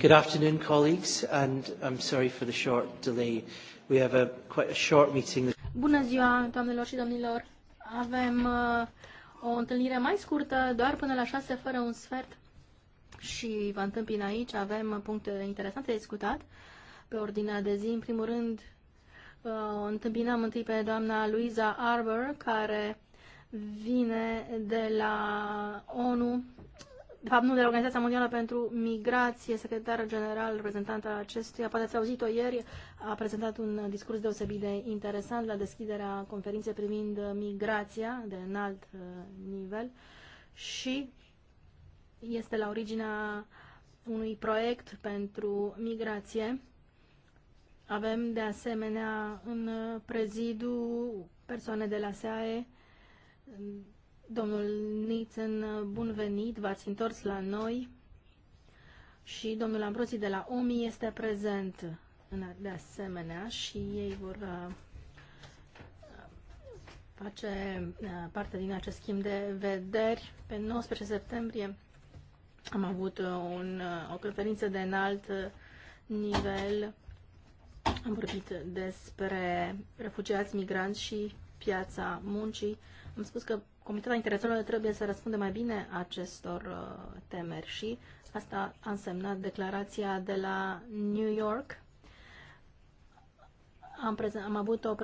Good afternoon, colleagues, and I'm sorry for the short delay. We have a quite a short meeting. Bună ziua, doamnelor și domnilor. Avem uh, o întâlnire mai scurtă, doar până la 6 fără un sfert. Și vă întâmpin aici, avem puncte interesante de discutat pe ordinea de zi. În primul rând, uh, întâmpinăm întâi pe doamna Luisa Arbor, care vine de la ONU de fapt nu de Organizația Mondială pentru Migrație, secretarul general, reprezentant al acestuia, poate ați auzit-o ieri, a prezentat un discurs deosebit de interesant la deschiderea conferinței privind migrația de înalt uh, nivel și este la originea unui proiect pentru migrație. Avem de asemenea în prezidu persoane de la SAE, Domnul Nițen, bun venit, v-ați întors la noi și domnul Ambrosi de la OMI este prezent de asemenea și ei vor uh, face uh, parte din acest schimb de vederi. Pe 19 septembrie am avut uh, un, o conferință de înalt nivel. Am vorbit despre refugiați, migranți și piața muncii. Am spus că Comitetul Interesorilor trebuie să răspundă mai bine acestor uh, temeri și asta a însemnat declarația de la New York. Am, am avut o,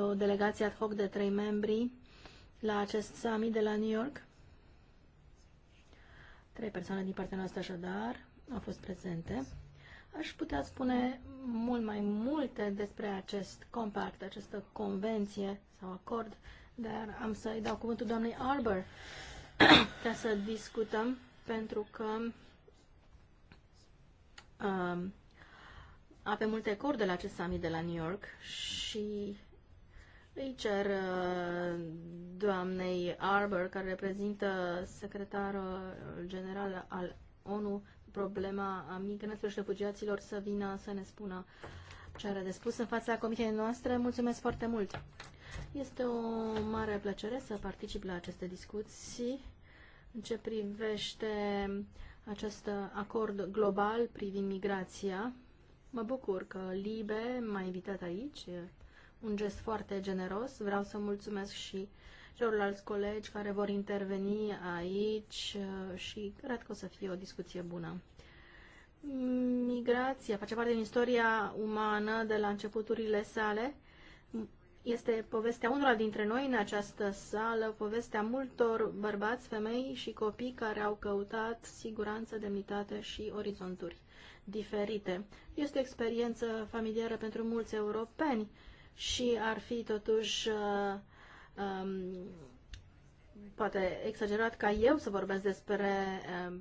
o delegație ad hoc de trei membri la acest summit de la New York. Trei persoane din partea noastră așadar au fost prezente. Aș putea spune mult mai multe despre acest compact, această convenție sau acord dar am să-i dau cuvântul doamnei Arbor ca să discutăm, pentru că um, avem multe acord de la acest summit de la New York și îi cer uh, doamnei Arbor, care reprezintă secretarul general al ONU, problema migranților și refugiaților, să vină să ne spună ce are de spus în fața comisiei noastre. Mulțumesc foarte mult! Este o mare plăcere să particip la aceste discuții în ce privește acest acord global privind migrația. Mă bucur că Libe m-a invitat aici, un gest foarte generos. Vreau să mulțumesc și celorlalți colegi care vor interveni aici și cred că o să fie o discuție bună. Migrația face parte din istoria umană de la începuturile sale este povestea unora dintre noi în această sală, povestea multor bărbați, femei și copii care au căutat siguranță, demnitate și orizonturi diferite. Este o experiență familiară pentru mulți europeni și ar fi totuși uh, um, poate exagerat ca eu să vorbesc despre uh,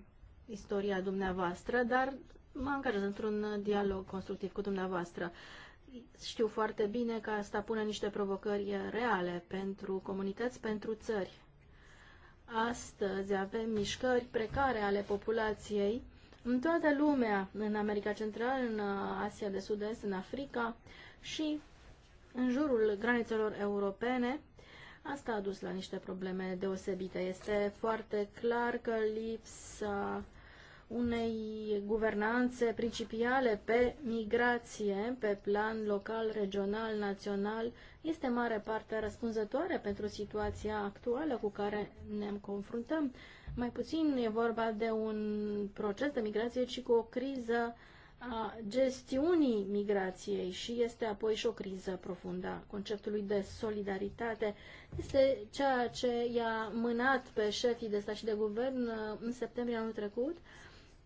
istoria dumneavoastră, dar mă angajez într-un dialog constructiv cu dumneavoastră. Uh, știu foarte bine că asta pune niște provocări reale pentru comunități, pentru țări. Astăzi avem mișcări precare ale populației în toată lumea, în America Centrală, în Asia de Sud-Est, în Africa și în jurul granițelor europene. Asta a dus la niște probleme deosebite. Este foarte clar că lipsa unei guvernanțe principiale pe migrație, pe plan local, regional, național, este mare parte răspunzătoare pentru situația actuală cu care ne confruntăm. Mai puțin e vorba de un proces de migrație, ci cu o criză a gestiunii migrației și este apoi și o criză profundă a conceptului de solidaritate. Este ceea ce i-a mânat pe șefii de stat și de guvern uh, în septembrie anul trecut,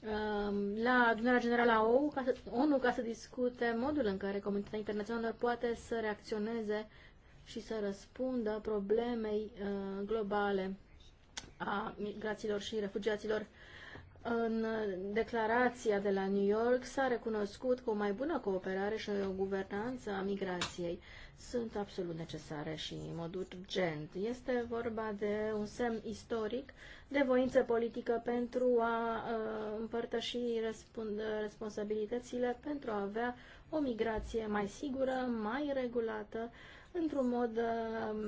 Um, la adunarea generală a ONU ca, să, ONU ca să discute modul în care comunitatea internațională poate să reacționeze și să răspundă problemei uh, globale a migraților și refugiaților. În declarația de la New York s-a recunoscut cu o mai bună cooperare și o guvernanță a migrației. Uh, sunt absolut necesare și în mod urgent. Este vorba de un semn istoric de voință politică pentru a împărtăși responsabilitățile, pentru a avea o migrație mai sigură, mai regulată, într-un mod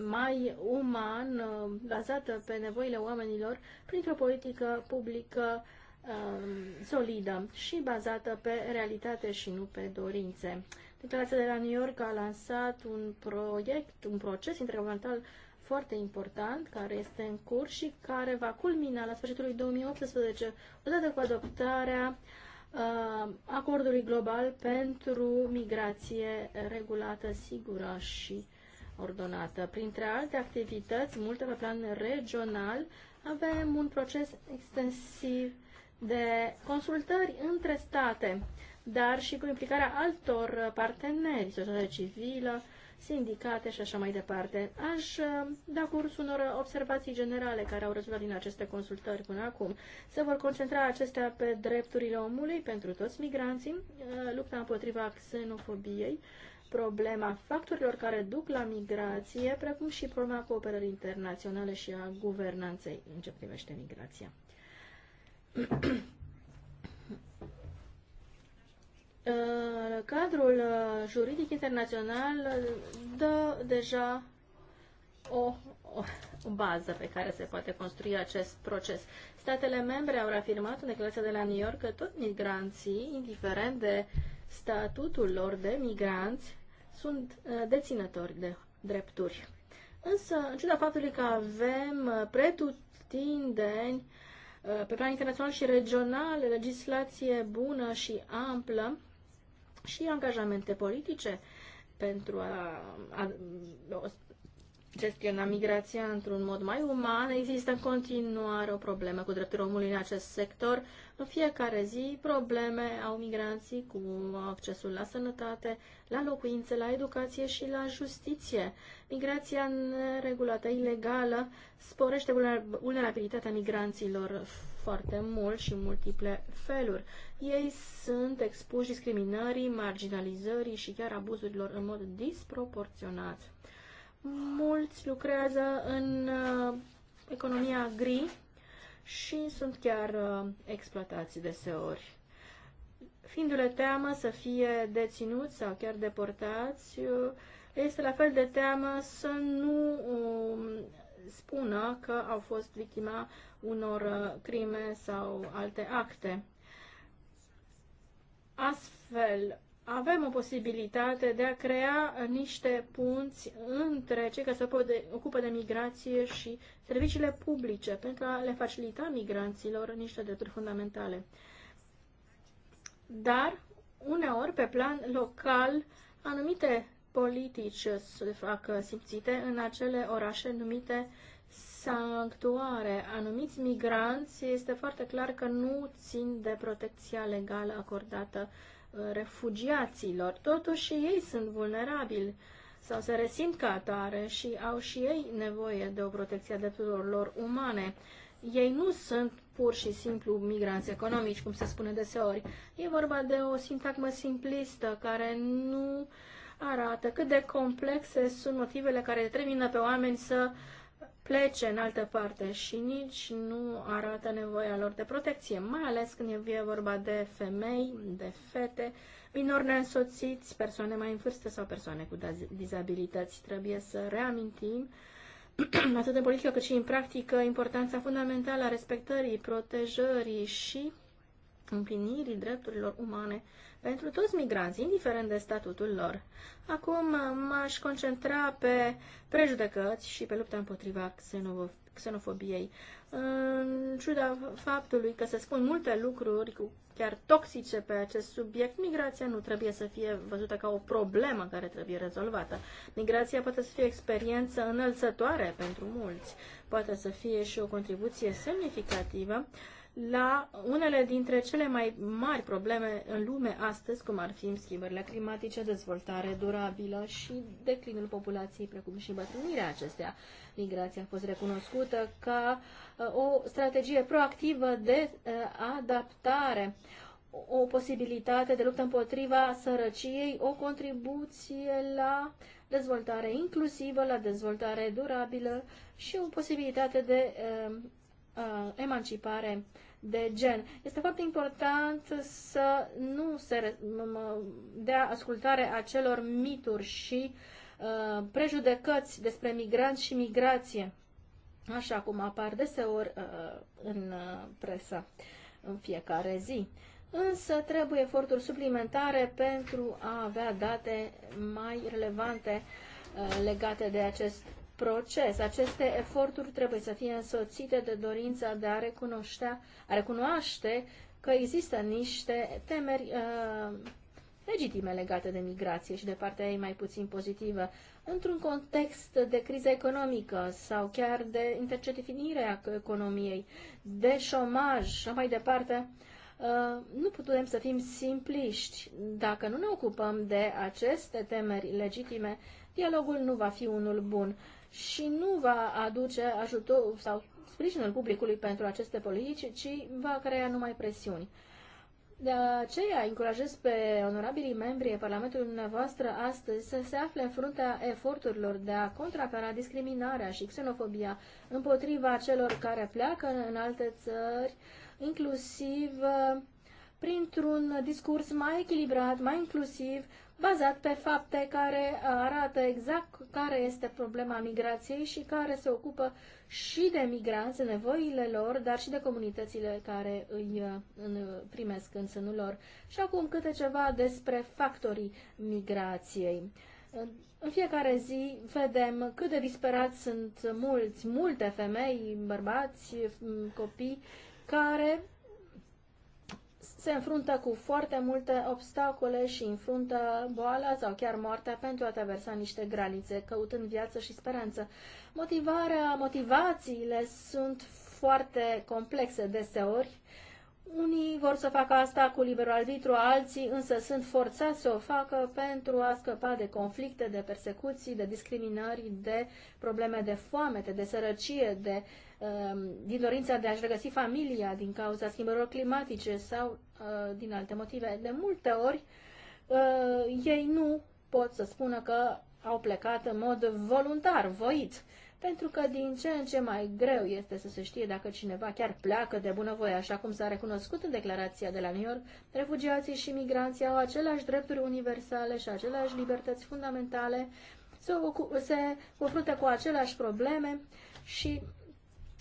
mai uman, bazată pe nevoile oamenilor, printr-o politică publică solidă și bazată pe realitate și nu pe dorințe. Declarația de la New York a lansat un proiect, un proces intergovernamental foarte important, care este în curs și care va culmina la sfârșitul lui 2018, odată cu adoptarea uh, acordului global pentru migrație regulată, sigură și ordonată. Printre alte activități, multe pe plan regional, avem un proces extensiv de consultări între state dar și cu implicarea altor parteneri, societatea civilă, sindicate și așa mai departe. Aș uh, da curs unor observații generale care au rezultat din aceste consultări până acum. Se vor concentra acestea pe drepturile omului pentru toți migranții, uh, lupta împotriva xenofobiei, problema factorilor care duc la migrație, precum și problema cooperării internaționale și a guvernanței în ce privește migrația. cadrul uh, juridic internațional uh, dă deja o, o, bază pe care se poate construi acest proces. Statele membre au reafirmat în declarația de la New York că toți migranții, indiferent de statutul lor de migranți, sunt uh, deținători de drepturi. Însă, în ciuda faptului că avem pretutindeni pe plan internațional și regional legislație bună și amplă, și angajamente politice pentru a, a, a gestiona migrația într-un mod mai uman. Există în continuare o problemă cu drepturile omului în acest sector. În fiecare zi probleme au migranții cu accesul la sănătate, la locuințe, la educație și la justiție. Migrația neregulată, ilegală, sporește vulnerabilitatea migranților foarte mult și în multiple feluri. Ei sunt expuși discriminării, marginalizării și chiar abuzurilor în mod disproporționat. Mulți lucrează în uh, economia gri și sunt chiar uh, exploatați deseori. Fiindu-le teamă să fie deținuți sau chiar deportați, uh, este la fel de teamă să nu um, spună că au fost victima unor uh, crime sau alte acte. Astfel, avem o posibilitate de a crea niște punți între cei care se ocupă de migrație și serviciile publice pentru a le facilita migranților niște drepturi fundamentale. Dar, uneori, pe plan local, anumite politici se fac simțite în acele orașe numite sanctuare. Anumiți migranți este foarte clar că nu țin de protecția legală acordată uh, refugiaților. Totuși ei sunt vulnerabili sau se resimt ca atare și au și ei nevoie de o protecție a drepturilor lor umane. Ei nu sunt pur și simplu migranți economici, cum se spune deseori. E vorba de o sintagmă simplistă care nu uh, arată cât de complexe sunt motivele care determină pe oameni să plece în altă parte și nici nu arată nevoia lor de protecție, mai ales când e vorba de femei, de fete, minori neînsoțiți, persoane mai în vârstă sau persoane cu dizabilități. Trebuie să reamintim, atât în politică cât și în practică, importanța fundamentală a respectării, protejării și împlinirii drepturilor umane pentru toți migranții, indiferent de statutul lor. Acum uh, m-aș concentra pe prejudecăți și pe lupta împotriva xenofobiei. În ciuda faptului că se spun multe lucruri chiar toxice pe acest subiect, migrația nu trebuie să fie văzută ca o problemă care trebuie rezolvată. Migrația poate să fie o experiență înălțătoare pentru mulți, poate să fie și o contribuție semnificativă uh, la unele dintre cele mai mari probleme în lume astăzi, cum ar fi schimbările climatice, dezvoltare durabilă și declinul populației, precum și bătrânirea acestea. Migrația a fost recunoscută ca uh, o strategie proactivă de uh, adaptare, o posibilitate de luptă împotriva sărăciei, o contribuție la dezvoltare inclusivă, la dezvoltare durabilă și o posibilitate de uh, emancipare de gen. Este foarte important să nu se dea ascultare acelor mituri și uh, prejudecăți despre migranți și migrație, așa cum apar deseori uh, în uh, presă în fiecare zi. Însă trebuie eforturi suplimentare pentru a avea date mai relevante uh, legate de acest proces. Aceste eforturi trebuie să fie însoțite de dorința de a recunoaște, a recunoaște că există niște temeri uh, legitime legate de migrație și de partea ei mai puțin pozitivă, într-un context de criză economică sau chiar de intercetifinire a economiei, de șomaj și mai departe, uh, nu putem să fim simpliști. Dacă nu ne ocupăm de aceste temeri legitime, dialogul nu va fi unul bun și nu va aduce ajutor sau sprijinul publicului pentru aceste politici, ci va crea numai presiuni. De aceea încurajez pe onorabilii membri ai Parlamentului dumneavoastră astăzi să se afle în fruntea eforturilor de a contracara discriminarea și xenofobia împotriva celor care pleacă în alte țări, inclusiv uh, printr-un discurs mai echilibrat, mai inclusiv, bazat pe fapte care arată exact care este problema migrației și care se ocupă și de migranți, nevoile lor, dar și de comunitățile care îi uh, primesc în sânul lor. Și acum câte ceva despre factorii migrației. În fiecare zi vedem cât de disperați sunt mulți, multe femei, bărbați, copii, care se înfruntă cu foarte multe obstacole și înfruntă boala sau chiar moartea pentru a traversa niște granițe, căutând viață și speranță. Motivarea, motivațiile sunt foarte complexe deseori. Unii vor să facă asta cu liberul arbitru, alții însă sunt forțați să o facă pentru a scăpa de conflicte, de persecuții, de discriminări, de probleme de foamete, de sărăcie, de uh, Um, din dorința de a-și regăsi familia din cauza schimbărilor climatice sau uh, din alte motive. De multe ori uh, ei nu pot să spună că au plecat în mod voluntar, voit, pentru că din ce în ce mai greu este să se știe dacă cineva chiar pleacă de bunăvoie, așa cum s-a recunoscut în declarația de la New York, refugiații și migranții au aceleași drepturi universale și aceleași libertăți fundamentale, se, se confruntă cu aceleași probleme și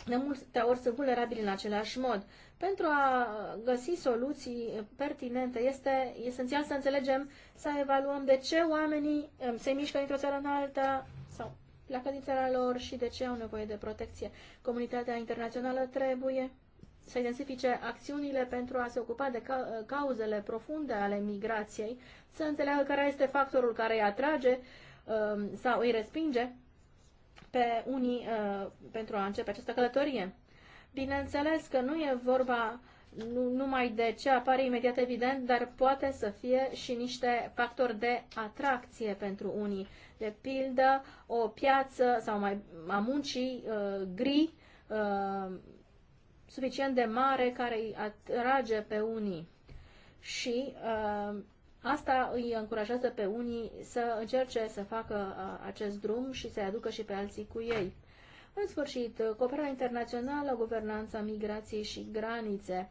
de multe ori sunt vulnerabili în același mod. Pentru a găsi soluții pertinente este esențial să înțelegem, să evaluăm de ce oamenii um, se mișcă dintr-o țară în alta sau pleacă din țara lor și de ce au nevoie de protecție. Comunitatea internațională trebuie să identifice acțiunile pentru a se ocupa de ca cauzele profunde ale migrației, să înțeleagă care este factorul care îi atrage um, sau îi respinge pe unii uh, pentru a începe această călătorie. Bineînțeles că nu e vorba nu, numai de ce apare imediat evident, dar poate să fie și niște factori de atracție pentru unii. De pildă, o piață sau mai a muncii uh, gri uh, suficient de mare care îi atrage pe unii. Și uh, Asta îi încurajează pe unii să încerce să facă acest drum și să-i aducă și pe alții cu ei. În sfârșit, cooperarea internațională, guvernanța migrației și granițe.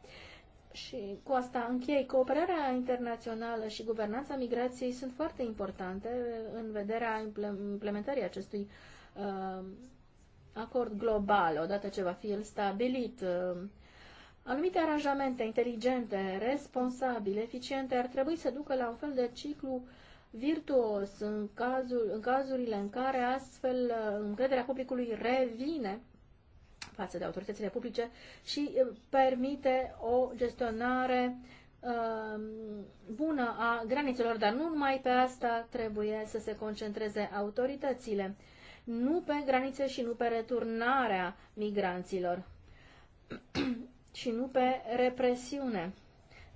Și cu asta închei. Cooperarea internațională și guvernanța migrației sunt foarte importante în vederea implementării acestui uh, acord global, odată ce va fi el stabilit. Uh, Anumite aranjamente inteligente, responsabile, eficiente ar trebui să ducă la un fel de ciclu virtuos în, cazul, în cazurile în care astfel uh, încrederea publicului revine față de autoritățile publice și uh, permite o gestionare uh, bună a granițelor, dar nu numai pe asta trebuie să se concentreze autoritățile, nu pe granițe și nu pe returnarea migranților. și nu pe represiune.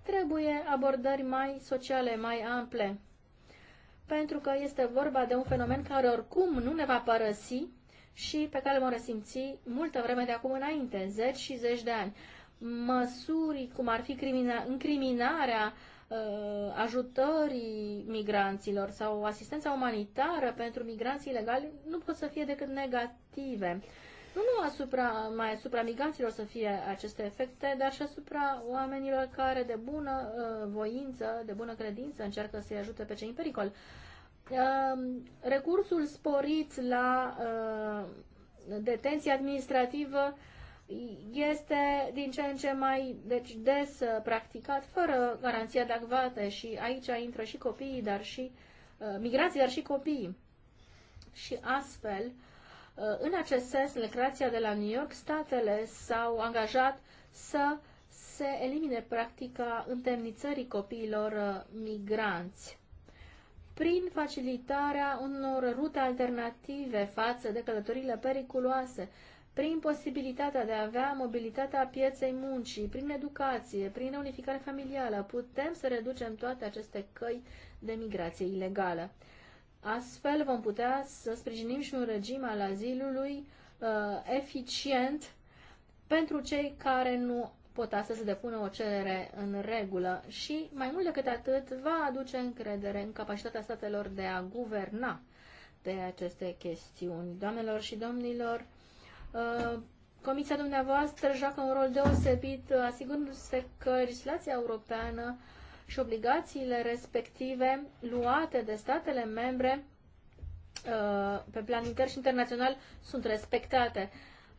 Trebuie abordări mai sociale, mai ample, pentru că este vorba de un fenomen care oricum nu ne va părăsi și pe care mă resimți multă vreme de acum înainte, zeci și zeci de ani. Măsuri cum ar fi crimina, încriminarea uh, ajutării migranților sau asistența umanitară pentru migranții ilegali nu pot să fie decât negative. Uh, nu numai asupra, mai asupra migranților să fie aceste efecte, dar și asupra oamenilor care de bună uh, voință, de bună credință încearcă să-i ajute pe cei în pericol. Um, recursul sporit la uh, detenție administrativă este din ce în ce mai deci, des uh, practicat, fără garanția de acvate și aici intră și copiii, dar și uh, migrații, dar și copiii. Și astfel, uh, Uh, în acest sens, în declarația de la New York, statele s-au angajat să se elimine practica întemnițării copiilor uh, migranți prin facilitarea unor rute alternative față de călătorile periculoase, prin posibilitatea de a avea mobilitatea pieței muncii, prin educație, prin unificare familială, putem să reducem toate aceste căi de migrație ilegală. Astfel vom putea să sprijinim și un regim al azilului uh, eficient pentru cei care nu pot astăzi să depună o cerere în regulă și, mai mult decât atât, va aduce încredere în capacitatea statelor de a guverna de aceste chestiuni. Doamnelor și domnilor, uh, Comisia dumneavoastră joacă un rol deosebit, uh, asigurându-se că legislația europeană uh, și obligațiile respective luate de statele membre uh, pe plan intern și internațional sunt respectate.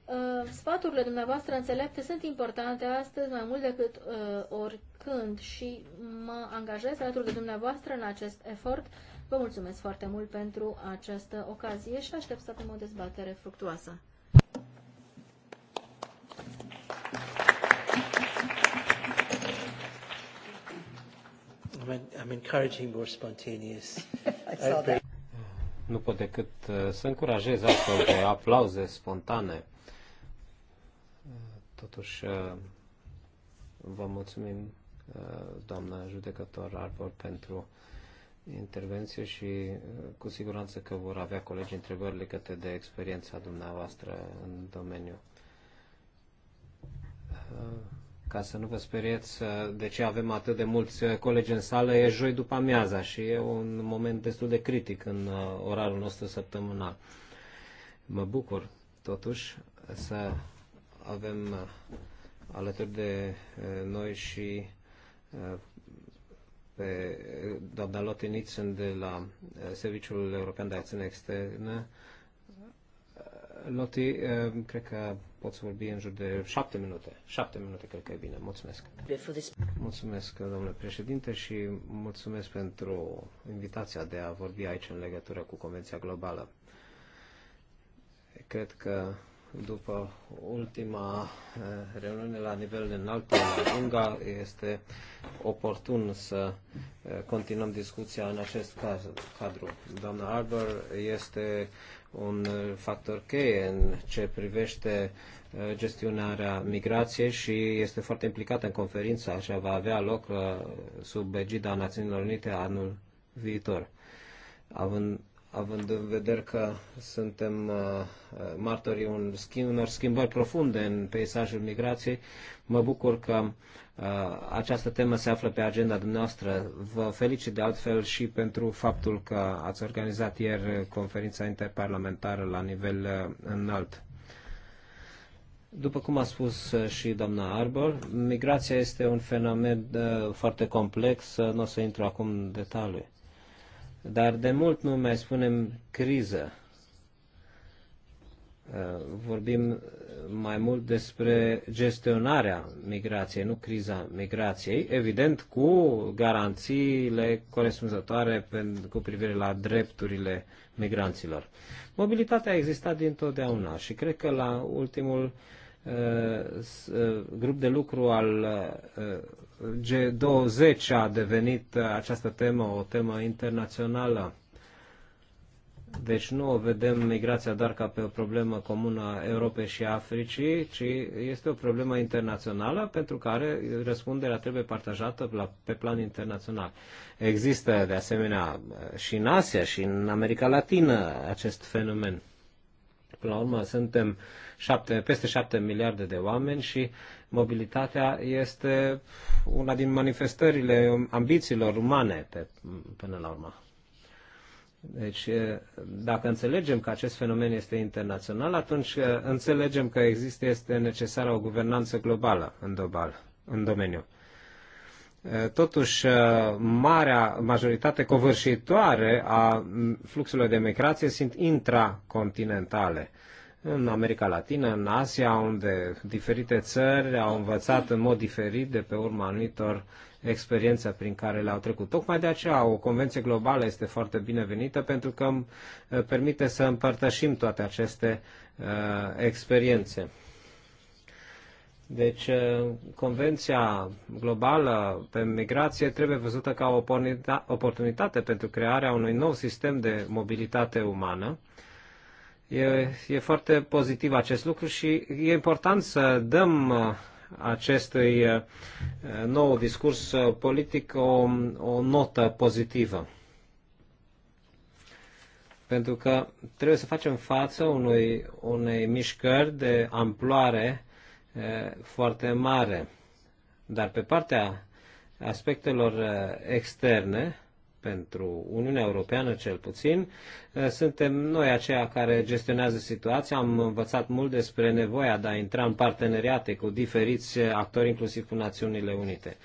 Uh, sfaturile dumneavoastră înțelepte sunt importante astăzi mai mult decât uh, oricând și mă angajez alături de dumneavoastră în acest efort. Vă mulțumesc foarte mult pentru această ocazie și aștept să avem o dezbatere fructuoasă. I'm, encouraging more spontaneous Nu pot decât uh, să încurajez astfel de aplauze spontane. Totuși, uh, vă mulțumim, uh, doamna judecător Arbor, pentru intervenție și cu siguranță că vor avea colegi întrebări legate de experiența dumneavoastră în domeniu ca să nu vă speriați uh, de ce avem atât de mulți uh, colegi în sală, e joi după amiaza și e un moment destul de critic în uh, orarul nostru săptămânal. Mă bucur, totuși, să avem alături de noi și pe doamna Lotiniț de la Serviciul European de Acțiune Externă, Loti, eh, cred că poți vorbi în jur de șapte minute. Șapte minute cred că e bine. Mulțumesc. Mulțumesc, domnule președinte, și mulțumesc pentru invitația de a vorbi aici în legătură cu Convenția Globală. Cred că după ultima eh, reuniune la nivel înalt la Lunga, este oportun să eh, continuăm discuția în acest caz, cadru. Doamna Arbor este un uh, factor cheie în ce privește uh, gestionarea migrației și este foarte implicată în conferința și va avea loc uh, sub egida Națiunilor Unite anul viitor. Având având în vedere că suntem uh, uh, martorii un schimb, unor schimbări profunde în peisajul migrației, mă bucur că uh, această temă se află pe agenda dumneavoastră. Vă felicit de altfel și pentru faptul că ați organizat ieri conferința interparlamentară la nivel înalt. După cum a spus și doamna Arbor, migrația este un fenomen foarte complex, nu o să intru acum în detalii dar de mult nu mai spunem criză. Uh, vorbim mai mult despre gestionarea migrației, nu criza migrației, evident cu garanțiile corespunzătoare cu privire la drepturile migranților. Mobilitatea a existat dintotdeauna și cred că la ultimul uh, Uh, grup de lucru al uh, G20 a devenit uh, această temă o temă internațională. Deci nu o vedem migrația doar ca pe o problemă comună a Europei și Africii, ci este o problemă internațională pentru care răspunderea trebuie partajată la, pe plan internațional. Există de asemenea și în Asia și în America Latină acest fenomen. Până la urmă, suntem șapte, peste șapte miliarde de oameni și mobilitatea este una din manifestările ambițiilor umane pe, până la urmă. Deci, dacă înțelegem că acest fenomen este internațional, atunci înțelegem că există, este necesară o guvernanță globală în, dobal, în domeniu totuși uh, marea majoritate covârșitoare a fluxurilor de migrație sunt intracontinentale. În America Latină, în Asia, unde diferite țări au învățat în mod diferit de pe urma anumitor experiențe prin care le-au trecut. Tocmai de aceea o convenție globală este foarte binevenită pentru că îmi uh, permite să împărtășim toate aceste uh, experiențe. Deci, uh, Convenția Globală pe Migrație trebuie văzută ca o oportunitate pentru crearea unui nou sistem de mobilitate umană. E, e foarte pozitiv acest lucru și e important să dăm uh, acestui uh, nou discurs politic o, o notă pozitivă. Pentru că trebuie să facem față unui, unei mișcări de amploare foarte mare. Dar pe partea aspectelor externe, pentru Uniunea Europeană cel puțin, eh, suntem noi aceia care gestionează situația. Am învățat mult despre nevoia de a intra în parteneriate cu diferiți actori, inclusiv cu Națiunile Unite.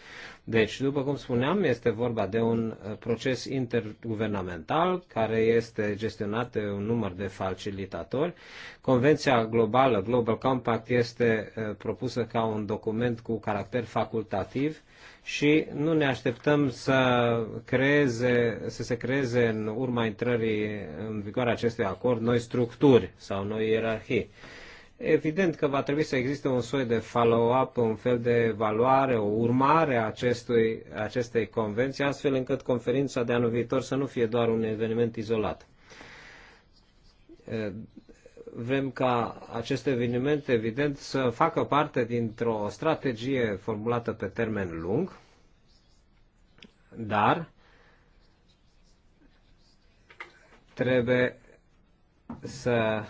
Deci, după cum spuneam, este vorba de un eh, proces interguvernamental care este gestionat de un număr de facilitatori. Convenția globală, Global Compact, este eh, propusă ca un document cu caracter facultativ și nu ne așteptăm să, creeze, să se creeze în urma intrării în vigoare acestui acord noi structuri sau noi ierarhii. Evident că va trebui să existe un soi de follow-up, un fel de evaluare, o urmare a acestui, acestei convenții, astfel încât conferința de anul viitor să nu fie doar un eveniment izolat vrem ca acest eveniment, evident, să facă parte dintr-o strategie formulată pe termen lung, dar trebuie să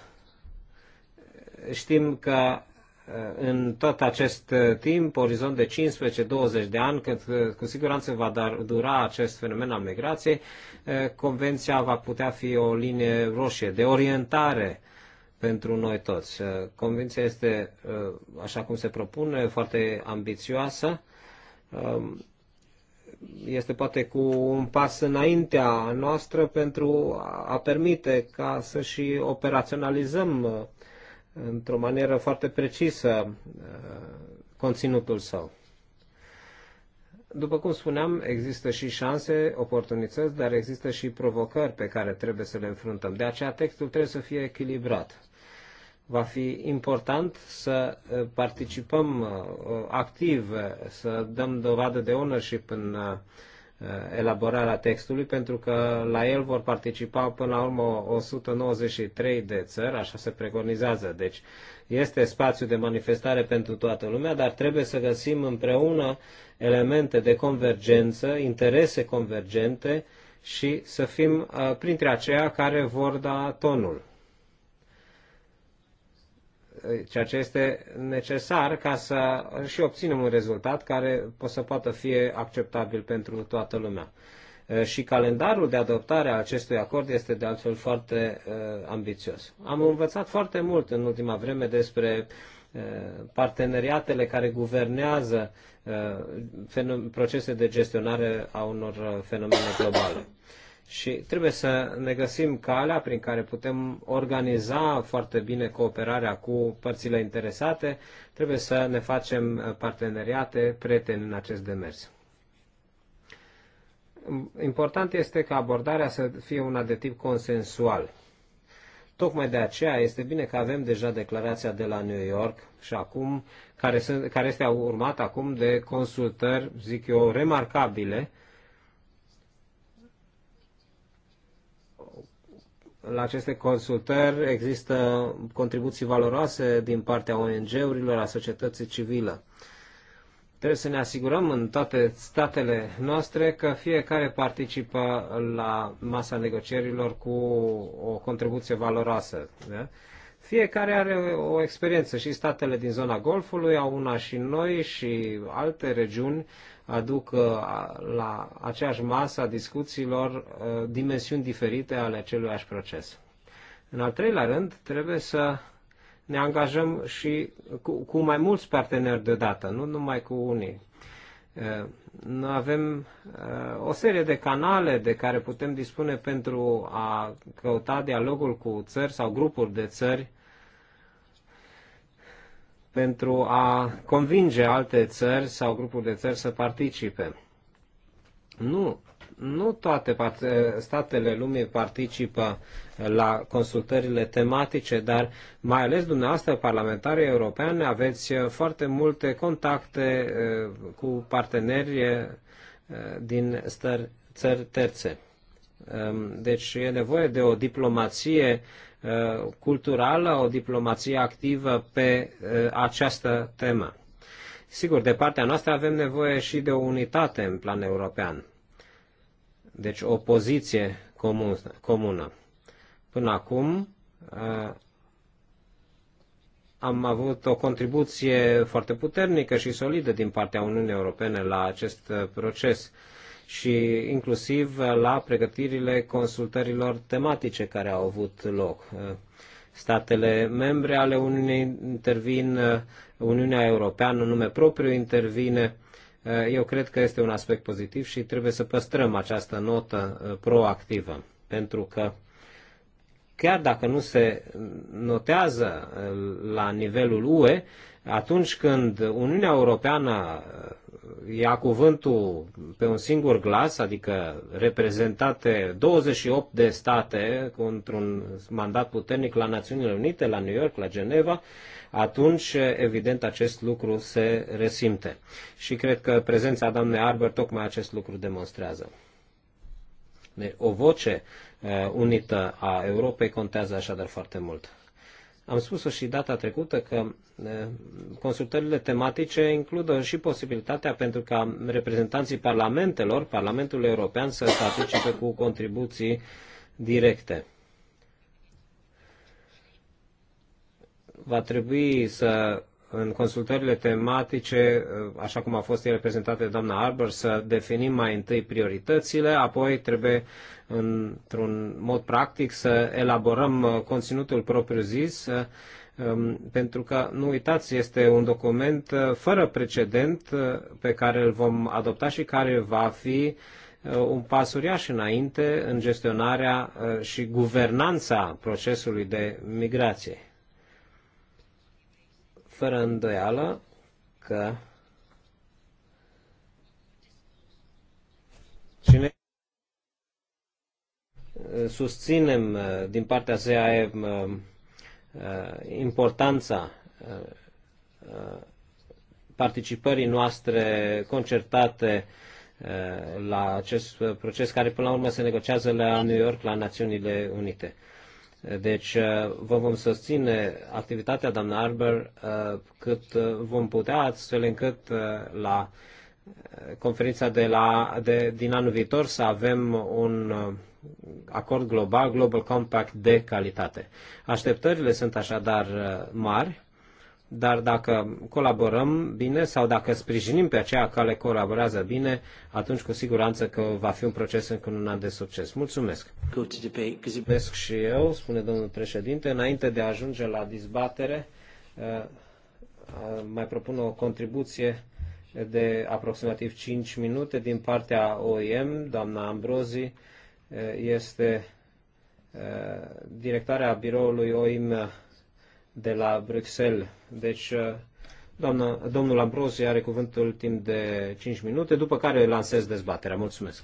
știm că uh, în tot acest uh, timp, orizont de 15-20 de ani, când uh, cu siguranță va dura acest fenomen al migrației, convenția va putea fi o linie roșie de orientare pentru noi toți. Uh, convinția este, uh, așa cum se propune, foarte ambițioasă. Um, este poate cu un pas înaintea noastră pentru a permite ca să și operaționalizăm uh, într-o manieră foarte precisă conținutul său. După cum spuneam, există și șanse, oportunități, dar există și provocări pe care trebuie să le înfruntăm. De aceea textul trebuie să fie echilibrat va fi important să eh, participăm eh, activ, eh, să dăm dovadă de ownership în elaborarea textului, pentru că la el vor participa până la urmă 193 de țări, așa se preconizează. Deci este spațiu de manifestare pentru toată lumea, dar trebuie să găsim împreună elemente de convergență, interese convergente și să fim printre aceia care vor da tonul ceea ce este necesar ca să și obținem un rezultat care să poată fi acceptabil pentru toată lumea. Și calendarul de adoptare a acestui acord este de altfel foarte ambițios. Am învățat foarte mult în ultima vreme despre parteneriatele care guvernează procese de gestionare a unor fenomene globale și trebuie să ne găsim calea prin care putem organiza foarte bine cooperarea cu părțile interesate, trebuie să ne facem parteneriate, prieteni în acest demers. Important este ca abordarea să fie una de tip consensual. Tocmai de aceea este bine că avem deja declarația de la New York și acum, care, sunt, care este urmată acum de consultări, zic eu, remarcabile, uh, la aceste consultări există contribuții valoroase din partea ONG-urilor, a societății civile. Trebuie să ne asigurăm în toate statele noastre că fiecare participă la masa negocierilor cu o contribuție valoroasă. Da? Fiecare are o experiență și statele din zona Golfului au una și noi și alte regiuni aduc uh, la aceeași masă a discuțiilor uh, dimensiuni diferite ale aceluiași proces. În al treilea rând, trebuie să ne angajăm și cu, cu mai mulți parteneri deodată, nu numai cu unii. Uh, noi avem o serie de canale de care putem dispune pentru a căuta dialogul cu țări sau grupuri de țări pentru a convinge alte țări sau grupuri de țări să participe. Nu, nu toate statele lumii participă la consultările tematice, dar mai ales dumneavoastră, parlamentarii europeni, aveți foarte multe contacte eh, cu parteneri eh, din stări, țări terțe. Ehm, deci e nevoie de o diplomație Uh, culturală, o diplomație activă pe uh, această temă. Sigur, de partea noastră avem nevoie și de o unitate în plan european. Deci o poziție comună. Până acum uh, am avut o contribuție foarte puternică și solidă din partea Uniunii Europene la acest proces și inclusiv la pregătirile consultărilor tematice care au avut loc. Statele membre ale Uniunii intervin, Uniunea Europeană în nume propriu intervine. Eu cred că este un aspect pozitiv și trebuie să păstrăm această notă uh, proactivă, pentru că chiar dacă nu se notează uh, la nivelul UE, atunci când Uniunea Europeană uh, ia cuvântul pe un singur glas, adică reprezentate 28 de state într-un mandat puternic la Națiunile Unite, la New York, la Geneva, atunci, evident, acest lucru se resimte. Și cred că prezența doamnei Arber tocmai acest lucru demonstrează. Deci, o voce uh, unită a Europei contează așadar foarte mult. Am spus-o și data trecută că consultările tematice includă și posibilitatea pentru ca reprezentanții parlamentelor, Parlamentul European, să participe cu contribuții directe. Va trebui să în consultările tematice, uh, așa cum a fost ele prezentate de doamna Arbor, să definim mai întâi prioritățile, apoi trebuie într-un mod practic să elaborăm uh, conținutul propriu-zis, uh, um, pentru că, nu uitați, este un document fără precedent pe care îl vom adopta și care va fi un pas uriaș înainte în gestionarea și guvernanța procesului de migrație fără îndoială că cine susținem uh, din partea SEAE uh, uh, importanța participării noastre concertate la acest proces care până la urmă se negociază la New York, la Națiunile Unite. Deci uh, vă vom susține activitatea doamna Arber uh, cât uh, vom putea, astfel încât la conferința de la, de, din anul viitor să avem un acord global, Global Compact de calitate. Așteptările sunt așadar mari dar dacă colaborăm bine sau dacă sprijinim pe aceia care colaborează bine, atunci cu siguranță că va fi un proces an de succes. Mulțumesc! Mulțumesc și eu, spune domnul președinte, înainte de a ajunge la dizbatere, uh, mai propun o contribuție de aproximativ 5 minute din partea OIM, doamna Ambrozi, uh, este uh, directoarea biroului OIM de la Bruxelles. Deci, uh, doamna, domnul Ambrosi are cuvântul timp de 5 minute, după care lansez dezbaterea. Mulțumesc!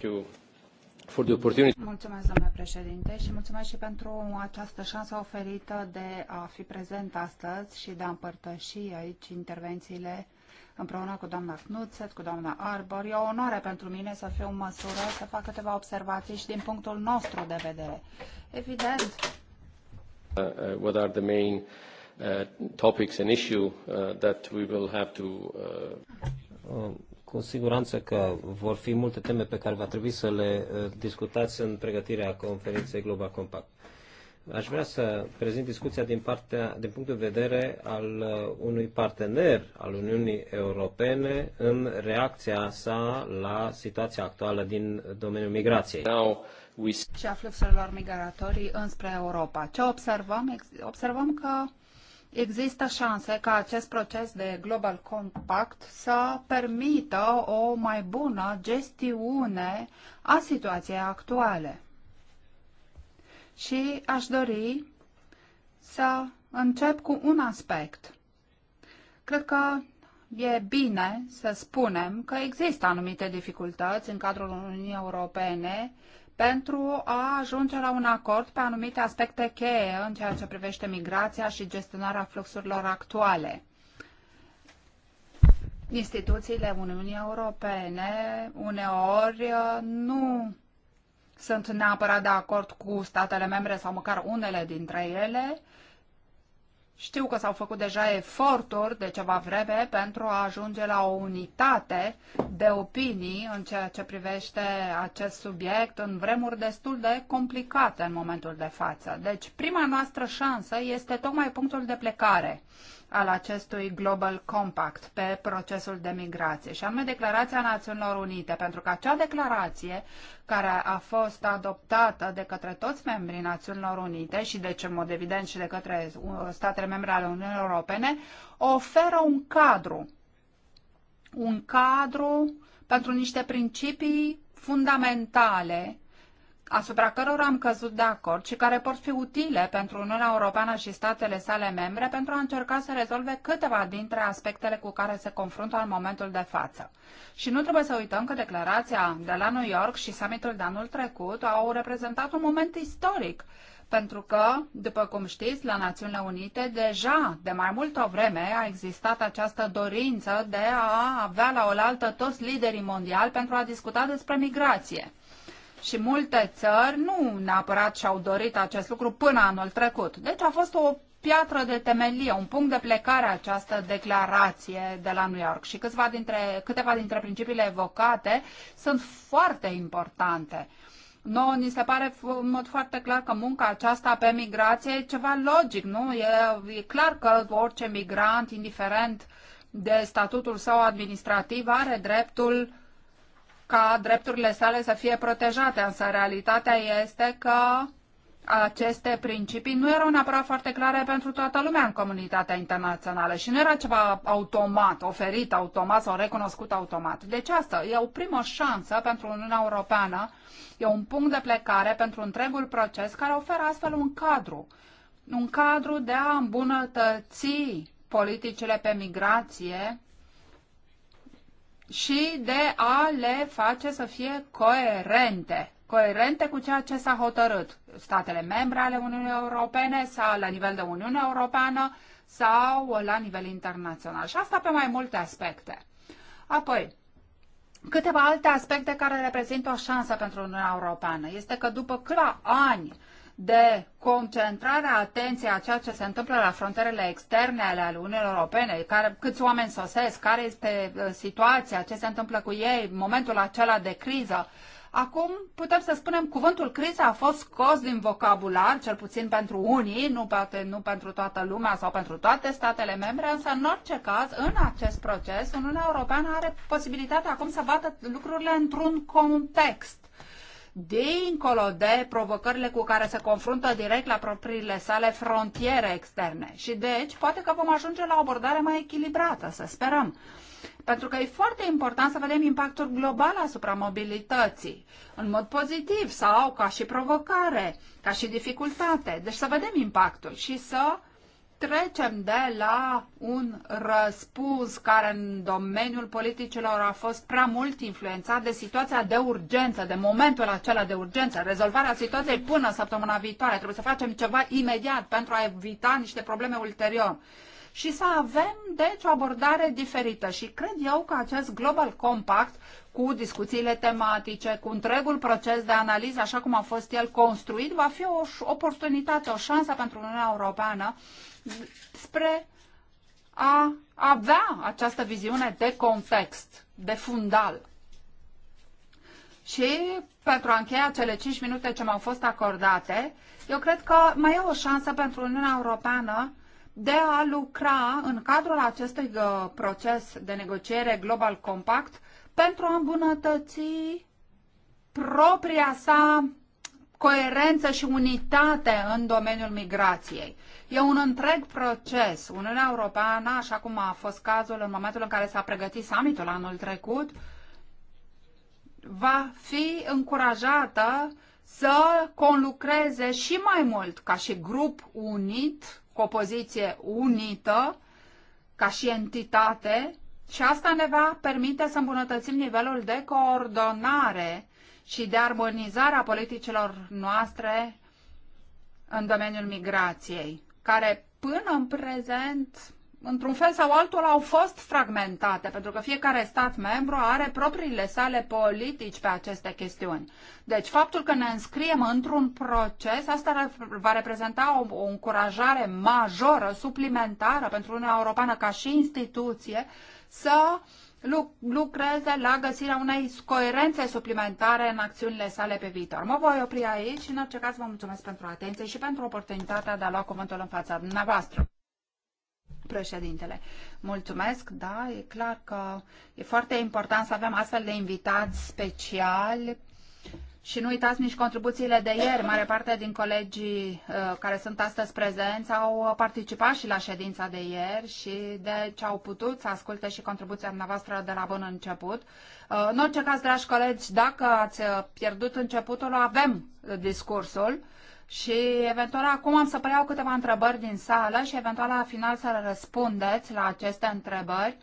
Mulțumesc, domnule președinte, și mulțumesc și pentru această șansă oferită de a fi prezent astăzi și de a împărtăși aici intervențiile împreună cu doamna Knudset, cu doamna Arbor. E o onoare pentru mine să fiu în măsură să fac câteva observații și din punctul nostru de vedere. Evident. Uh, uh, what are the main Uh, topics and issue uh, that we will have to uh, cu siguranță că vor fi multe teme pe care va trebui să le discutați în pregătirea conferinței Global Compact. Aș vrea să prezint discuția din, partea, din punct de vedere al unui partener al Uniunii Europene în reacția sa la situația actuală din domeniul migrației. Now, we... Și a fluxurilor migratorii înspre Europa. Ce observăm? Observăm că există șanse ca acest proces de Global Compact să permită o mai bună gestiune a situației actuale. Și aș dori să încep cu un aspect. Cred că e bine să spunem că există anumite dificultăți în cadrul Uniunii Europene pentru a ajunge la un acord pe anumite aspecte cheie în ceea ce privește migrația și gestionarea fluxurilor actuale. Instituțiile Uniunii Europene uneori uh, nu sunt neapărat de acord cu statele membre sau măcar unele dintre ele știu că s-au făcut deja eforturi de ceva vreme pentru a ajunge la o unitate de opinii în ceea ce privește acest subiect în vremuri destul de complicate în momentul de față. Deci prima noastră șansă este tocmai punctul de plecare al acestui Global Compact pe procesul de migrație, și anume Declarația Națiunilor Unite, pentru că acea declarație care a fost adoptată de către toți membrii Națiunilor Unite și, deci, în mod evident, și de către uh, statele membre ale Uniunii Europene, oferă un cadru, un cadru pentru niște principii fundamentale asupra cărora am căzut de acord și care pot fi utile pentru Uniunea Europeană și statele sale membre pentru a încerca să rezolve câteva dintre aspectele cu care se confruntă în momentul de față. Și nu trebuie să uităm că declarația de la New York și summitul de anul trecut au reprezentat un moment istoric pentru că, după cum știți, la Națiunile Unite deja de mai multă vreme a existat această dorință de a avea la oaltă toți liderii mondiali pentru a discuta despre migrație. Și multe țări nu neapărat și-au dorit acest lucru până anul trecut. Deci a fost o piatră de temelie, un punct de plecare această declarație de la New York și câțiva dintre, câteva dintre principiile evocate sunt foarte importante. Nouă ni se pare în mod foarte clar că munca aceasta pe migrație e ceva logic, nu? E, e clar că orice migrant, indiferent de statutul său administrativ, are dreptul ca drepturile sale să fie protejate, însă realitatea este că aceste principii nu erau neapărat foarte clare pentru toată lumea în comunitatea internațională și nu era ceva automat, oferit automat sau recunoscut automat. Deci asta e o primă șansă pentru Uniunea Europeană, e un punct de plecare pentru întregul proces care oferă astfel un cadru, un cadru de a îmbunătăți politicile pe migrație și de a le face să fie coerente coerente cu ceea ce s-a hotărât. Statele membre ale Uniunii Europene sau la nivel de Uniune Europeană sau la nivel internațional. Și asta pe mai multe aspecte. Apoi, câteva alte aspecte care reprezintă o șansă pentru Uniunea Europeană este că după câteva ani de a atenției a ceea ce se întâmplă la frontierele externe ale Uniunii Europene, care, câți oameni sosesc, care este uh, situația, ce se întâmplă cu ei, momentul acela de criză. Acum putem să spunem cuvântul criză a fost scos din vocabular, cel puțin pentru unii, nu, poate, nu pentru toată lumea sau pentru toate statele membre, însă în orice caz, în acest proces, Uniunea Europeană are posibilitatea acum să vadă lucrurile într-un context dincolo de provocările cu care se confruntă direct la propriile sale frontiere externe. Și deci, poate că vom ajunge la o abordare mai echilibrată, să sperăm. Pentru că e foarte important să vedem impactul global asupra mobilității, în mod pozitiv sau ca și provocare, ca și dificultate. Deci să vedem impactul și să trecem de la un răspuns care în domeniul politicilor a fost prea mult influențat de situația de urgență, de momentul acela de urgență, rezolvarea situației până săptămâna viitoare. Trebuie să facem ceva imediat pentru a evita niște probleme ulterior. Și să avem, deci, o abordare diferită. Și cred eu că acest Global Compact, cu discuțiile tematice, cu întregul proces de analiză, așa cum a fost el construit, va fi o oportunitate, o șansă pentru Uniunea Europeană spre a avea această viziune de context, de fundal. Și pentru a încheia cele 5 minute ce m-au fost acordate, eu cred că mai e o șansă pentru Uniunea Europeană de a lucra în cadrul acestui uh, proces de negociere Global Compact pentru a îmbunătăți propria sa coerență și unitate în domeniul migrației. E un întreg proces. Uniunea Europeană, așa cum a fost cazul în momentul în care s-a pregătit summitul anul trecut, va fi încurajată să conlucreze și mai mult ca și grup unit, cu o poziție unită, ca și entitate, și asta ne va permite să îmbunătățim nivelul de coordonare și de armonizare a politicilor noastre în domeniul migrației care până în prezent, într-un fel sau altul, au fost fragmentate, pentru că fiecare stat membru are propriile sale politici pe aceste chestiuni. Deci faptul că ne înscriem într-un proces, asta va reprezenta o, o încurajare majoră, suplimentară pentru Uniunea Europeană ca și instituție, să uh, lucreze la găsirea unei coerențe suplimentare în acțiunile sale pe viitor. Mă voi opri aici și în orice caz vă mulțumesc pentru atenție și pentru oportunitatea de a lua cuvântul în fața dumneavoastră. Președintele, mulțumesc, da, e clar că e foarte important să avem astfel de invitați speciali și nu uitați nici contribuțiile de ieri. Mare parte din colegii uh, care sunt astăzi prezenți au participat și la ședința de ieri și de deci, ce au putut să asculte și contribuția dumneavoastră de la bun început. Uh, în orice caz, dragi colegi, dacă ați uh, pierdut începutul, avem discursul și eventual acum am să preiau câteva întrebări din sală și eventual la final să răspundeți la aceste întrebări.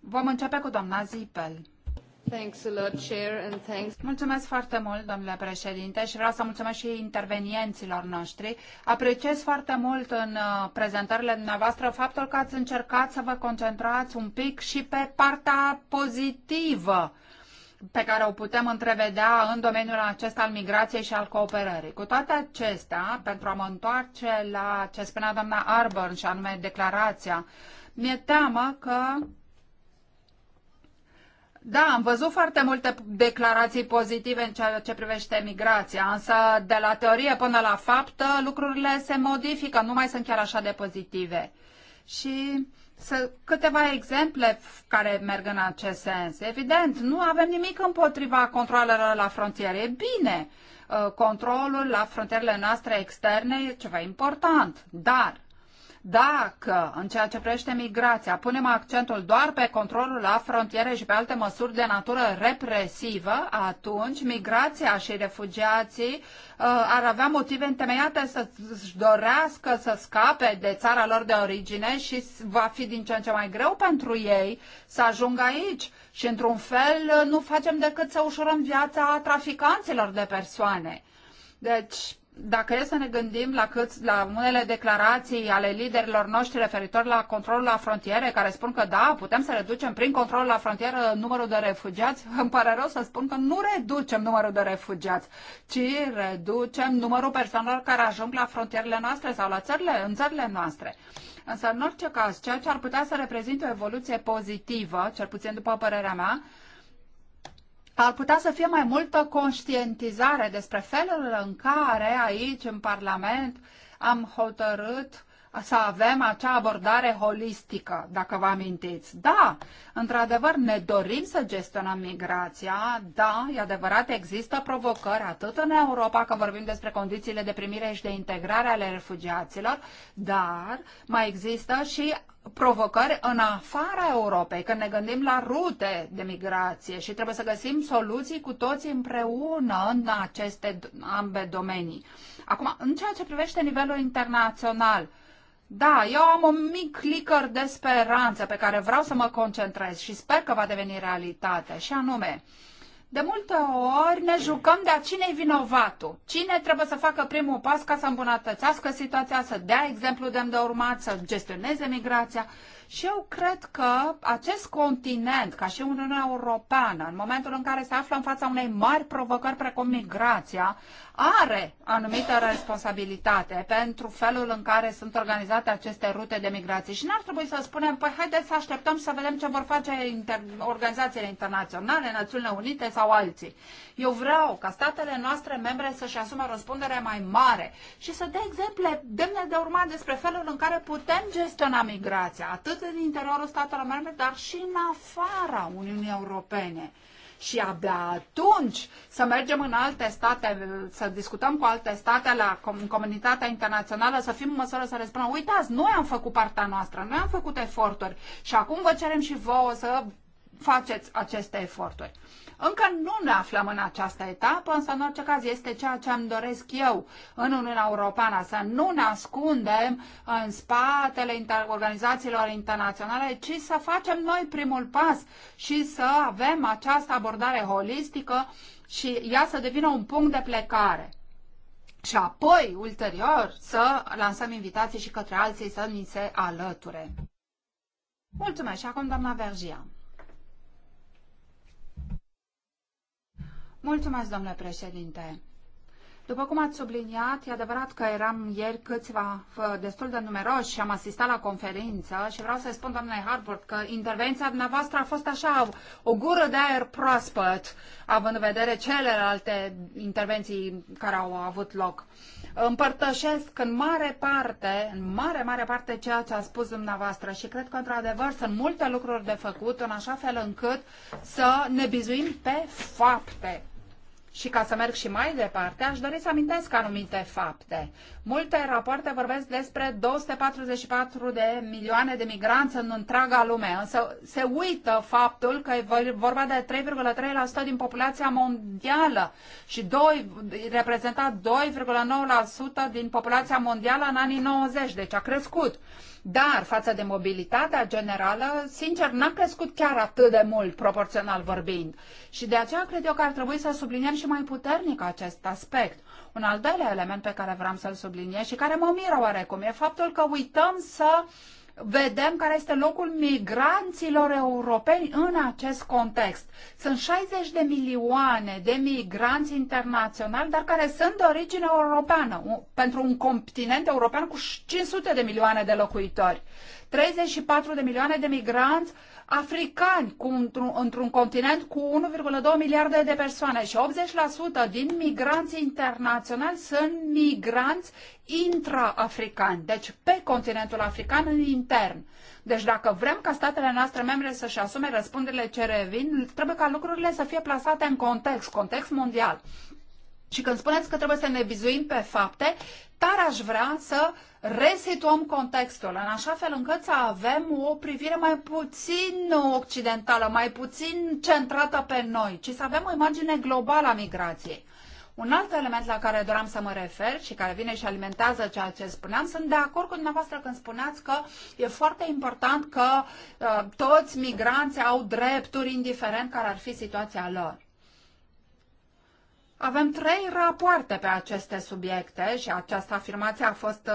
Vom începe cu doamna Zipel. Mulțumesc foarte mult, domnule președinte, și vreau să mulțumesc și intervenienților noștri. Apreciez foarte mult în uh, prezentările dumneavoastră faptul că ați încercat să vă concentrați un pic și pe partea pozitivă pe care o putem întrevedea în domeniul acesta al migrației și al cooperării. Cu toate acestea, pentru a mă întoarce la ce spunea doamna Arborn și anume declarația, mi-e teamă că da, am văzut foarte multe declarații pozitive în ceea ce privește migrația, însă de la teorie până la faptă lucrurile se modifică, nu mai sunt chiar așa de pozitive. Și să, câteva exemple care merg în acest sens. Evident, nu avem nimic împotriva controlelor la frontiere. E bine, uh, controlul la frontierele noastre externe e ceva important, dar dacă, în ceea ce privește migrația, punem accentul doar pe controlul la frontiere și pe alte măsuri de natură represivă, atunci migrația și refugiații uh, ar avea motive întemeiate să-și dorească să scape de țara lor de origine și va fi din ce în ce mai greu pentru ei să ajungă aici. Și, într-un fel, nu facem decât să ușurăm viața traficanților de persoane. Deci, dacă e să ne gândim la, câți, la unele declarații ale liderilor noștri referitor la controlul la frontiere, care spun că da, putem să reducem prin controlul la frontieră numărul de refugiați, îmi pare rău să spun că nu reducem numărul de refugiați, ci reducem numărul persoanelor care ajung la frontierele noastre sau la țările, în țările noastre. Însă, în orice caz, ceea ce ar putea să reprezinte o evoluție pozitivă, cel puțin după părerea mea, ar putea să fie mai multă conștientizare despre felul în care aici, în Parlament, am hotărât să avem acea abordare holistică, dacă vă amintiți. Da, într-adevăr, ne dorim să gestionăm migrația, da, e adevărat, există provocări atât în Europa, când vorbim despre condițiile de primire și de integrare ale refugiaților, dar mai există și provocări în afara Europei, când ne gândim la rute de migrație și trebuie să găsim soluții cu toți împreună în aceste ambe domenii. Acum, în ceea ce privește nivelul internațional, da, eu am un mic clicker de speranță pe care vreau să mă concentrez și sper că va deveni realitate, și anume, de multe ori ne jucăm de a cine e vinovatul, cine trebuie să facă primul pas ca să îmbunătățească situația, să dea exemplu demn de urmat, să gestioneze migrația. Și eu cred că acest continent, ca și Uniunea Europeană, în momentul în care se află în fața unei mari provocări precum migrația, are anumită responsabilitate pentru felul în care sunt organizate aceste rute de migrație și n-ar trebui să spunem, păi haideți să așteptăm să vedem ce vor face inter- organizațiile internaționale, Națiunile Unite sau alții. Eu vreau ca statele noastre membre să-și asume răspundere mai mare și să dea exemple demne de urmat despre felul în care putem gestiona migrația, atât în interiorul statelor membre, dar și în afara Uniunii Europene și abia atunci să mergem în alte state, să discutăm cu alte state la comunitatea internațională, să fim în măsură să le spunem, uitați, noi am făcut partea noastră, noi am făcut eforturi și acum vă cerem și vouă să faceți aceste eforturi. Încă nu ne aflăm în această etapă, însă în orice caz este ceea ce îmi doresc eu în Uniunea Europeană, să nu ne ascundem în spatele inter- organizațiilor internaționale, ci să facem noi primul pas și să avem această abordare holistică și ea să devină un punct de plecare. Și apoi, ulterior, să lansăm invitații și către alții să ni se alăture. Mulțumesc și acum doamna Vergia. Mulțumesc, domnule președinte. După cum ați subliniat, e adevărat că eram ieri câțiva destul de numeroși și am asistat la conferință și vreau să spun, doamnei Harvard, că intervenția dumneavoastră a fost așa o gură de aer proaspăt, având în vedere celelalte intervenții care au avut loc. Împărtășesc în mare parte, în mare, mare parte ceea ce a spus dumneavoastră și cred că, într-adevăr, sunt multe lucruri de făcut în așa fel încât să ne bizuim pe fapte și ca să merg și mai departe, aș dori să amintesc anumite fapte. Multe rapoarte vorbesc despre 244 de milioane de migranți în întreaga lume, însă se uită faptul că e vorba de 3,3% din populația mondială și 2, reprezenta 2,9% din populația mondială în anii 90, deci a crescut. Dar față de mobilitatea generală, sincer, n-a crescut chiar atât de mult, proporțional vorbind. Și de aceea cred eu că ar trebui să subliniem și mai puternic acest aspect. Un al doilea element pe care vreau să-l subliniez și care mă miră oarecum e faptul că uităm să uh, vedem care este locul migranților europeni în acest context. Sunt 60 de milioane de migranți internaționali, dar care sunt de origine europeană, pentru un continent european cu 500 de milioane de locuitori. 34 de milioane de migranți uh, africani cu, într-un, într-un continent cu 1,2 miliarde de persoane și 80% din migranții internaționali sunt migranți intra-africani, deci pe continentul african în intern. Deci dacă vrem ca statele noastre membre să-și asume răspunderile ce revin, trebuie ca lucrurile să fie plasate în context, context mondial. Și când spuneți că trebuie să ne vizuim pe fapte, tare aș vrea să uh, resituăm contextul în așa fel încât să avem o privire mai puțin occidentală, mai puțin centrată pe noi, ci să avem o imagine globală a migrației. Un alt element la care doream să mă refer și care vine și alimentează ceea ce spuneam, sunt de acord cu dumneavoastră când spuneați că e foarte important că uh, toți migranții au drepturi, indiferent care ar fi situația lor. Avem trei rapoarte pe aceste subiecte și această afirmație a fost uh,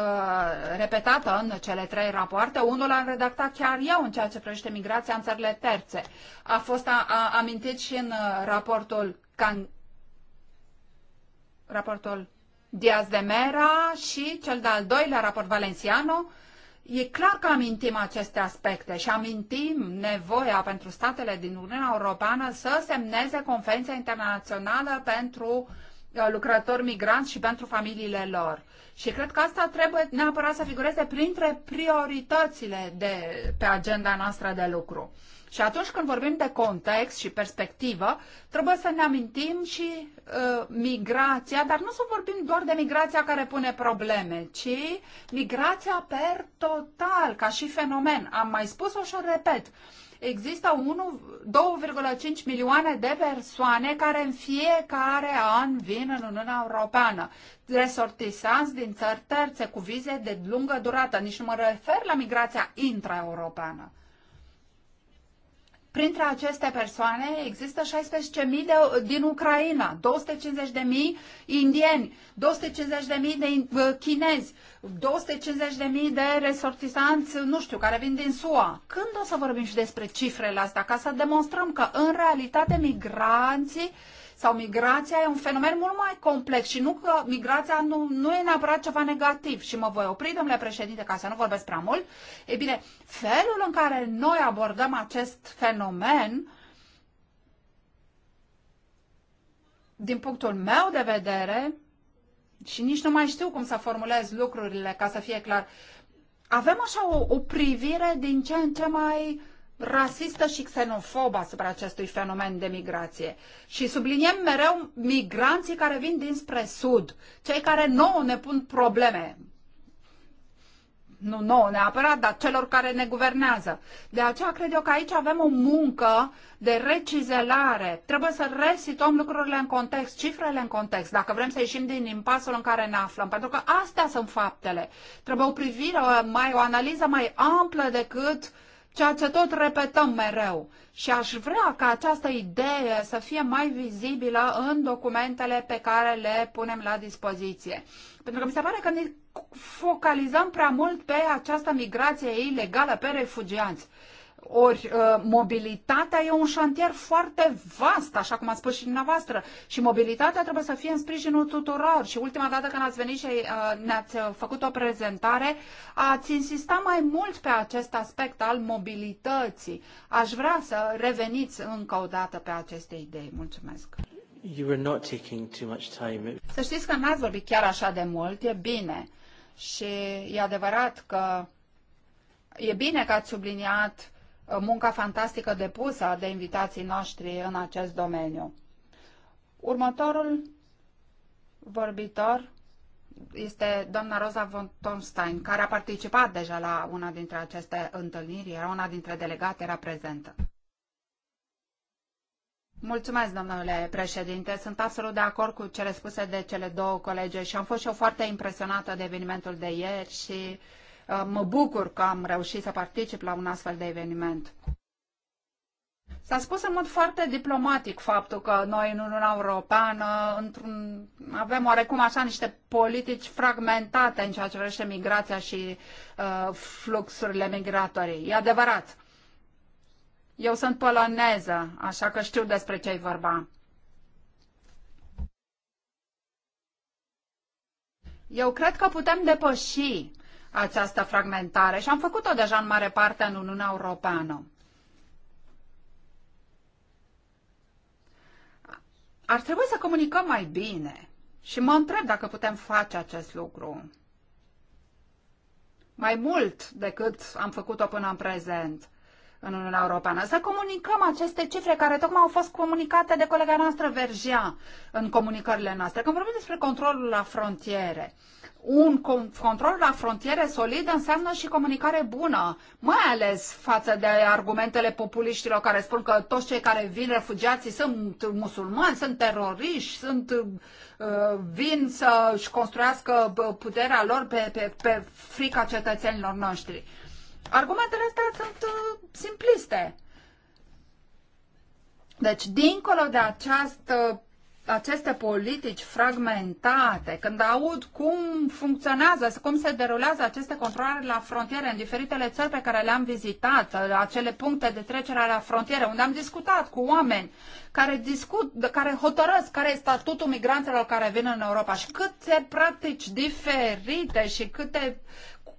repetată în cele trei rapoarte. Unul l-am redactat chiar eu în ceea ce privește migrația în țările terțe. A fost a, a, amintit și în uh, raportul Can... raportul Diaz de Mera și cel de-al doilea raport Valenciano E clar că amintim aceste aspecte și amintim nevoia pentru statele din Uniunea Europeană să semneze Convenția Internațională pentru uh, lucrători migranți și pentru familiile lor. Și cred că asta trebuie neapărat să figureze printre prioritățile de, pe agenda noastră de lucru. Și atunci când vorbim de context și perspectivă, trebuie să ne amintim și uh, migrația, dar nu să vorbim doar de migrația care pune probleme, ci migrația per total, ca și fenomen. Am mai spus-o și o repet. Există 2,5 milioane de persoane care în fiecare an vin în Uniunea Europeană resortisanți din țări terțe cu vize de lungă durată. Nici nu mă refer la migrația intraeuropeană. Printre aceste persoane există 16.000 de, din Ucraina, 250.000 indieni, 250.000 de uh, chinezi, 250.000 de resortizanți, nu știu, care vin din SUA. Când o să vorbim și despre cifrele astea, ca să demonstrăm că în realitate migranții uh, sau migrația e un fenomen mult mai complex și nu că migrația nu, nu e neapărat ceva negativ și mă voi opri, domnule președinte, ca să nu vorbesc prea mult. E bine, felul în care noi abordăm acest fenomen din punctul meu de vedere, și nici nu mai știu cum să formulez lucrurile ca să fie clar, avem așa o, o privire din ce în ce mai uh, rasistă și xenofobă asupra acestui fenomen de migrație. Și subliniem mereu migranții care vin dinspre sud, cei care nouă ne pun probleme. Nu nouă neapărat, dar celor care ne guvernează. De aceea cred eu că aici avem o muncă de recizelare. Trebuie să resituăm lucrurile în context, cifrele în context, dacă vrem să ieșim din impasul în care ne aflăm. Pentru că astea sunt faptele. Trebuie o privire mai, o analiză mai amplă decât uh, ceea ce tot repetăm mereu. Și aș vrea ca această idee să fie mai vizibilă în documentele pe care le punem la dispoziție. Pentru că mi se pare că ne focalizăm prea mult pe această migrație ilegală, pe refugianți. Ori uh, mobilitatea e un șantier foarte vast, așa cum a spus și dumneavoastră, și mobilitatea trebuie să fie în sprijinul tuturor. Și ultima dată când ați venit și uh, ne-ați uh, făcut o prezentare, ați insistat mai mult pe acest aspect al mobilității. Aș vrea să reveniți încă o dată pe aceste idei. Mulțumesc! You were not taking too much time. Să știți că n-ați vorbit chiar așa de mult, e bine. Și e adevărat că e bine că ați subliniat munca fantastică depusă de invitații noștri în acest domeniu. Următorul vorbitor este doamna Rosa von Tomstein, care a participat deja la una dintre aceste întâlniri, era una dintre delegate, era prezentă. Mulțumesc, domnule președinte. Sunt absolut de acord cu cele spuse de cele două colege și am fost și eu foarte impresionată de evenimentul de ieri și uh, Uh, mă bucur că am reușit să particip la un astfel de eveniment. S-a spus în mod foarte diplomatic faptul că noi în Uniunea Europeană într-un, avem oarecum așa niște politici fragmentate în ceea ce privește migrația și uh, fluxurile migratorii. E adevărat. Eu sunt poloneză, așa că știu despre ce-i vorba. Eu cred că putem depăși această fragmentare și am făcut-o deja în mare parte în Uniunea Europeană. Ar trebui să comunicăm mai bine și mă întreb dacă putem face acest lucru. Mai mult decât am făcut-o până în prezent în Uniunea Europeană. Să comunicăm aceste cifre care tocmai au fost comunicate de colega noastră Vergea în comunicările noastre. Când vorbim despre controlul la frontiere, uh, un control la frontiere solid înseamnă și comunicare bună, mai ales față de argumentele populiștilor care spun că toți cei care vin refugiații sunt musulmani, sunt teroriști, sunt, uh, vin să-și construiască puterea lor pe, pe, pe frica cetățenilor noștri. Argumentele astea sunt uh, simpliste. Deci, dincolo de această aceste politici fragmentate, când aud cum funcționează, cum se derulează aceste controle la frontiere în diferitele țări pe care le-am vizitat, acele puncte de trecere la frontiere, unde am discutat cu oameni care discut, care hotărăsc care este statutul migranților care vin în Europa și câte practici diferite și câte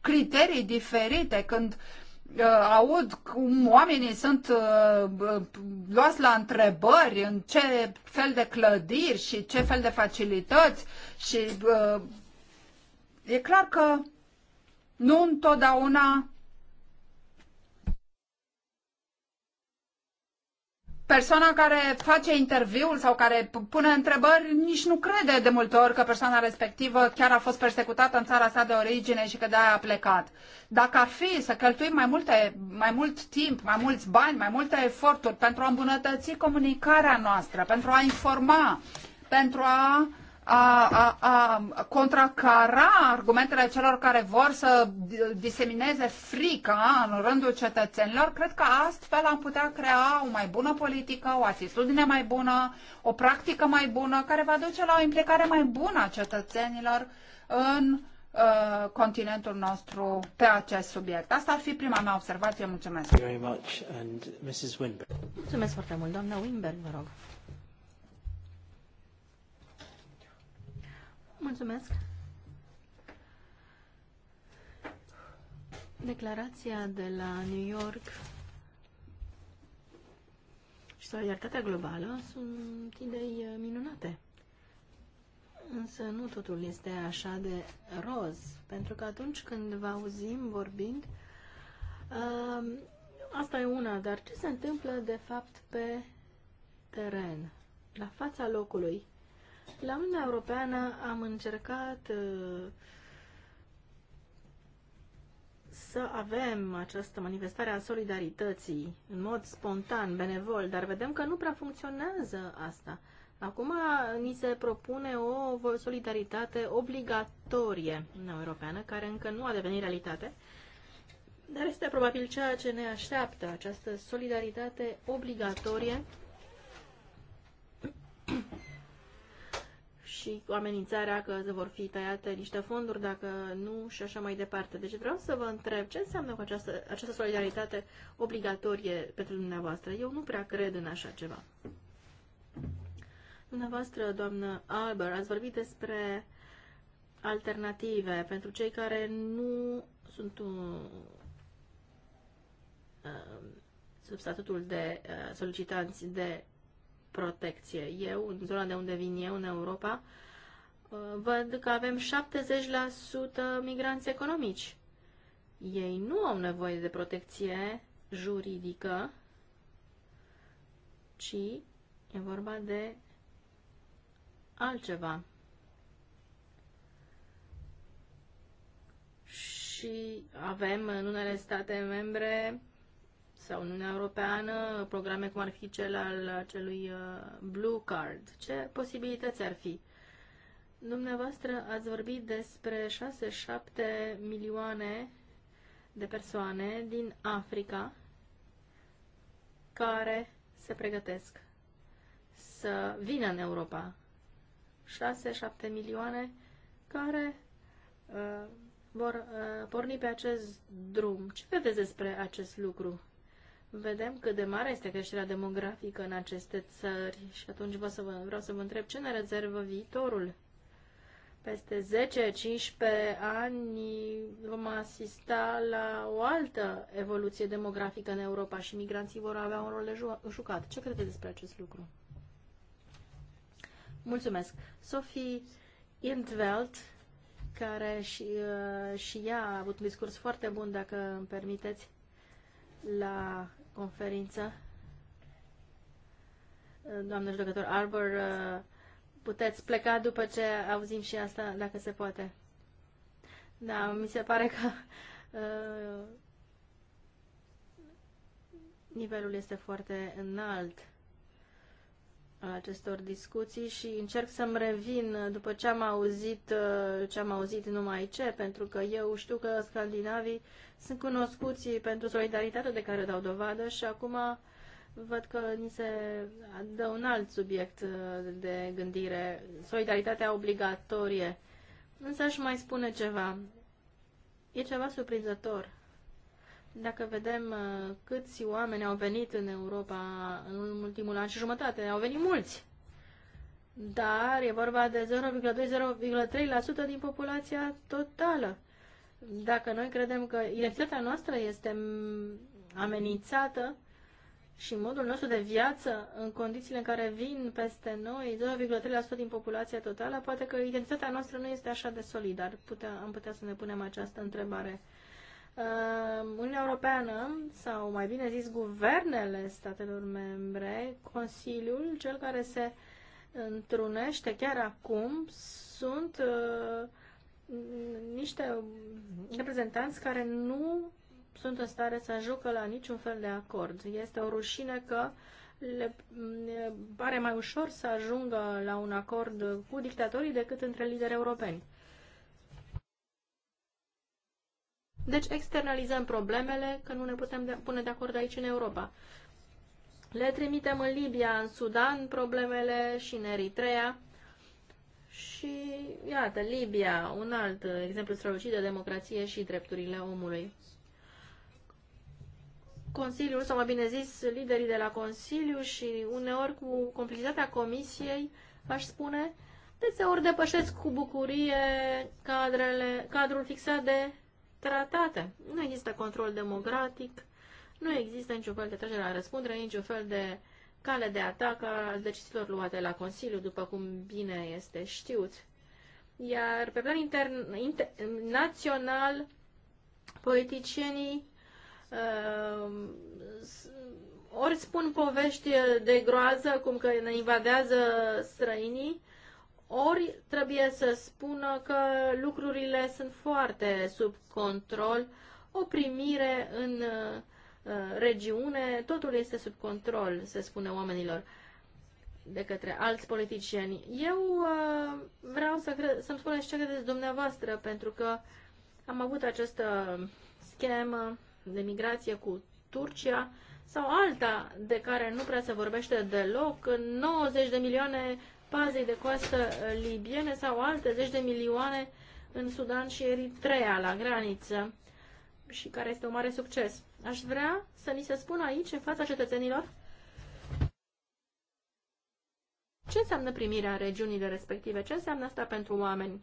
criterii diferite când uh, Uh, aud cum oamenii sunt uh, luați la întrebări în ce fel de clădiri și ce fel de facilități și uh, e clar că nu întotdeauna persoana care face interviul sau care pune întrebări nici nu crede de multe ori că persoana respectivă chiar a fost persecutată în țara sa de origine și că de-aia a plecat. Dacă ar fi să cheltuim mai, multe, mai mult timp, mai mulți bani, mai multe eforturi pentru a îmbunătăți comunicarea noastră, pentru a informa, pentru a a, a, contracara argumentele celor care vor să disemineze frica în rândul cetățenilor, cred că astfel am putea crea o mai bună politică, o atitudine mai bună, o practică mai bună, care va duce la o implicare mai bună a cetățenilor în uh, continentul nostru pe acest subiect. Asta ar fi prima mea observație. Mulțumesc. Mulțumesc foarte mult, doamna Winberg, vă rog. Mulțumesc. Declarația de la New York și solidaritatea globală sunt idei uh, minunate. Însă nu totul este așa de roz, pentru că atunci când vă auzim vorbind, uh, asta e una, dar ce se întâmplă de fapt pe teren, la fața locului? La Uniunea Europeană am încercat uh, să avem această manifestare a solidarității în mod spontan, benevol, dar vedem că nu prea funcționează asta. Acum ni se propune o solidaritate obligatorie în europeană, care încă nu a devenit realitate, dar este probabil ceea ce ne așteaptă, această solidaritate obligatorie și cu amenințarea că vor fi tăiate niște fonduri dacă nu și așa mai departe. Deci vreau să vă întreb ce înseamnă cu această, această solidaritate obligatorie pentru dumneavoastră. Eu nu prea cred în așa ceva. Dumneavoastră, doamnă Albert, ați vorbit despre alternative pentru cei care nu sunt un, uh, sub statutul de uh, solicitanți de protecție. Eu, în zona de unde vin eu, în Europa, uh, văd că avem 70% migranți economici. Ei nu au nevoie de protecție juridică, ci e vorba de altceva. Și avem în unele state membre sau Uniunea Europeană, programe cum ar fi cel al acelui uh, Blue Card. Ce posibilități ar fi? Dumneavoastră ați vorbit despre 6-7 milioane de persoane din Africa care se pregătesc să vină în Europa. 6-7 milioane care uh, vor uh, porni pe acest drum. Ce vedeți despre acest lucru? vedem cât de mare este creșterea demografică în aceste țări și atunci vă să vă, vreau să vă întreb ce ne rezervă viitorul. Peste 10-15 ani vom asista la o altă evoluție demografică în Europa și migranții vor avea un rol de jucat. Ce credeți despre acest lucru? Mulțumesc. Sophie Intveld, care și, uh, și ea a avut un discurs foarte bun, dacă îmi permiteți, la conferință. Doamne judecător Arbor, puteți pleca după ce auzim și asta, dacă se poate. Da, mi se pare că uh, nivelul este foarte înalt acestor discuții și încerc să-mi revin după ce am auzit ce am auzit numai ce, pentru că eu știu că scandinavii sunt cunoscuți pentru solidaritatea de care dau dovadă și acum văd că ni se dă un alt subiect de gândire, solidaritatea obligatorie. Însă aș mai spune ceva. E ceva surprinzător dacă vedem uh, câți oameni au venit în Europa în ultimul an și jumătate, au venit mulți. Dar e vorba de 0,2-0,3% din populația totală. Dacă noi credem că identitatea noastră este amenințată, și modul nostru de viață în condițiile în care vin peste noi 0,3% din populația totală, poate că identitatea noastră nu este așa de solidă. putea, am putea să ne punem această întrebare. Ehm, Uniunea Europeană, sau mai bine zis guvernele statelor membre, Consiliul, cel care se întrunește chiar acum, sunt ehm, niște reprezentanți care nu sunt în stare să ajucă la niciun fel de acord. Este o rușine că le pare mai ușor să ajungă la un acord cu dictatorii decât între lideri europeni. Deci externalizăm problemele că nu ne putem de pune de acord aici în Europa. Le trimitem în Libia, în Sudan problemele și în Eritrea. Și iată, Libia, un alt exemplu strălucit de democrație și drepturile omului. Consiliul, sau mai bine zis, liderii de la Consiliu și uneori cu complicitatea Comisiei, aș spune, deseori depășesc cu bucurie cadrele, cadrul fixat de tratate. Nu există control democratic, nu există niciun fel de trecere la răspundere, niciun fel de cale de atac a deciziilor luate la Consiliu, după cum bine este știut. Iar pe plan intern, inter, național, politicienii uh, ori spun povești de groază, cum că ne invadează străinii, ori trebuie să spună că lucrurile sunt foarte sub control, o primire în uh, regiune, totul este sub control, se spune oamenilor de către alți politicieni. Eu uh, vreau să cre- să-mi spuneți ce credeți dumneavoastră, pentru că am avut această schemă de migrație cu Turcia sau alta de care nu prea se vorbește deloc, 90 de milioane pazei de coastă eh, libiene sau alte zeci de milioane în Sudan și Eritrea, la graniță, și care este un mare succes. Aș vrea să ni se spună aici, în fața cetățenilor, ce înseamnă primirea regiunile respective, ce înseamnă asta pentru oameni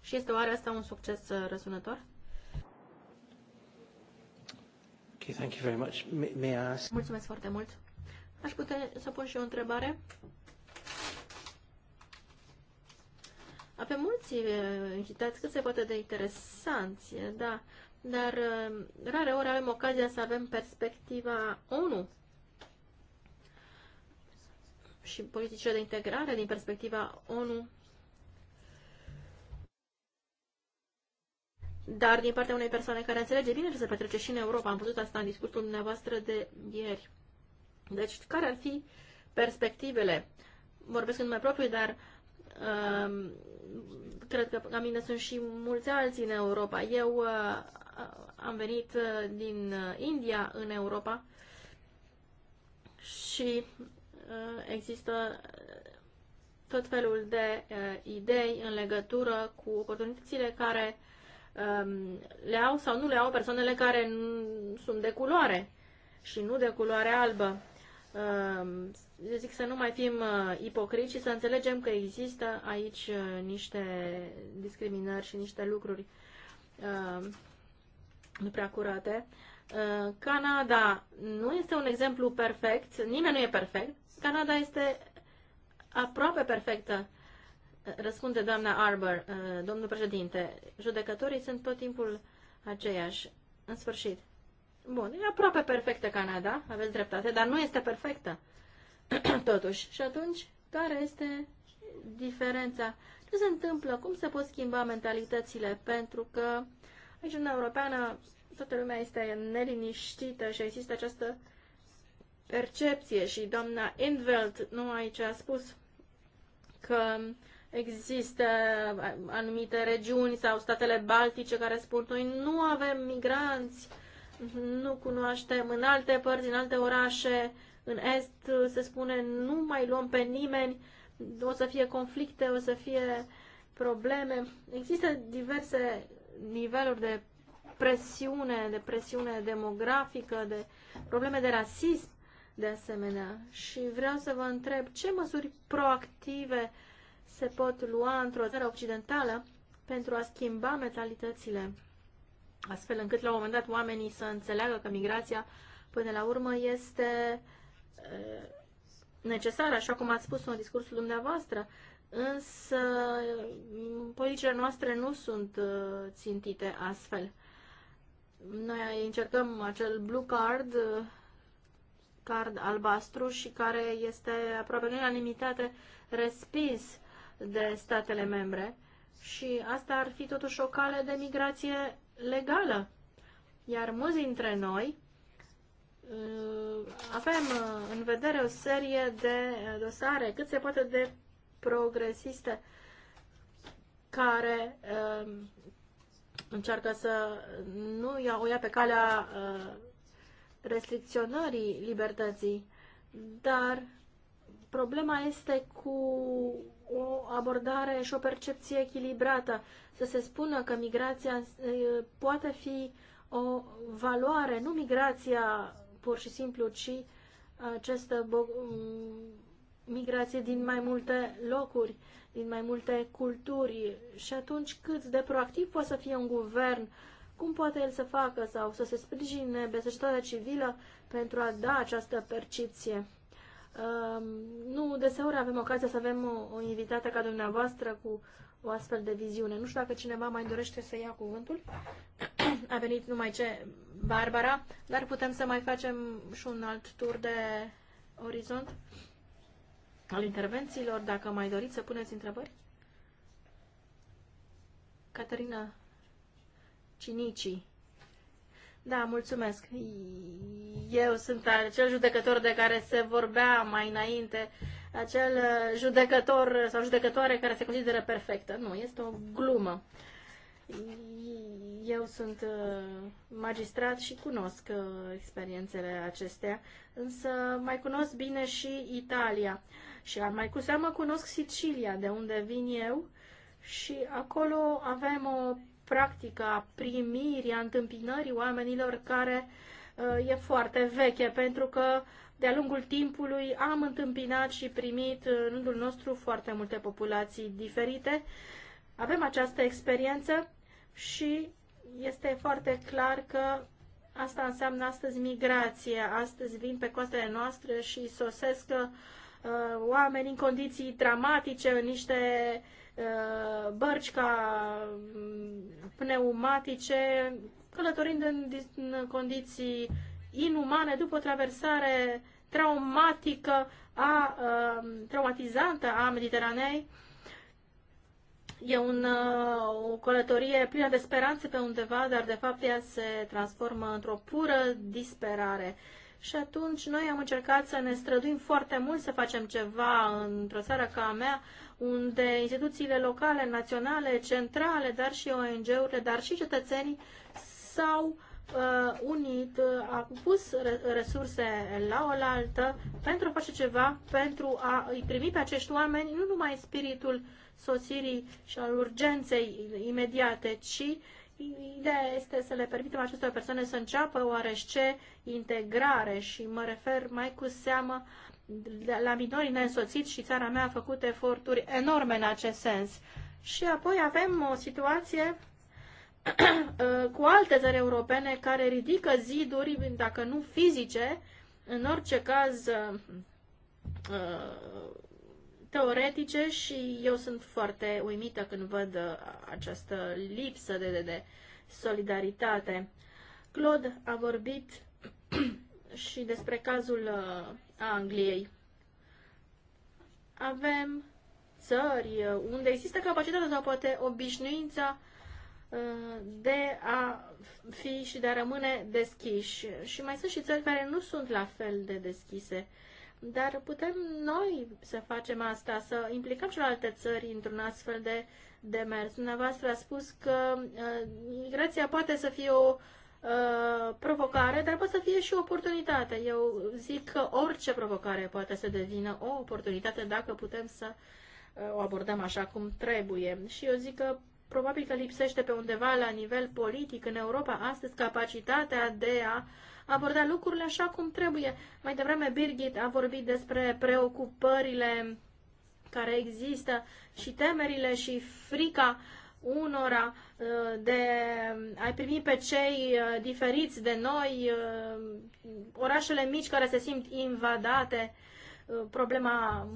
și este oare asta un succes eh, răsunător? Okay, thank you very much. May, may I ask... Mulțumesc foarte mult. Aș putea să pun și o întrebare? Avem mulți invitați cât se poate de interesanți, da, dar rare ori avem ocazia să avem perspectiva ONU și politicile de integrare din perspectiva ONU. Dar din partea unei persoane care înțelege bine ce se petrece și în Europa, am văzut asta în discursul dumneavoastră de ieri. Deci, care ar fi perspectivele? Vorbesc în mai propriu, dar uh, Ehm, cred că ca mine sunt și mulți alții în Europa. Eu eh, am venit eh, din eh, India în Europa și există tot felul de idei în legătură cu oportunitățile care ehm, le au sau nu le au persoanele care sunt de culoare și nu de culoare albă eu zic să nu mai fim uh, ipocriți și să înțelegem că există aici uh, niște discriminări și niște lucruri uh, nu prea curate. Canada nu este un exemplu perfect, nimeni nu e perfect. Canada este aproape perfectă, răspunde doamna Arbor, domnul președinte. Judecătorii sunt tot timpul aceiași. În sfârșit. Bun, e aproape perfectă Canada, aveți dreptate, dar nu este perfectă. Totuși, și atunci, care este diferența? Ce se întâmplă? Cum se pot schimba mentalitățile? Pentru că aici în Europeană toată lumea este neliniștită și există această percepție și doamna Invelt nu aici a spus că există anumite regiuni sau statele baltice care spun noi nu avem migranți, uh, nu cunoaștem. În alte părți, în alte orașe, în Est, se spune nu mai luăm pe nimeni, o să fie conflicte, o să fie probleme. Există diverse niveluri de presiune, de presiune demografică, de probleme de rasism, de asemenea. Și vreau să vă întreb ce măsuri proactive se pot lua într-o țară occidentală pentru a schimba mentalitățile astfel încât la un moment dat oamenii să înțeleagă că migrația până la urmă este uh, necesară, așa cum ați spus în discursul dumneavoastră, însă politicile noastre nu sunt uh, țintite astfel. Noi încercăm acel blue card, uh, card albastru și care este aproape în unanimitate respins de statele membre și asta ar fi totuși o cale de migrație legală. Iar mulți dintre noi uh, avem uh, în vedere o serie de uh, dosare cât se poate de progresiste care încearcă să nu ia, o ia pe calea restricționării libertății, dar problema este cu o abordare și o percepție echilibrată, să se spună că migrația poate fi o valoare, nu migrația pur și simplu, ci această migrație din mai multe locuri, din mai multe culturi. Și atunci cât de proactiv poate să fie un guvern, cum poate el să facă sau să se sprijine pe societatea civilă pentru a da această percepție nu, deseori avem ocazia să avem o, o invitată ca dumneavoastră cu o astfel de viziune. Nu știu dacă cineva mai dorește să ia cuvântul. A venit numai ce Barbara, dar putem să mai facem și un alt tur de orizont al intervențiilor, dacă mai doriți să puneți întrebări. Caterina Cinici da, mulțumesc. Eu sunt acel judecător de care se vorbea mai înainte, acel judecător sau judecătoare care se consideră perfectă. Nu, este o glumă. Eu sunt uh, magistrat și cunosc uh, experiențele acestea, însă mai cunosc bine și Italia. Și mai cu seamă cunosc Sicilia, de unde vin eu, și acolo avem o practica primirii, a întâmpinării oamenilor care uh, e foarte veche, pentru că de-a lungul timpului am întâmpinat și primit uh, în rândul nostru foarte multe populații diferite. Avem această experiență și este foarte clar că asta înseamnă astăzi migrație. Astăzi vin pe coastele noastre și sosesc uh, oameni în condiții dramatice, în niște Uh, bărci ca mm, pneumatice, călătorind în, în condiții inumane după o traversare traumatică, a, uh, traumatizantă a Mediteranei. E un, uh, o călătorie plină de speranțe pe undeva, dar de fapt ea se transformă într-o pură disperare. Și atunci noi am încercat să ne străduim foarte mult să facem ceva într-o țară ca a mea, unde instituțiile locale, naționale, centrale, dar și ONG-urile, dar și cetățenii s-au uh, unit, uh, au pus resurse la oaltă pentru a face ceva, pentru a îi primi pe acești oameni, nu numai în spiritul sosirii și al urgenței imediate, ci ideea este să le permitem acestor persoane să înceapă oarește integrare și mă refer mai cu seamă uh, la minorii neînsoțiți și țara mea a făcut eforturi enorme în acest sens. Și apoi avem o situație cu alte țări europene care ridică ziduri, dacă nu fizice, în orice caz uh, teoretice și eu sunt foarte uimită când văd uh, această lipsă de, de, de solidaritate. Claude a vorbit și despre cazul uh, Angliei. Avem țări uh, unde există capacitatea sau poate obișnuința uh, de a fi și de a rămâne deschiși. Și mai sunt și țări care nu sunt la fel de deschise. Dar putem noi să facem asta, să implicăm celelalte țări într-un astfel de demers. Dumneavoastră a spus că migrația poate să fie o Uh, provocare, dar poate să fie și oportunitate. Eu zic că orice provocare poate să devină o oportunitate dacă putem să uh, o abordăm așa cum trebuie. Și eu zic că probabil că lipsește pe undeva la nivel politic în Europa astăzi capacitatea de a aborda lucrurile așa cum trebuie. Mai devreme Birgit a vorbit despre preocupările care există și temerile și frica unora uh, de a primi pe cei uh, diferiți de noi, uh, orașele mici care se simt invadate, problema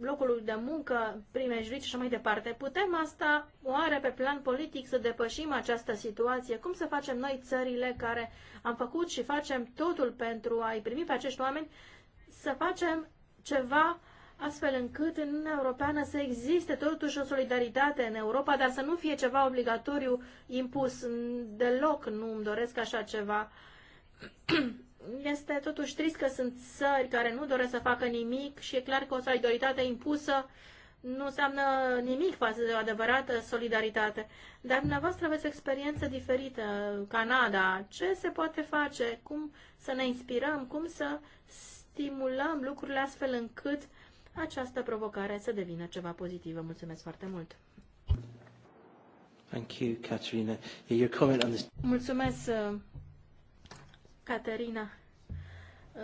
locului de muncă, primejduit și așa mai departe. Putem asta, oare, pe plan politic să depășim această situație? Cum să facem noi țările care am făcut și facem totul pentru a-i primi pe acești oameni să facem ceva uh, astfel încât în Uniunea Europeană să existe totuși o solidaritate în Europa, dar să nu fie ceva obligatoriu impus. Deloc nu îmi doresc așa ceva. Este totuși trist că sunt țări care nu doresc să facă nimic și e clar că o solidaritate impusă nu înseamnă nimic față de o adevărată solidaritate. Dar dumneavoastră aveți o experiență diferită, Canada. Ce se poate face? Cum să ne inspirăm? Cum să stimulăm lucrurile astfel încât această provocare să devină ceva pozitiv. Vă mulțumesc foarte mult! Thank you, Caterina. Your comment on this... Mulțumesc, uh, Caterina. Uh,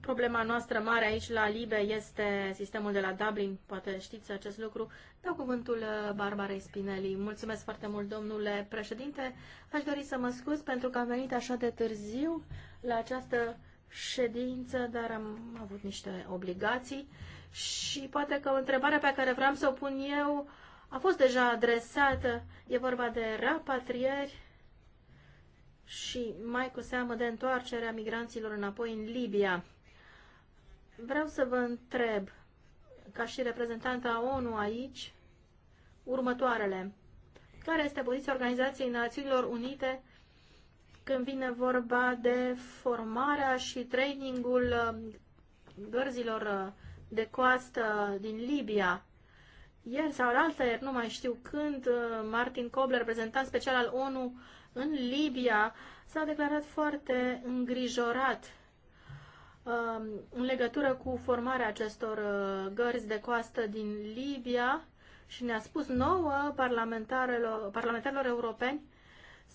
problema noastră mare aici la Libe este sistemul de la Dublin, poate știți acest lucru. Dau cuvântul uh, Barbarei Spinelli. Mulțumesc foarte mult, domnule președinte. Aș dori să mă scuz pentru că am venit așa de târziu la această ședință, dar am avut niște obligații și poate că o întrebare pe care vreau să o pun eu a fost deja adresată. E vorba de rapatrieri și mai cu seamă de întoarcerea migranților înapoi în Libia. Vreau să vă întreb, ca și reprezentanta ONU aici, următoarele. Care este poziția Organizației Națiunilor Unite când vine vorba de formarea și trainingul um, gărzilor uh, de coastă din Libia. Ieri sau altă ieri, nu mai știu când, uh, Martin Kobler, reprezentant special al ONU în Libia, s-a declarat foarte îngrijorat um, în legătură cu formarea acestor uh, gărzi de coastă din Libia și ne-a spus nouă parlamentarilor, parlamentarilor europeni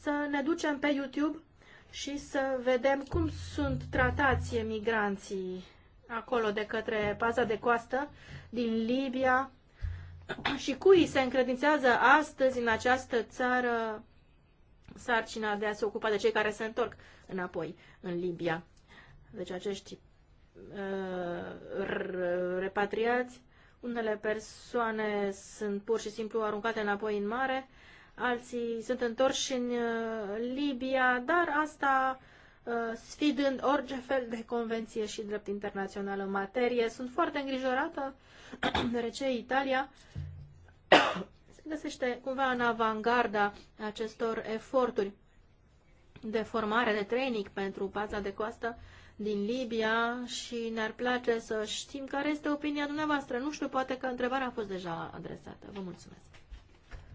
să ne ducem pe YouTube și să vedem cum sunt tratați emigranții acolo de către paza de coastă din Libia și cui se încredințează astăzi în această țară sarcina de a se ocupa de cei care se întorc înapoi în Libia. Deci acești uh, repatriați, unele persoane sunt pur și simplu aruncate înapoi în mare, alții sunt întorși în uh, Libia, dar asta uh, sfidând orice fel de convenție și drept internațional în materie. Sunt foarte îngrijorată de ce Italia se găsește cumva în avangarda acestor eforturi de formare, de training pentru paza de coastă din Libia și ne-ar place să știm care este opinia dumneavoastră. Nu știu, poate că întrebarea a fost deja adresată. Vă mulțumesc.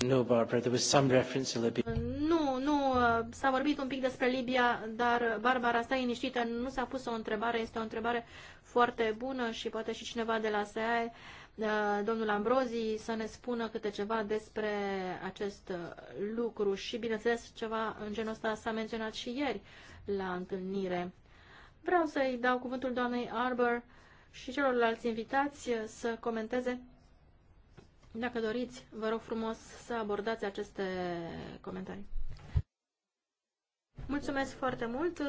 No, Barbara, there was some reference to Libya. Nu, nu, uh, s-a vorbit un pic despre Libia, dar Barbara, stai liniștită, nu s-a pus o întrebare, este o întrebare foarte bună și poate și cineva de la SEAE, uh, domnul Ambrozi, să ne spună câte ceva despre acest uh, lucru și, bineînțeles, ceva în genul ăsta s-a menționat și ieri la întâlnire. Vreau să-i dau cuvântul doamnei Arbor și celorlalți invitați să comenteze dacă doriți, vă rog frumos să abordați aceste comentarii. Mulțumesc foarte mult!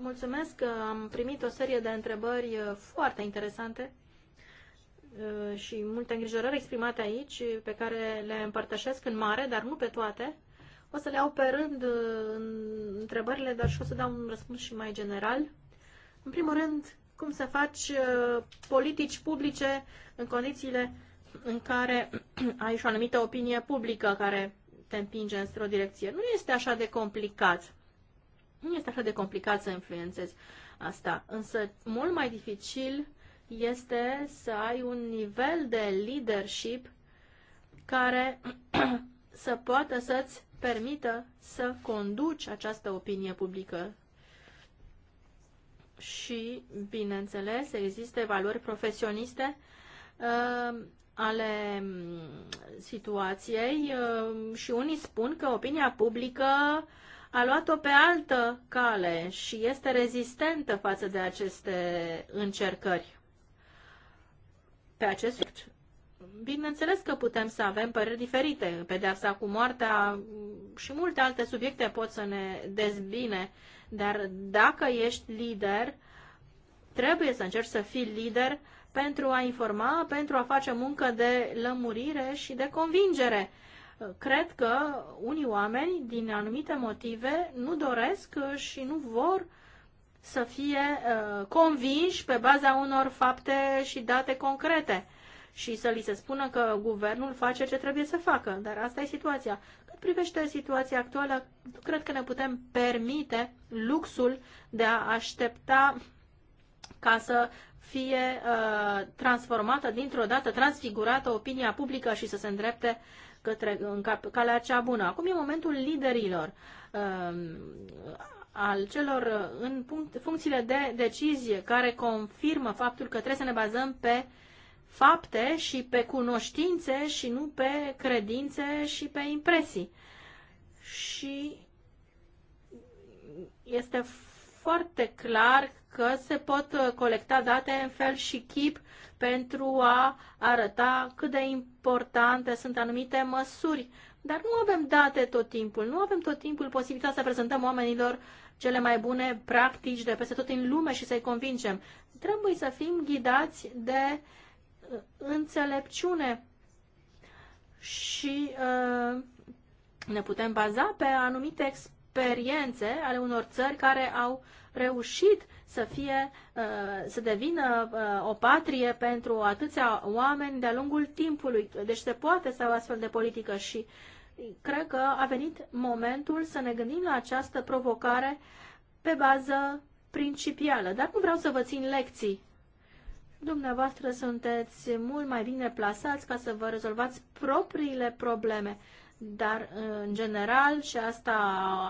Mulțumesc că am primit o serie de întrebări foarte interesante și multe îngrijorări exprimate aici, pe care le împărtășesc în mare, dar nu pe toate. O să le iau pe rând întrebările, dar și o să dau un răspuns și mai general. În primul rând, cum să faci uh, politici publice în condițiile în care ai și o anumită opinie publică care te împinge într-o direcție. Nu este așa de complicat. Nu este așa de complicat să influențezi asta, însă mult mai dificil este să ai un nivel de leadership care să poată să-ți permită să conduci această opinie publică și, bineînțeles, există valori profesioniste uh, ale mm, situației uh, și unii spun că opinia publică a luat-o pe altă cale și este rezistentă față de aceste încercări. Pe acest subiect, bineînțeles că putem să avem păreri diferite. Pedeapsa cu moartea mm, și multe alte subiecte pot să ne dezbine dar dacă ești lider, trebuie să încerci să fii lider pentru a informa, pentru a face muncă de lămurire și de convingere. Cred că unii oameni, din anumite motive, nu doresc și nu vor să fie uh, convinși pe baza unor fapte și date concrete și să li se spună că guvernul face ce trebuie să facă. Dar asta e situația privește situația actuală, nu cred că ne putem permite luxul de a aștepta ca să fie uh, transformată dintr-o dată, transfigurată opinia publică și să se îndrepte către, în cap, calea cea bună. Acum e momentul liderilor, uh, al celor uh, în punct, funcțiile de decizie care confirmă faptul că trebuie să ne bazăm pe uh, fapte și pe cunoștințe și nu pe credințe și pe impresii. Și este foarte clar că se pot colecta date în fel și chip pentru a arăta cât de importante sunt anumite măsuri. Dar nu avem date tot timpul, nu avem tot timpul posibilitatea să prezentăm oamenilor cele mai bune practici de peste tot în lume și să-i convingem. Trebuie să fim ghidați de uh, înțelepciune și uh, ne putem baza pe anumite experiențe ale unor țări care au reușit să fie, uh, să devină uh, o patrie pentru atâția oameni de-a lungul timpului. Deci se poate să ai o astfel de politică și cred că a venit momentul să ne gândim la această provocare pe bază principială. Dar nu vreau să vă țin lecții Dumneavoastră sunteți mult mai bine plasați ca să vă rezolvați propriile probleme. Dar, în general, și asta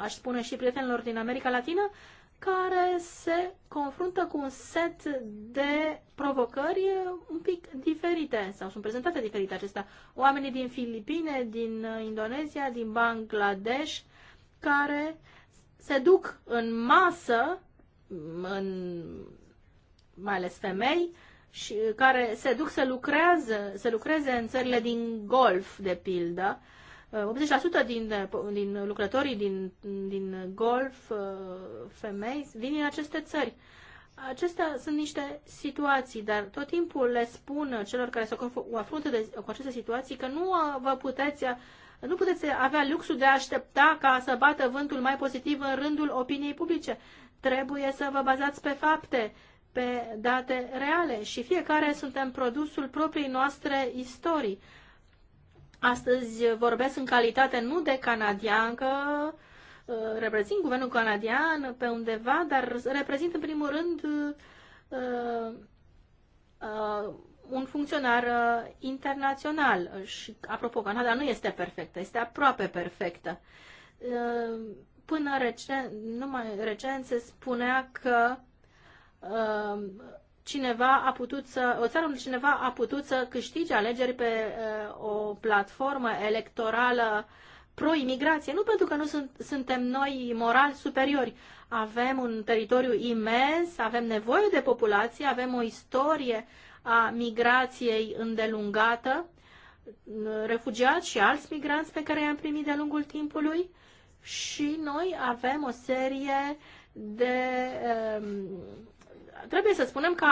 aș spune și prietenilor din America Latină, care se confruntă cu un set de provocări un pic diferite sau sunt prezentate diferite acestea. Oamenii din Filipine, din Indonezia, din Bangladesh, care se duc în masă, în, mai ales femei, și uh, care se duc să, lucrează, să lucreze în țările din Golf, de pildă. 80% uh, din, uh, din lucrătorii din, din Golf, femei, vin din aceste țări. Acestea sunt niște situații, dar tot timpul le spun celor care se afruntă de, cu aceste situații că nu vă puteți nu puteți avea luxul de a aștepta ca să bată vântul mai pozitiv în rândul opiniei publice. Trebuie să vă bazați pe fapte, pe date reale și fiecare suntem produsul proprii noastre istorii. Astăzi vorbesc în calitate nu de canadian, că uh, reprezint guvernul canadian pe undeva, dar reprezint în primul rând uh, uh, un funcționar uh, internațional. Și, apropo, Canada nu este perfectă, este aproape perfectă. Uh, până recent, numai recent se spunea că Um, cineva a putut să, o țară unde cineva a putut să câștige alegeri pe uh, o platformă electorală pro-imigrație, nu pentru că nu sunt, suntem noi moral superiori. Avem un teritoriu imens, avem nevoie de populație, avem o istorie a migrației îndelungată, refugiați și alți migranți pe care i-am primit de-a lungul timpului și noi avem o serie de uh, trebuie să spunem că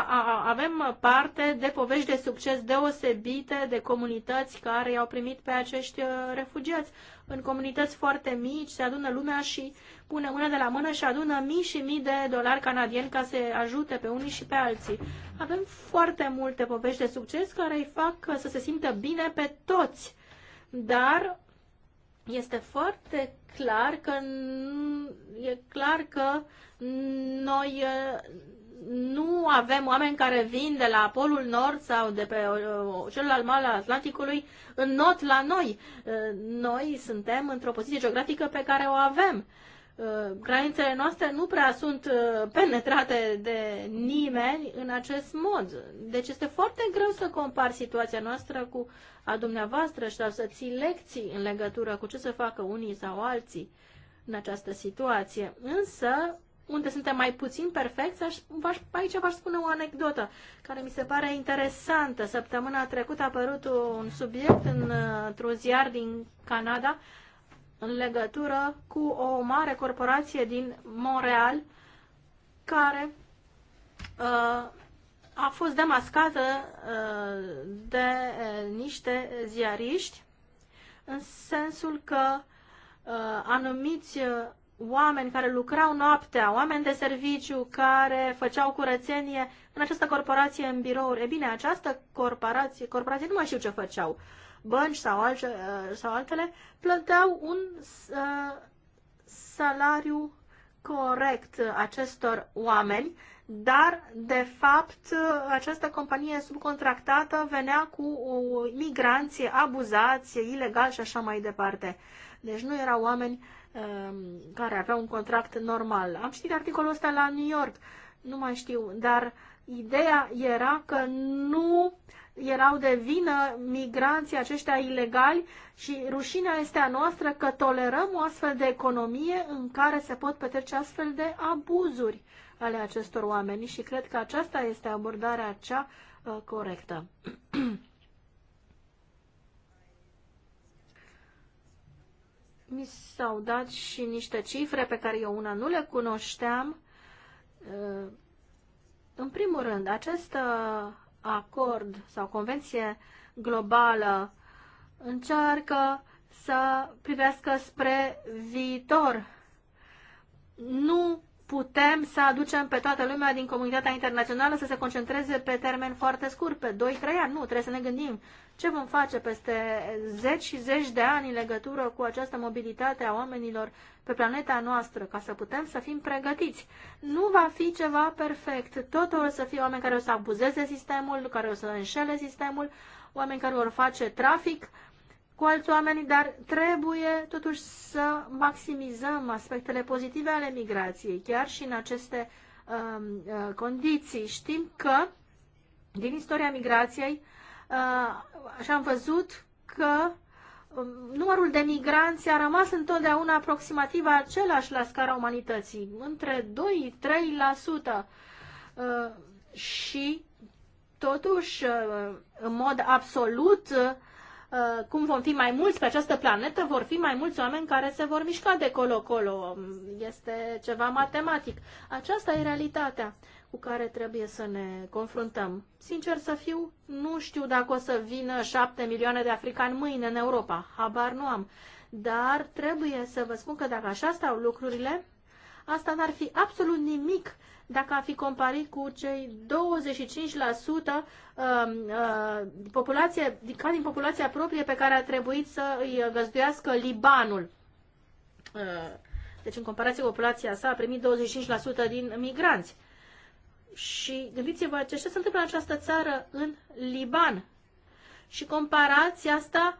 avem parte de povești de succes deosebite de comunități care i-au primit pe acești uh, refugiați. În comunități foarte mici se adună lumea și pune mâna de la mână și adună mii și mii de dolari canadieni ca să ajute pe unii și pe alții. Avem foarte multe povești de succes care îi fac uh, să se simtă bine pe toți. Dar este foarte clar că e clar că noi uh, nu avem oameni care vin de la Polul Nord sau de pe uh, celălalt mal al Atlanticului în not la noi. Uh, noi suntem într-o poziție geografică pe care o avem. Uh, granițele noastre nu prea sunt penetrate de nimeni în acest mod. Deci este foarte greu să compari situația noastră cu a dumneavoastră și să ții lecții în legătură cu ce să facă unii sau alții în această situație. Însă, unde suntem mai puțin perfecți, aș, v-aș, aici v-aș spune o anecdotă care mi se pare interesantă. Săptămâna trecută a apărut un subiect în, într-un ziar din Canada în legătură cu o mare corporație din Montreal care uh, a fost demascată uh, de uh, niște ziariști în sensul că uh, anumiți oameni care lucrau noaptea, oameni de serviciu care făceau curățenie în această corporație în birouri. E bine, această corporație, corporație nu mai știu ce făceau, bănci sau, alce, eh, sau altele, plăteau un uh, salariu corect acestor oameni, dar, de fapt, această companie subcontractată venea cu uh, migranție, abuzați, ilegal și așa mai departe. Deci nu erau oameni uh, Um, care avea un contract normal. Am citit articolul ăsta la New York, nu mai știu, dar ideea era că nu erau de vină migranții aceștia ilegali și rușinea este a noastră că tolerăm o astfel de economie în care se pot petrece astfel de abuzuri ale acestor oameni și cred că aceasta este abordarea cea uh, corectă. mi s-au dat și niște cifre pe care eu una nu le cunoșteam. Uh, în primul rând, acest uh, acord sau convenție globală încearcă să privească spre viitor. Nu putem să aducem pe toată lumea din comunitatea internațională să se concentreze pe termen foarte scurt, pe 2-3 ani. Nu, trebuie să ne gândim ce vom face peste zeci și zeci de ani în legătură cu această mobilitate a oamenilor pe planeta noastră, ca să putem să fim pregătiți. Nu va fi ceva perfect. Totul o să fie oameni care o să abuzeze sistemul, care o să înșele sistemul, oameni care vor face trafic, cu alți oameni, dar trebuie totuși să maximizăm aspectele pozitive ale migrației, chiar și în aceste um, uh, condiții. Știm că din istoria migrației uh, am văzut că um, numărul de migranți a rămas întotdeauna aproximativ același la scara umanității, între 2-3%. Uh, și totuși, uh, în mod absolut, uh, Uh, cum vom fi mai mulți pe această planetă, vor fi mai mulți oameni care se vor mișca de colo-colo. Este ceva matematic. Aceasta e realitatea cu care trebuie să ne confruntăm. Sincer să fiu, nu știu dacă o să vină șapte milioane de africani mâine în Europa. Habar nu am. Dar trebuie să vă spun că dacă așa stau lucrurile, asta n-ar fi absolut nimic dacă a fi comparit cu cei 25% um, uh, populație, ca din populația proprie pe care a trebuit să îi găzduiască Libanul. Uh, deci în comparație cu populația sa a primit 25% din migranți. Și gândiți-vă ce se întâmplă în această țară, în Liban. Și comparația asta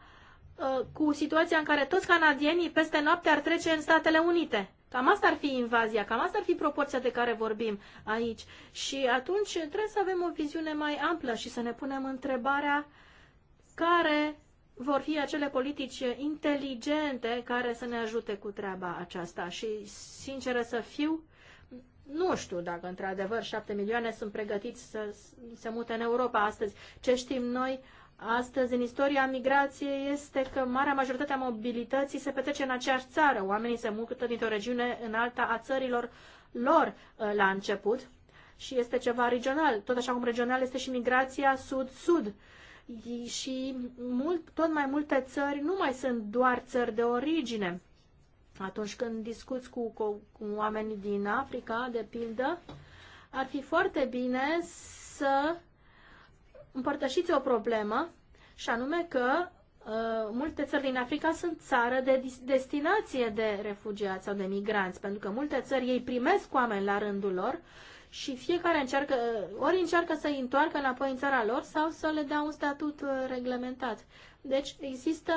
uh, cu situația în care toți canadienii peste noapte ar trece în Statele Unite. Cam asta ar fi invazia, cam asta ar fi proporția de care vorbim aici. Și atunci trebuie să avem o viziune mai amplă și să ne punem întrebarea care vor fi acele politici inteligente care să ne ajute cu treaba aceasta. Și, sinceră să fiu, nu știu dacă într-adevăr șapte milioane sunt pregătiți să se mute în Europa astăzi. Ce știm noi Astăzi, în istoria migrației, este că marea majoritate a mobilității se petrece în aceeași țară. Oamenii se mută dintr-o regiune în alta a țărilor lor uh, la început și este ceva regional. Tot așa cum regional este și migrația sud-sud. Și mult, tot mai multe țări nu mai sunt doar țări de origine. Atunci când discuți cu, cu, cu oamenii din Africa, de pildă, ar fi foarte bine să împărtășiți o problemă și anume că uh, multe țări din Africa sunt țară de destinație de refugiați sau de migranți, pentru că multe țări ei primesc oameni la rândul lor și fiecare încearcă, uh, ori încearcă să-i întoarcă înapoi în țara lor sau să le dea un statut uh, reglementat. Deci există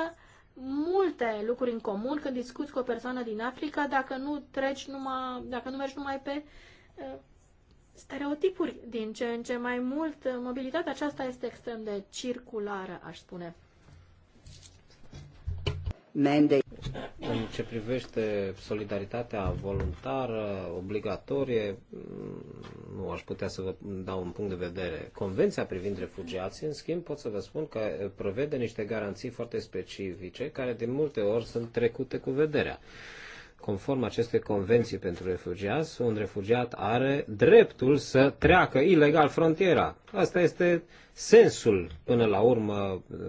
multe lucruri în comun când discuți cu o persoană din Africa dacă nu treci numai, dacă nu mergi numai pe stereotipuri din ce în ce mai mult. Mobilitatea aceasta este extrem de circulară, aș spune. Mandate. În ce privește solidaritatea voluntară, obligatorie, nu aș putea să vă dau un punct de vedere. Convenția privind refugiații, în schimb, pot să vă spun că prevede niște garanții foarte specifice, care de multe ori sunt trecute cu vederea conform acestei convenții pentru refugiați, un refugiat are dreptul să treacă ilegal frontiera. Asta este sensul, până la urmă, uh,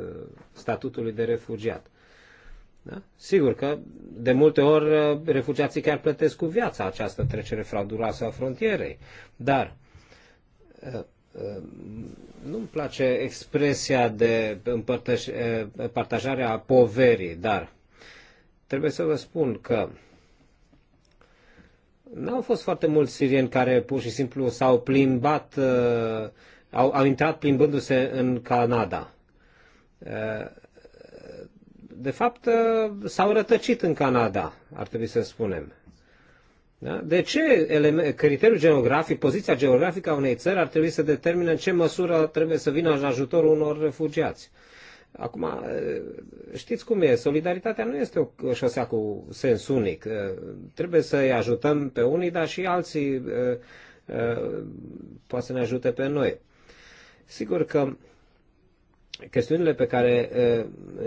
statutului de refugiat. Da? Sigur că de multe ori uh, refugiații chiar plătesc cu viața această trecere frauduloasă a frontierei, dar uh, nu-mi place expresia de împărtăș, a poverii, dar trebuie să vă spun că N-au fost foarte mulți sirieni care pur și simplu s-au plimbat, uh, au, au intrat plimbându-se în Canada. Uh, de fapt, uh, s-au rătăcit în Canada, ar trebui să spunem. Da? De ce element, criteriul geografic, poziția geografică a unei țări ar trebui să determine în ce măsură trebuie să vină în ajutorul unor refugiați? Acum, știți cum e, solidaritatea nu este o șosea cu sens unic. Eh, trebuie să-i ajutăm pe unii, dar și alții eh, eh, poate să ne ajute pe noi. Sigur că chestiunile pe care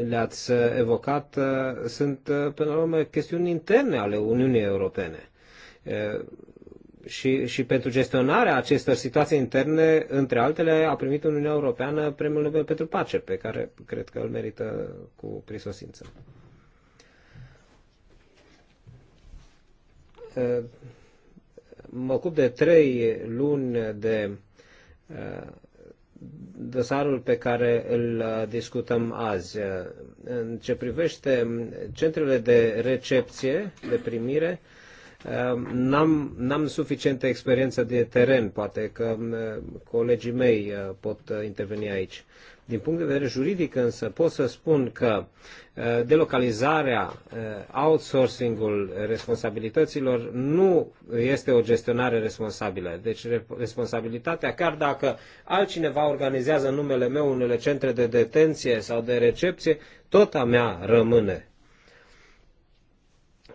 le-ați evocat sunt, până la urmă, chestiuni interne ale Uniunii Europene și, și pentru gestionarea acestor situații interne, între altele, a primit în Uniunea Europeană premiul Nobel pentru pace, pe care cred că îl merită cu prisosință. Mă ocup de trei luni de uh, dosarul pe care îl uh, discutăm azi. În ce privește centrele de recepție, de primire, Ehm, n-am, n-am suficientă experiență de teren, poate că colegii mei eh, pot eh, interveni aici. Din punct de vedere juridic însă pot să spun că eh, delocalizarea, outsourcing-ul responsabilităților nu este o gestionare responsabilă. Deci responsabilitatea, chiar dacă altcineva organizează numele meu unele centre de detenție sau de recepție, tot a mea rămâne.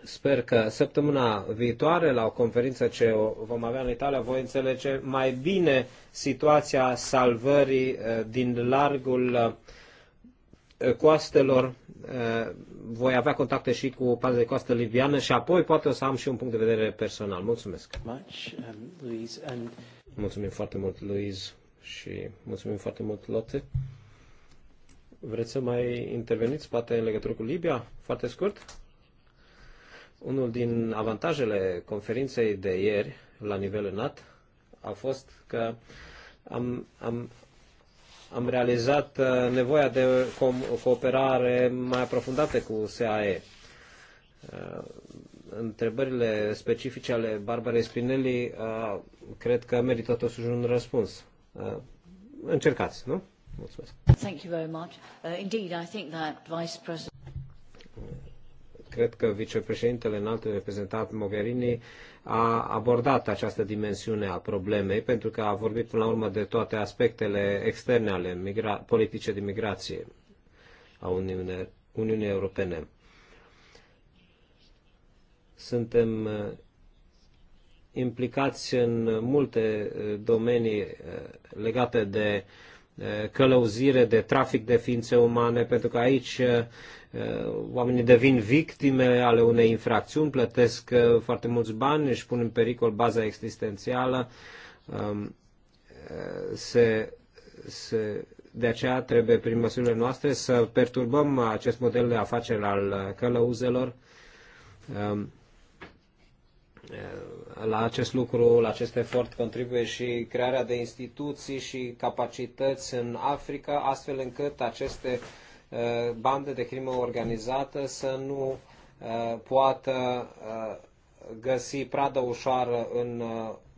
Sper că săptămâna viitoare, la o conferință ce o vom avea în Italia, voi înțelege mai bine situația salvării uh, din largul uh, coastelor. Uh, voi avea contacte și cu partea de coastă libiană și apoi poate o să am și un punct de vedere personal. Mulțumesc! Um, mulțumim foarte mult, Luiz, și mulțumim foarte mult, Lotte. Vreți să mai interveniți, poate, în legătură cu Libia? Foarte scurt. Unul din avantajele conferinței de ieri la nivel înalt a fost că am, am, am realizat uh, nevoia de cooperare mai aprofundată cu SAE. Uh, întrebările specifice ale Barbarei Spinelli uh, cred că merită totuși un răspuns. Încercați, nu? Mulțumesc. Thank you very much. Uh, indeed, I think that Vice President Cred că vicepreședintele înalt reprezentat Mogherini a abordat această dimensiune a problemei, pentru că a vorbit până la urmă de toate aspectele externe ale migra- politice de migrație a Uniune, Uniunii Europene. Suntem implicați în multe eh, domenii eh, legate de uh, călăuzire, de trafic de ființe umane, pentru că aici oamenii devin victime ale unei infracțiuni, plătesc foarte mulți bani, își pun în pericol baza existențială. Se, se, de aceea trebuie, prin măsurile noastre, să perturbăm acest model de afaceri al călăuzelor Eh, la acest lucru, la acest efort contribuie și crearea de instituții și capacități în Africa, astfel încât aceste eh, bande de crimă organizată să nu eh, poată găsi pradă ușoară în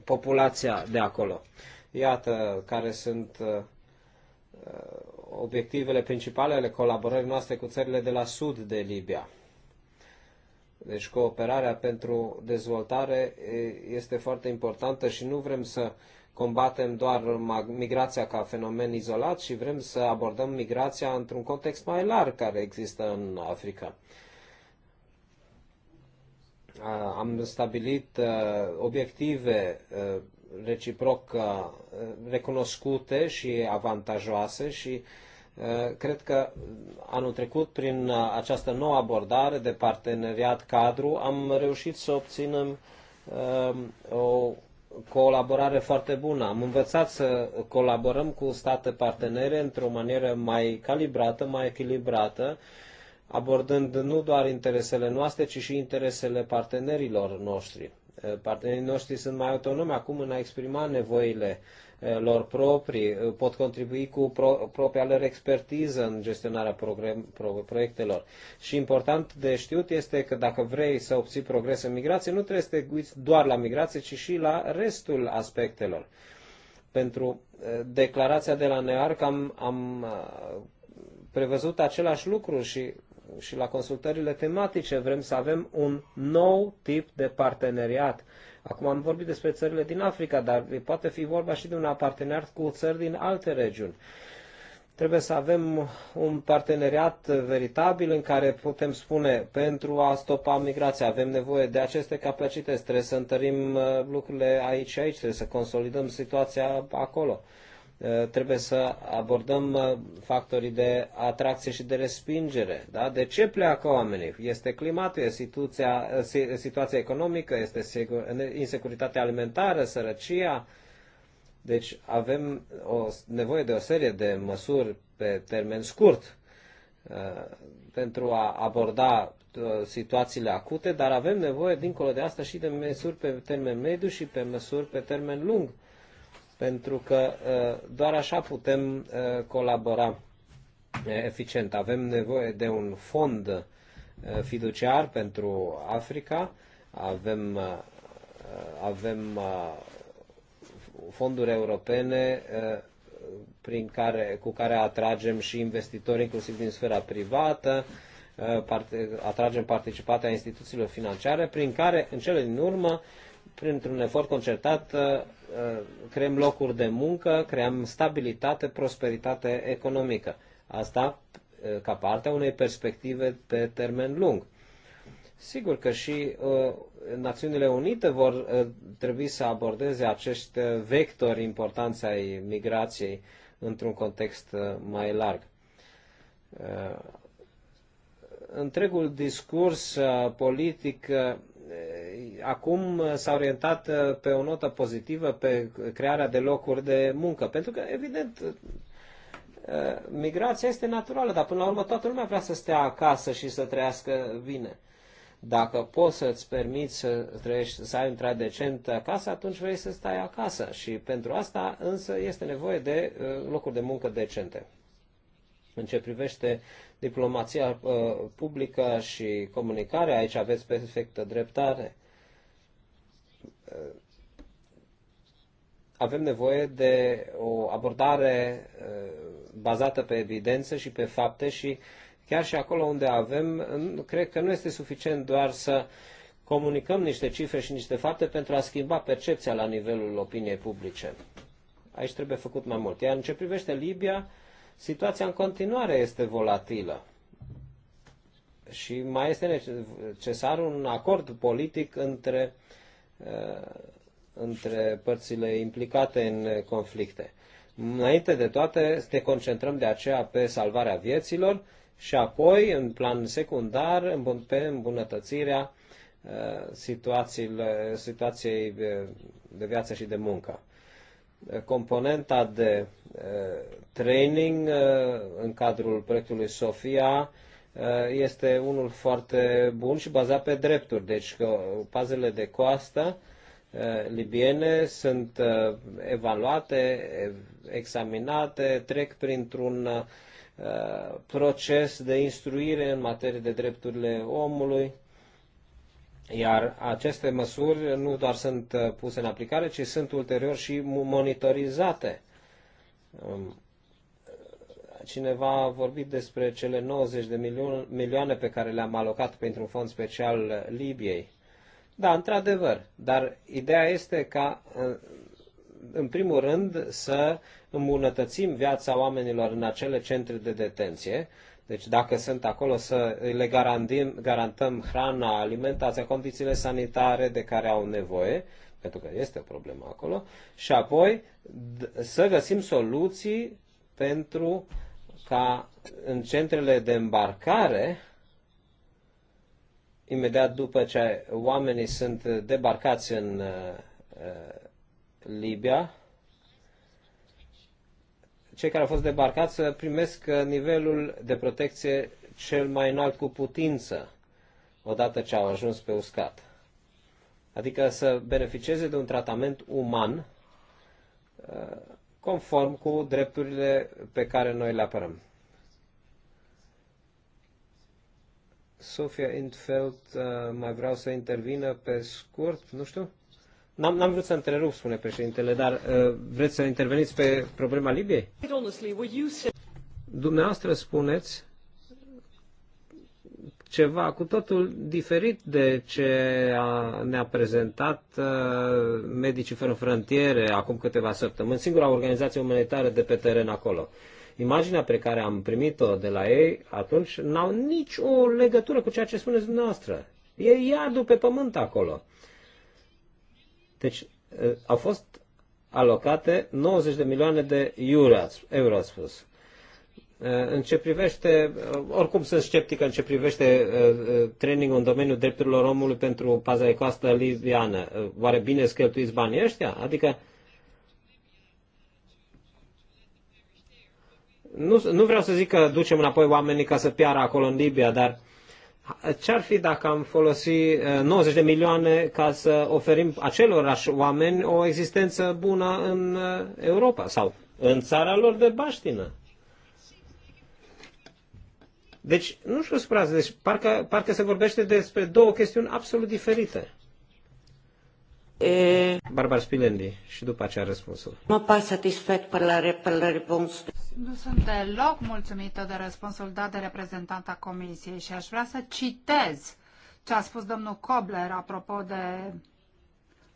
populația de acolo. Iată care sunt obiectivele principale ale colaborării noastre cu țările de la sud de Libia. Deci cooperarea pentru dezvoltare este foarte importantă și nu vrem să combatem doar migrația ca fenomen izolat, ci vrem să abordăm migrația într-un context mai larg care există în Africa. Am stabilit obiective reciproc recunoscute și avantajoase și uh, Eh, cred că mm, anul trecut, prin eh, această nouă abordare de parteneriat cadru, am reușit să obținem eh, o colaborare foarte bună. Am învățat să colaborăm cu state partenere într-o manieră mai calibrată, mai echilibrată, abordând nu doar interesele noastre, ci și interesele partenerilor noștri. Partenerii noștri sunt mai autonomi acum în a exprima nevoile uh, Eh, lor proprii, eh, pot contribui cu pro, propria lor expertiză în gestionarea program, pro, proiectelor. Și important de știut este că dacă vrei să obții progres în migrație, nu trebuie să te uiți doar la migrație, ci și la restul aspectelor. Pentru eh, declarația de la NEARC am, am prevăzut același lucru și și la consultările tematice vrem să avem un nou tip de parteneriat Acum am vorbit despre țările din Africa, dar poate fi vorba și de un parteneriat cu țări din alte regiuni. Trebuie să avem un parteneriat veritabil în care putem spune pentru a stopa migrația avem nevoie de aceste capacități, trebuie să întărim uh, lucrurile aici și aici, trebuie să consolidăm situația acolo. Eh, trebuie să abordăm eh, factorii de atracție și de respingere. Da? De ce pleacă oamenii? Este climatul, este situația, eh, situația economică, este insecuritatea alimentară, sărăcia. Deci avem o nevoie de o serie de măsuri pe termen scurt pentru a aborda situațiile acute, dar avem nevoie, dincolo de asta, și de măsuri pe termen mediu și pe măsuri pe termen lung pentru că uh, doar așa putem uh, colabora uh, eficient. Avem nevoie de un fond fiduciar pentru Africa, avem, avem fonduri europene prin care, cu care atragem și investitori, inclusiv din sfera privată, atragem participarea instituțiilor financiare, prin care, în cele din urmă, printr-un efort concertat, Uh, creăm locuri de muncă, creăm stabilitate, prosperitate economică. Asta uh, ca parte a unei perspective pe termen lung. Sigur că și uh, Națiunile Unite vor trebui să abordeze acești vectori importanți ai migrației într-un context mai larg întregul discurs politic acum uh, s-a orientat uh, pe o notă pozitivă pe crearea de locuri de muncă. Pentru că, evident, uh, migrația este naturală, dar până la urmă toată lumea vrea să stea acasă și să trăiască bine. Dacă poți să-ți permiți să, trăiești, să ai un trai decent acasă, atunci vrei să stai acasă. Și pentru asta însă este nevoie de locuri de muncă decente. În ce privește diplomația uh, publică și comunicarea, aici aveți perfectă dreptare. Uh, avem nevoie de o abordare uh, bazată pe evidență și pe fapte și chiar și acolo unde avem, cred că nu este suficient doar să comunicăm niște cifre și niște fapte pentru a schimba percepția la nivelul opiniei publice. Aici trebuie făcut mai mult. Iar în ce privește Libia, situația în continuare este volatilă. Și mai este necesar un acord politic între uh, Uh, între părțile implicate în conflicte. Înainte de toate, ne concentrăm de aceea pe salvarea vieților și apoi, în plan secundar, pe îmbunătățirea uh, situației uh, de viață și de muncă. Componenta de training în cadrul proiectului SOFIA Eh, este unul foarte bun și bazat pe drepturi. Deci că pazele de coastă eh, libiene sunt eh, evaluate, examinate, trec printr-un proces de instruire în materie de drepturile omului, iar aceste măsuri nu doar sunt puse în aplicare, ci sunt ulterior și monitorizate cineva a vorbit despre cele 90 de milioane pe care le-am alocat pentru un fond special uh, Libiei. Da, într-adevăr, dar ideea este ca, în primul rând, să îmbunătățim viața oamenilor în acele centre de detenție. Deci dacă sunt acolo să le garantim, garantăm hrana, alimentația, condițiile sanitare de care au nevoie, pentru că este o problemă acolo, și apoi să găsim soluții pentru ca în centrele de îmbarcare, imediat după ce oamenii sunt debarcați în uh, uh, Libia, cei care au fost debarcați uh, primesc nivelul de protecție cel mai înalt cu putință odată ce au ajuns pe uscat. Adică să beneficieze de un tratament uman conform cu drepturile pe care noi le apărăm. Sofia Intfeld uh, mai vreau să intervină pe scurt, nu știu. N-am, n-am vrut să întrerup, spune președintele, dar uh, vreți să interveniți pe problema Libiei? Dumneavoastră spuneți ceva cu totul diferit de ce a, ne-a prezentat uh, Medicii Fără Frontiere acum câteva săptămâni, singura organizație umanitară de pe teren acolo. Imaginea pe care am primit-o de la ei atunci n-au nici o legătură cu ceea ce spuneți dumneavoastră. E iadul pe pământ acolo. Deci uh, au fost alocate 90 de milioane de euro, euro spus Eh, în ce privește, eh, oricum sunt sceptic în ce privește eh, trainingul în domeniul drepturilor omului pentru paza de coastă libiană. Oare bine scheltuiți banii ăștia? Adică nu, nu vreau să zic că ducem înapoi oamenii ca să piară acolo în Libia, dar ce-ar fi dacă am folosi 90 de milioane ca să oferim acelorași oameni o existență bună în Europa sau în țara lor de baștină? Deci, nu știu supărați, deci parcă, parcă se vorbește despre două chestiuni absolut diferite. E... Barbar Spinelli și după aceea răspunsul. Mă pas satisfet pe la, pe la răspuns. Nu sunt deloc mulțumită de răspunsul dat de reprezentanta comisiei și aș vrea să citez ce a spus domnul Kobler apropo de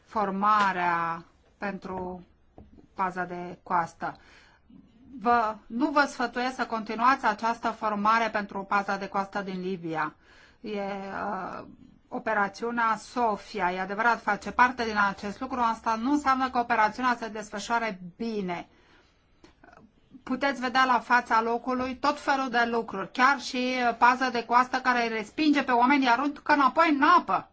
formarea pentru paza de coastă vă, nu vă sfătuiesc să continuați această formare pentru paza de coastă din Libia. E uh, operațiunea Sofia, e adevărat, face parte din acest lucru, asta nu înseamnă că operațiunea se desfășoare bine. Puteți vedea la fața locului tot felul de lucruri, chiar și uh, paza de coastă care îi respinge pe oameni iar aruncă înapoi în apă.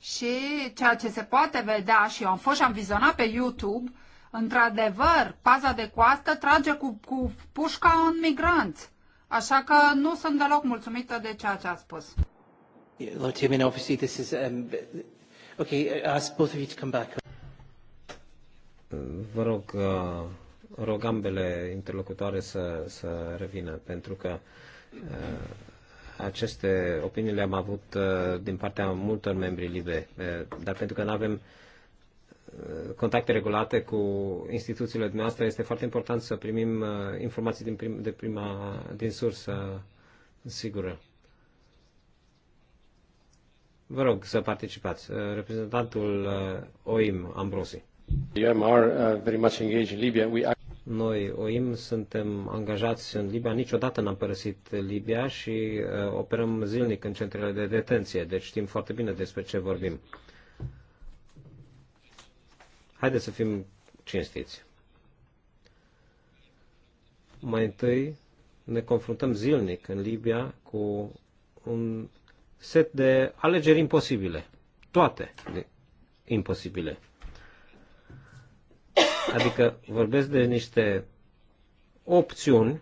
Și ceea ce se poate vedea, și eu am fost și am vizionat pe YouTube, Într-adevăr, paza de coastă trage cu, cu pușca în migranți. Așa că nu sunt deloc mulțumită de ceea ce a spus. Lord obviously this is... Um, okay, I ask both of you to come back. Vă rog, uh, rog ambele interlocutoare să, să revină, pentru că uh, aceste opinii le-am avut uh, din partea multor membri libe, dar pentru că nu avem Uh, contacte regulate cu instituțiile dumneavoastră, este foarte important să primim uh, informații din, prim, de prima, din sursă sigură. Vă rog să participați. Uh, reprezentantul OIM, Ambrosi. Noi, OIM, suntem angajați în Libia. Niciodată n-am părăsit Libia și operăm zilnic în centrele de detenție, deci știm foarte bine despre ce vorbim. Haideți să fim cinstiți. Mai întâi ne confruntăm zilnic în Libia cu un set de alegeri imposibile. Toate imposibile. Adică vorbesc de niște opțiuni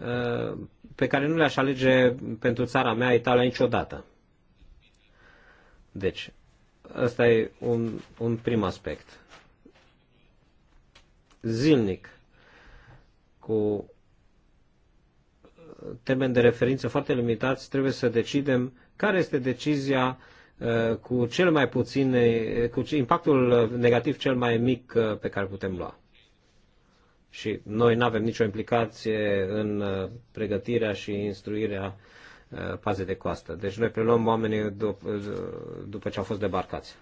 uh, pe care nu le-aș alege pentru țara mea, Italia, niciodată. Deci, Asta e un, un prim aspect. Zilnic, cu termen de referință foarte limitați, trebuie să decidem care este decizia uh, cu cel mai puțin, cu impactul negativ cel mai mic uh, pe care putem lua. Și noi nu avem nicio implicație în uh, pregătirea și instruirea uh, Uh, paze de coastă. Deci noi preluăm oamenii după, uh, după ce au fost debarcați.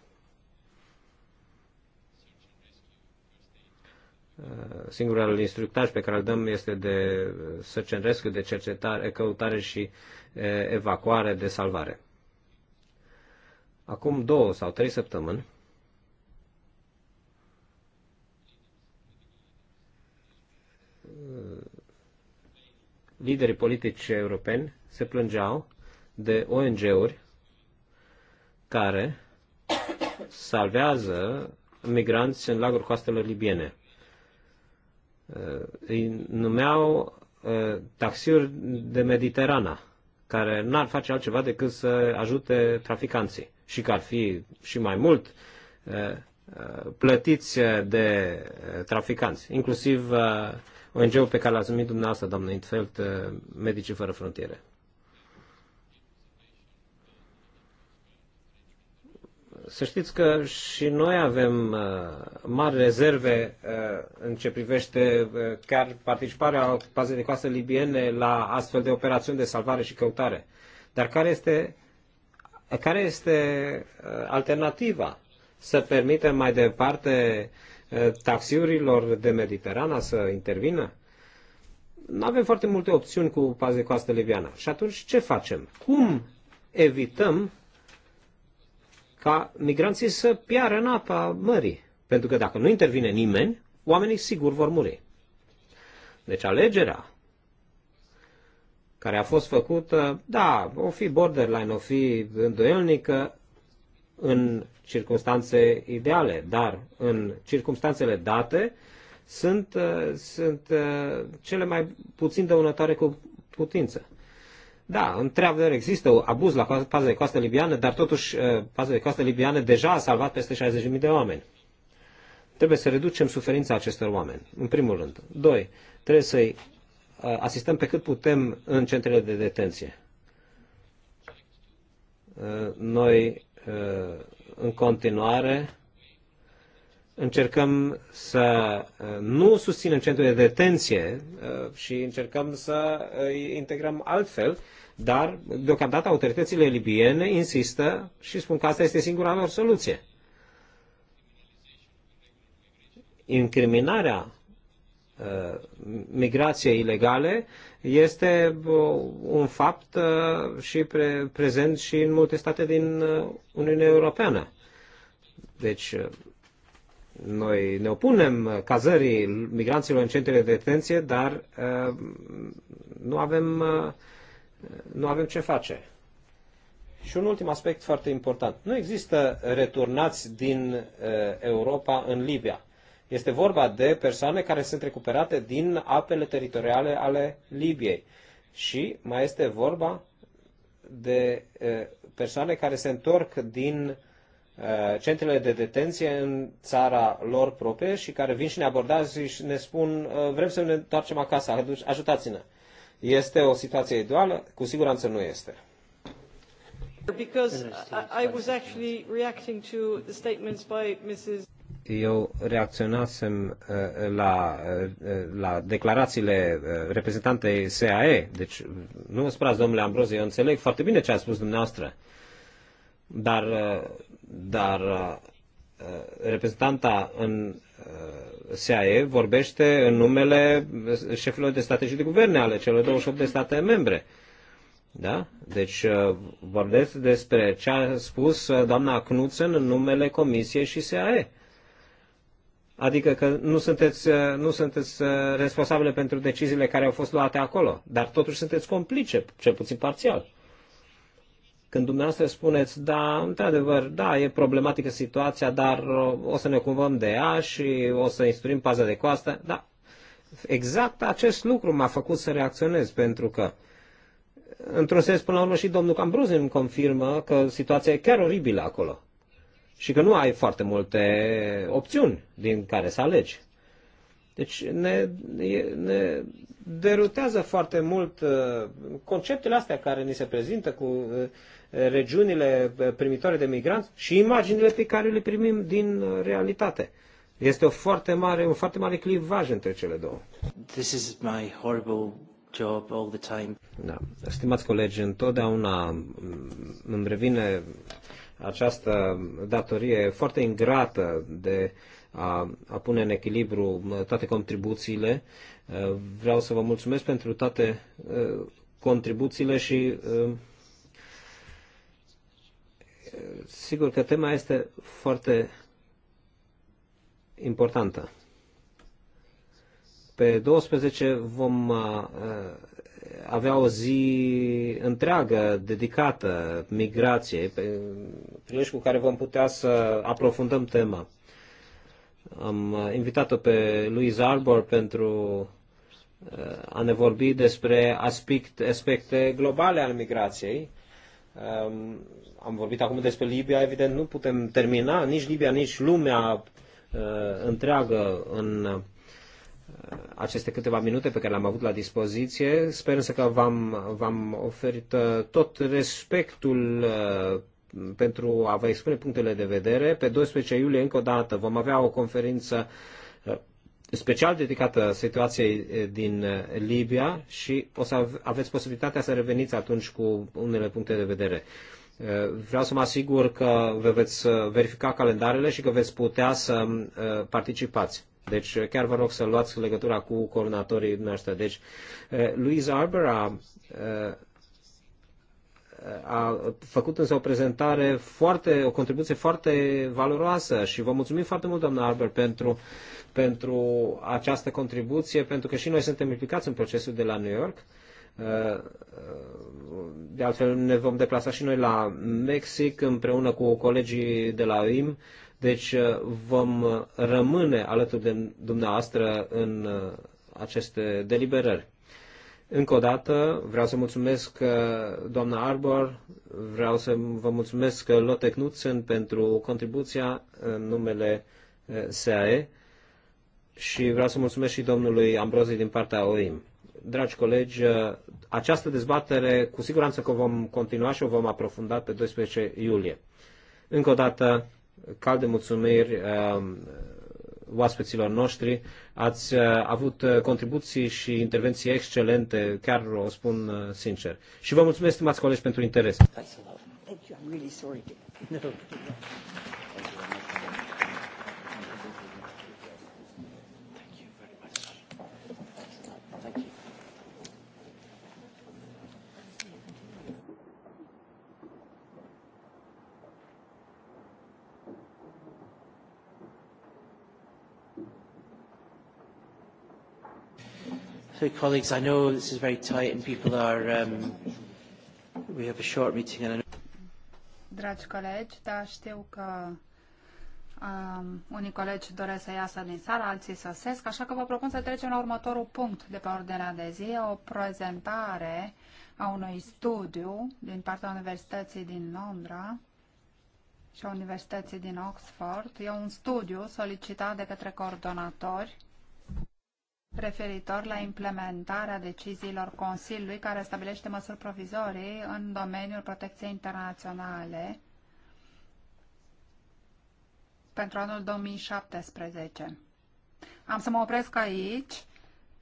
Uh, singurul instructaj pe care îl dăm este de search and rescue, de cercetare, căutare și evacuare de salvare. Acum două sau trei săptămâni, liderii politici europeni se plângeau de ONG-uri care salvează migranți în lagul coastelor libiene. Uh, îi numeau uh, taxiuri de Mediterana, care n-ar face altceva decât să ajute traficanții și că ar fi și mai mult uh, plătiți de traficanți, inclusiv ONG-ul pe care l-ați numit dumneavoastră, doamnă Intfeld, eh, Medicii Fără Frontiere. Să știți că și noi avem eh, mari rezerve eh, în ce privește chiar participarea bazei de coastă libiene la astfel de operațiuni de salvare și căutare. Dar care este, care este alternativa? Să permitem mai departe uh, taxiurilor de Mediterana să intervină? Nu avem foarte multe opțiuni cu paze de coastă liviană. Și atunci ce facem? Cum evităm ca migranții să piară în apa mării? Pentru că dacă nu intervine nimeni, oamenii sigur vor muri. Deci alegerea care a fost făcută, da, o fi borderline, o fi îndoielnică, în circunstanțe ideale, dar în circunstanțele date sunt, uh, sunt uh, cele mai puțin dăunătoare cu putință. Da, într-adevăr există un abuz la paza de coastă libiană, dar totuși uh, paza de coastă libiană deja a salvat peste 60.000 de oameni. Trebuie să reducem suferința acestor oameni, în primul rând. Doi, trebuie să-i asistăm pe cât putem în centrele de detenție. Noi Uh, în continuare încercăm să uh, nu susținem centrul de detenție uh, și încercăm să îi integrăm altfel, dar deocamdată autoritățile libiene insistă și spun că asta este singura lor soluție. Incriminarea migrației ilegale este uh, un fapt uh, și pre- prezent și în multe state din uh, Uniunea Europeană. Deci, noi ne opunem cazării migranților în centrele de detenție, dar nu avem, nu avem ce face. Și un ultim aspect foarte important. Nu există returnați din Europa în Libia. Este vorba de persoane care sunt recuperate din apele teritoriale ale Libiei. Și mai este vorba de persoane care se întorc din centrele de detenție în țara lor proprie și care vin și ne abordează și ne spun vrem să ne întoarcem acasă, ajutați-ne. Este o situație ideală? Cu siguranță nu este. Because I was actually reacting to the statements by Mrs eu reacționasem uh, la, uh, la declarațiile uh, reprezentantei SAE. Deci, nu îmi sperați, domnule Ambrozie, eu înțeleg foarte bine ce a spus dumneavoastră. Dar, dar reprezentanta în SAE vorbește în numele șefilor de state și de guverne ale celor 28 de state membre. Da? Deci vorbesc despre ce a spus doamna Knudsen în numele Comisiei și SAE. Adică că nu sunteți, uh, nu sunteți uh, responsabile pentru deciziile care au fost luate acolo, dar totuși sunteți complice, cel puțin parțial. Când dumneavoastră spuneți, da, într-adevăr, da, e problematică situația, dar uh, o să ne ocupăm de ea și o să instruim paza de coastă, da, exact acest lucru m-a făcut să reacționez, pentru că, într-un sens, până la urmă, și domnul Cambruzin confirmă că situația e chiar oribilă acolo și că nu ai foarte multe opțiuni din care să alegi. Deci ne, ne derutează foarte mult uh, conceptele astea care ni se prezintă cu uh, regiunile uh, primitoare de migranți și imaginile pe care le primim din realitate. Este o foarte mare, un foarte mare clivaj între cele două. This is my horrible job all the time. Da. Stimați colegi, întotdeauna îmi revine această datorie foarte ingrată de a, a pune în echilibru toate contribuțiile. Vreau să vă mulțumesc pentru toate contribuțiile și sigur că tema este foarte importantă. Pe 12 vom avea o zi întreagă dedicată migrației, prilej cu care vom putea să aprofundăm tema. Am invitat-o pe Louise Arbor pentru uh, a ne vorbi despre aspect, aspecte globale ale migrației. Um, am vorbit acum despre Libia, evident nu putem termina nici Libia, nici lumea uh, întreagă în aceste câteva minute pe care le-am avut la dispoziție. Sper însă că v-am, v-am oferit uh, tot respectul uh, pentru a vă expune punctele de vedere. Pe 12 iulie, încă o dată, vom avea o conferință uh, special dedicată situației din Libia și o să aveți posibilitatea să reveniți atunci cu unele puncte de vedere. Vreau să mă asigur că vă veți verifica calendarele și că veți putea să participați. Deci eh, chiar vă rog să luați legătura cu coordonatorii dumneavoastră. Deci eh, Louise Arbor a, eh, a făcut însă o prezentare foarte, o contribuție foarte valoroasă și vă mulțumim foarte mult, doamna Arbor, pentru, pentru această contribuție, pentru că și noi suntem implicați în procesul de la New York. De altfel ne vom deplasa și noi la Mexic împreună cu colegii de la UIM deci uh, vom uh, rămâne alături de dumneavoastră în uh, aceste deliberări. Încă o dată vreau să mulțumesc doamna Arbor, vreau să vă mulțumesc Lotte Knudsen pentru contribuția în numele SAE și vreau să mulțumesc și domnului Ambrozi din partea OIM. Dragi colegi, această dezbatere cu siguranță că o vom continua și o vom aprofunda pe 12 iulie. Încă o dată, calde mulțumiri uh, oaspeților noștri. Ați uh, avut uh, contribuții și intervenții excelente, chiar o spun sincer. Și vă mulțumesc, stimați colegi, pentru interes. quickly, colleagues. I know this is very tight and people are... Um, we have a short meeting and I know... Dragi colegi, da, știu că um, unii colegi doresc să iasă din sală, alții să sesc, așa că vă propun să trecem la următorul punct de pe ordinea de zi, o prezentare a unui studiu din partea Universității din Londra și a Universității din Oxford. E un studiu solicitat de către coordonatori referitor la implementarea deciziilor Consiliului care stabilește măsuri provizorii în domeniul protecției internaționale pentru anul 2017. Am să mă opresc aici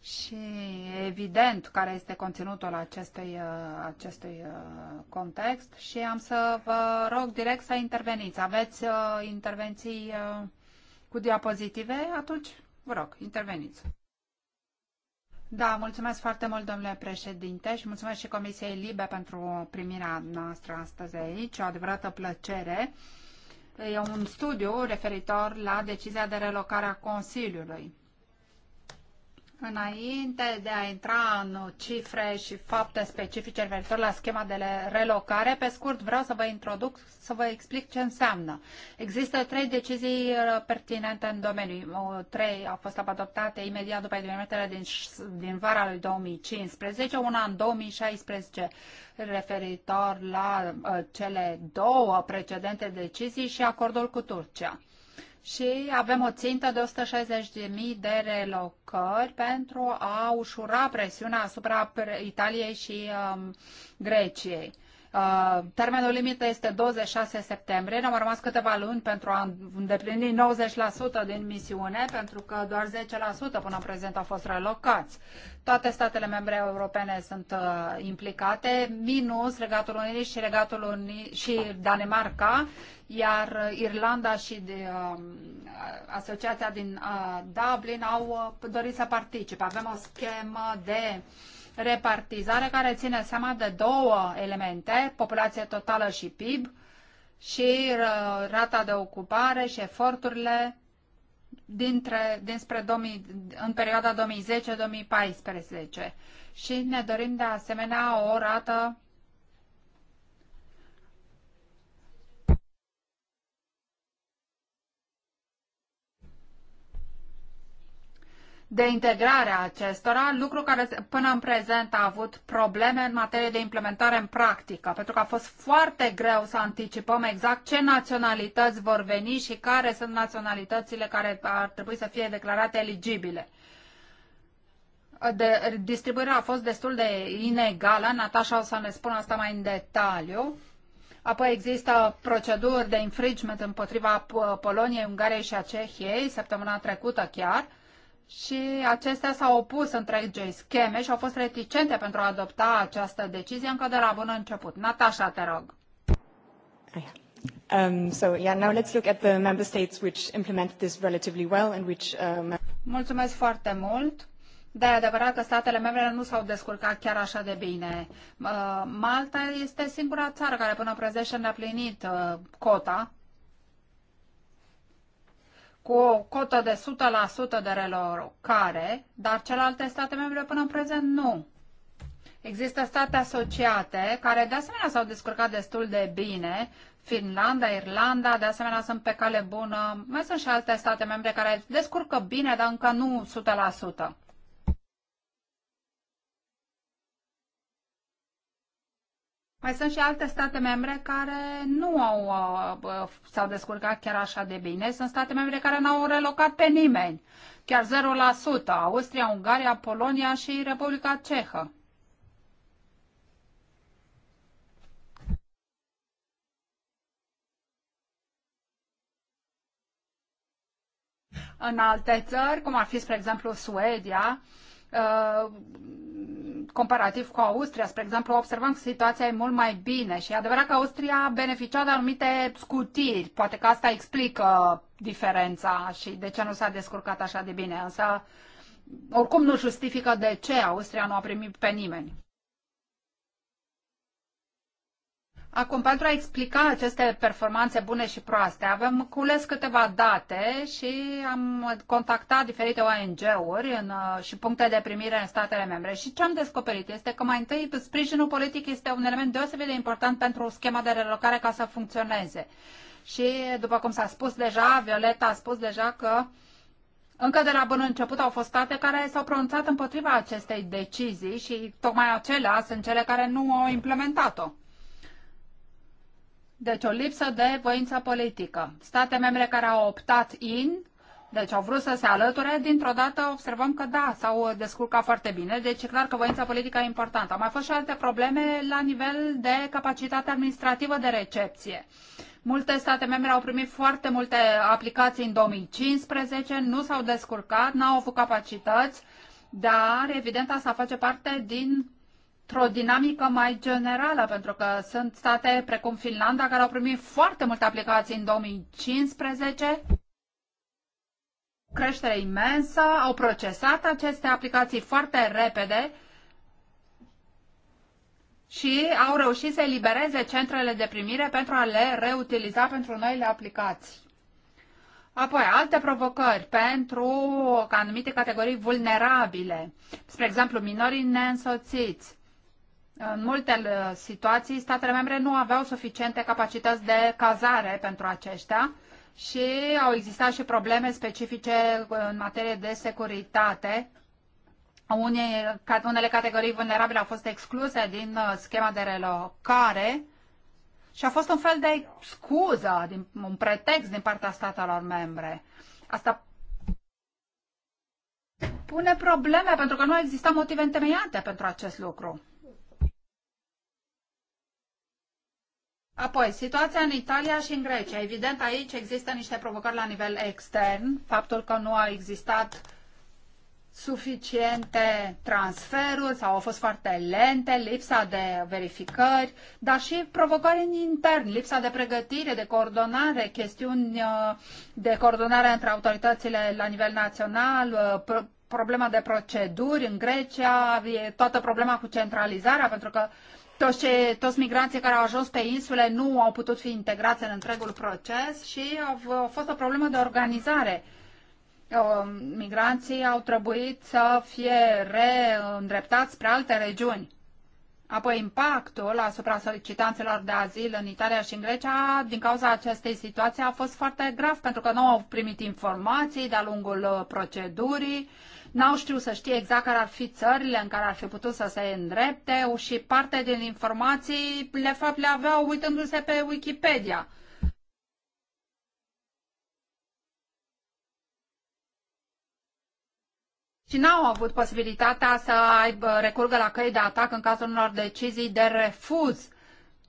și evident care este conținutul uh, acestui, acestui uh, context și am să vă rog direct să interveniți. Aveți uh, intervenții cu diapozitive? Atunci, vă rog, interveniți. Da, mulțumesc foarte mult, domnule președinte, și mulțumesc și Comisiei Libe pentru primirea noastră astăzi aici. O adevărată plăcere. E un studiu referitor la decizia de relocare a Consiliului. Înainte de a intra în cifre și fapte specifice referitor la schema de relocare, pe scurt vreau să vă introduc, să vă explic ce înseamnă. Există trei decizii uh, pertinente în domeniu. O, trei au fost adoptate imediat după evenimentele din, din vara lui 2015, una în 2016 referitor la uh, cele două precedente decizii și acordul cu Turcia și avem o țintă de 160.000 de relocări pentru a ușura presiunea asupra Italiei și um, Greciei. Uh, termenul limită este 26 septembrie. Ne-au rămas câteva luni pentru a îndeplini 90% din misiune, pentru că doar 10% până în prezent au fost relocați. Toate statele membre europene sunt uh, implicate, minus Regatul Unit și, Regatul Unii și Danemarca, iar Irlanda și de, uh, Asociația din uh, Dublin au uh, dorit să participe. Avem o schemă de uh, repartizare care ține seama de două elemente, populație totală și PIB, și uh, rata de ocupare și eforturile dintre, dinspre 2000, în perioada 2010-2014. Și ne dorim de asemenea o rată de integrare a acestora, lucru care până în prezent a avut probleme în materie de implementare în practică, pentru că a fost foarte greu să anticipăm exact ce naționalități vor veni și care sunt naționalitățile care ar trebui să fie declarate eligibile de, distribuirea a fost destul de inegală, Natasha o să ne spun asta mai în detaliu. Apoi există proceduri de infringement împotriva Poloniei, Ungariei și a Cehiei, săptămâna trecută chiar și acestea s-au opus întregei scheme și au fost reticente pentru a adopta această decizie încă de la bun început. Natasha, te rog. Ah, um, so, yeah, now let's look at the member states which implemented this relatively well and which... Um... Mulțumesc foarte mult. Da, e adevărat că statele membre nu s-au descurcat chiar așa de bine. Uh, Malta este singura țară care până prezent și-a îndeplinit uh, cota cu o cotă de 100% de relocare, dar celelalte state membre până în prezent nu. Există state asociate care de asemenea s-au descurcat destul de bine, Finlanda, Irlanda, de asemenea sunt pe cale bună, mai sunt și alte state membre care descurcă bine, dar încă nu 100%. Mai sunt și alte state membre care nu au, uh, s-au descurcat chiar așa de bine. Sunt state membre care n-au relocat pe nimeni. Chiar 0%. Austria, Ungaria, Polonia și Republica Cehă. În alte țări, cum ar fi, spre exemplu, Suedia, Uh, comparativ cu Austria. Spre exemplu, observăm că situația e mult mai bine și e adevărat că Austria a beneficiat de anumite scutiri. Poate că asta explică diferența și de ce nu s-a descurcat așa de bine. Însă, oricum nu justifică de ce Austria nu a primit pe nimeni. Acum, pentru a explica aceste performanțe bune și proaste, avem cules câteva date și am contactat diferite ONG-uri uh, și puncte de primire în statele membre. Și ce am descoperit este că mai întâi sprijinul politic este un element deosebit de important pentru schema de relocare ca să funcționeze. Și, după cum s-a spus deja, Violeta a spus deja că încă de la bun început au fost state care s-au pronunțat împotriva acestei decizii și tocmai acelea sunt cele care nu au implementat-o. Deci o lipsă de voință politică. State membre care au optat in, deci au vrut să se alăture, dintr-o dată observăm că da, s-au descurcat foarte bine, deci e clar că voința politică e importantă. Au mai fost și alte probleme la nivel de capacitate administrativă de recepție. Multe state membre au primit foarte multe aplicații în 2015, nu s-au descurcat, n-au avut capacități, dar evident asta face parte din într-o dinamică mai generală, pentru că sunt state precum Finlanda care au primit foarte multe aplicații în 2015, creștere imensă, au procesat aceste aplicații foarte repede și au reușit să elibereze centrele de primire pentru a le reutiliza pentru noile aplicații. Apoi, alte provocări pentru anumite categorii vulnerabile, spre exemplu minorii neînsoțiți, în multe uh, situații, statele membre nu aveau suficiente capacități de cazare pentru aceștia și au existat și probleme specifice uh, în materie de securitate. Unele categorii vulnerabile au fost excluse din uh, schema de relocare și a fost un fel de scuză, un pretext din partea statelor membre. Asta pune probleme pentru că nu există motive întemeiate pentru acest lucru. Apoi, situația în Italia și în Grecia. Evident, aici există niște provocări la nivel extern. Faptul că nu a existat suficiente transferuri sau au fost foarte lente, lipsa de verificări, dar și provocări în intern, lipsa de pregătire, de coordonare, chestiuni uh, de coordonare între autoritățile la nivel național, uh, problema de proceduri în Grecia, toată problema cu centralizarea, pentru că uh, toți, ce, toți migranții care au ajuns pe insule nu au putut fi integrați în întregul proces și a fost o problemă de organizare. Migranții au trebuit să fie reîndreptați spre alte regiuni. Apoi impactul asupra solicitanților de azil în Italia și în Grecia din cauza acestei situații a fost foarte grav pentru că nu au primit informații de-a lungul uh, procedurii n-au știut să știe exact care ar fi țările în care ar fi putut să se îndrepte și parte din informații, le, fapt, le aveau uitându-se pe Wikipedia. și n-au avut posibilitatea să aibă, recurgă la căi de atac în cazul unor decizii de refuz.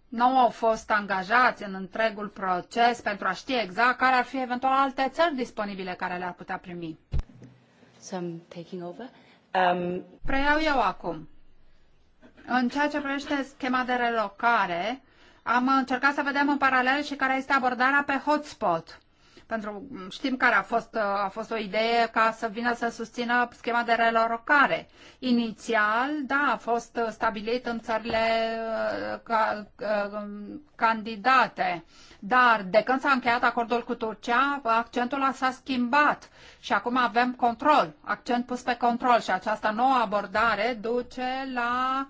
Nu au fost angajați în întregul proces pentru a ști exact care ar fi eventual alte țări disponibile care le-ar putea primi so I'm taking over. Um... Preiau eu acum. În ceea ce privește schema de relocare, am încercat să vedem în paralel și care este abordarea pe hotspot pentru știm care a fost, a fost o idee ca să vină să susțină schema de relocare. Inițial, da, a fost stabilit în țările uh, ca, uh, candidate, dar de când s-a încheiat acordul cu Turcia, accentul s-a schimbat și acum avem control, accent pus pe control și această nouă abordare duce la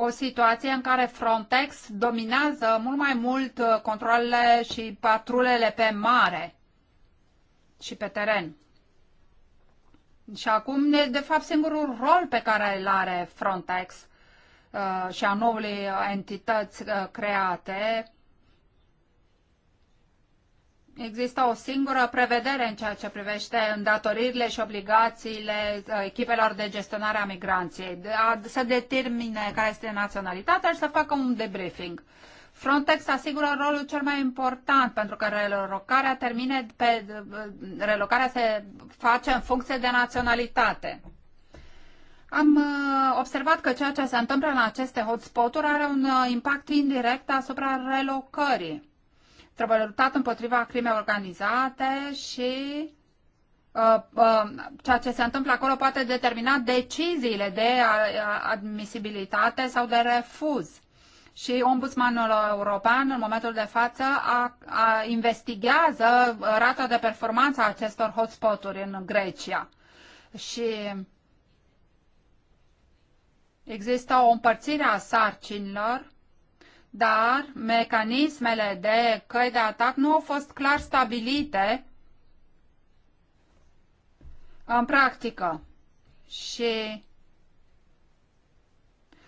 o situație în care Frontex dominează mult mai mult uh, controlele și patrulele pe mare și pe teren. Și acum, de fapt, singurul rol pe care îl are Frontex uh, și a noului entități uh, create Există o singură prevedere în ceea ce privește îndatoririle și obligațiile uh, echipelor de gestionare a migranției, să determine care este naționalitatea și să facă un debriefing. Frontex asigură rolul cel mai important pentru că relocarea, termine pe, uh, relocarea se face în funcție de naționalitate. Am uh, observat că ceea ce se întâmplă în aceste hotspot-uri are un impact indirect asupra relocării. Trebuie luptat împotriva crimei organizate și uh, uh, ceea ce se întâmplă acolo poate determina deciziile de admisibilitate sau de refuz. Și ombudsmanul european, în momentul de față, a, a investigează rata de performanță a acestor hotspoturi în Grecia. Și există o împărțire a sarcinilor dar mecanismele de căi de atac nu au fost clar stabilite în practică. Și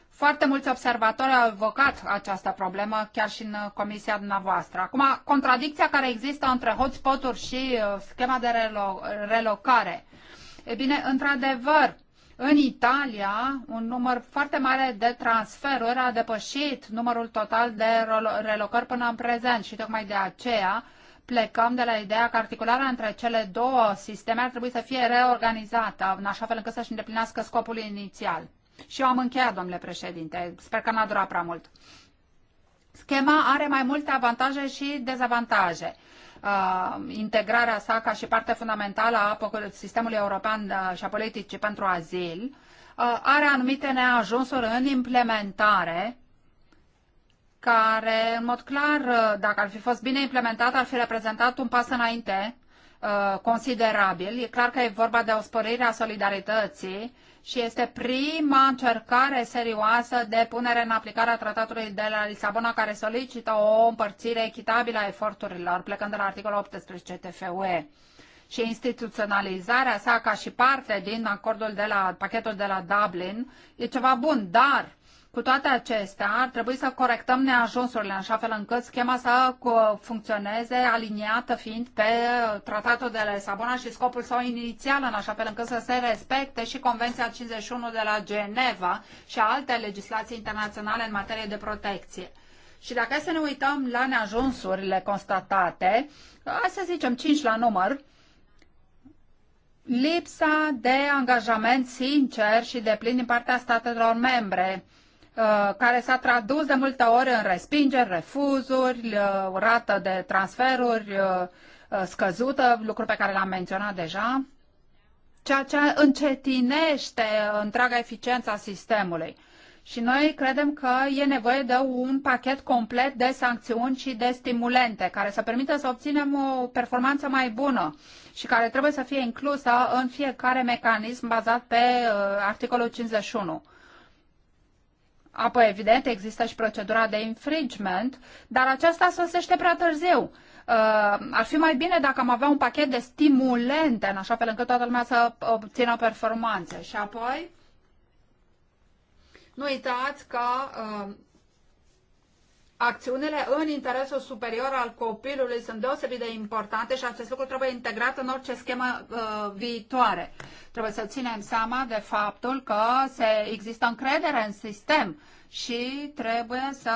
foarte mulți observatori au evocat această problemă chiar și în comisia dumneavoastră. Acum, contradicția care există între hotspot-uri și uh, schema de relocare. E bine, într-adevăr, în Italia, un număr foarte mare de transferuri a depășit numărul total de relocări până în prezent și tocmai de aceea plecăm de la ideea că articularea între cele două sisteme ar trebui să fie reorganizată, în așa fel încât să-și îndeplinească scopul inițial. Și eu am încheiat, domnule președinte, sper că n-a durat prea mult. Schema are mai multe avantaje și dezavantaje. Uh, integrarea sa ca și parte fundamentală a sistemului european uh, și a politicii pentru azil, uh, are anumite neajunsuri în implementare care, în mod clar, dacă ar fi fost bine implementat, ar fi reprezentat un pas înainte considerabil. E clar că e vorba de o sporire a solidarității și este prima încercare serioasă de punere în aplicare a tratatului de la Lisabona care solicită o împărțire echitabilă a eforturilor, plecând de la articolul 18 TFUE și instituționalizarea sa ca și parte din acordul de la pachetul de la Dublin e ceva bun, dar cu toate acestea, ar trebui să corectăm neajunsurile, în așa fel încât schema să funcționeze aliniată fiind pe uh, tratatul de la Lisabona și scopul său inițial, în așa fel încât să se respecte și Convenția 51 de la Geneva și alte legislații internaționale în materie de protecție. Și dacă să ne uităm la neajunsurile constatate, hai uh, să zicem 5 la număr, lipsa de angajament sincer și de plin din partea statelor membre Uh, care s-a tradus de multe ori în respingeri, refuzuri, o uh, rată de transferuri uh, scăzută, lucruri pe care l-am menționat deja, ceea ce încetinește întreaga eficiență a sistemului. Și noi credem că e nevoie de un pachet complet de sancțiuni și de stimulente care să permită să obținem o performanță mai bună și care trebuie să fie inclusă în fiecare mecanism bazat pe articolul 51. Apoi, evident, există și procedura de infringement, dar aceasta sosește prea târziu. Uh, ar fi mai bine dacă am avea un pachet de stimulente, în așa fel încât toată lumea să obțină performanțe. Și apoi, nu uitați că uh, acțiunile în interesul superior al copilului sunt deosebit de importante și acest lucru trebuie integrat în orice schemă uh, viitoare. Trebuie să ținem seama de faptul că se există încredere în sistem și trebuie să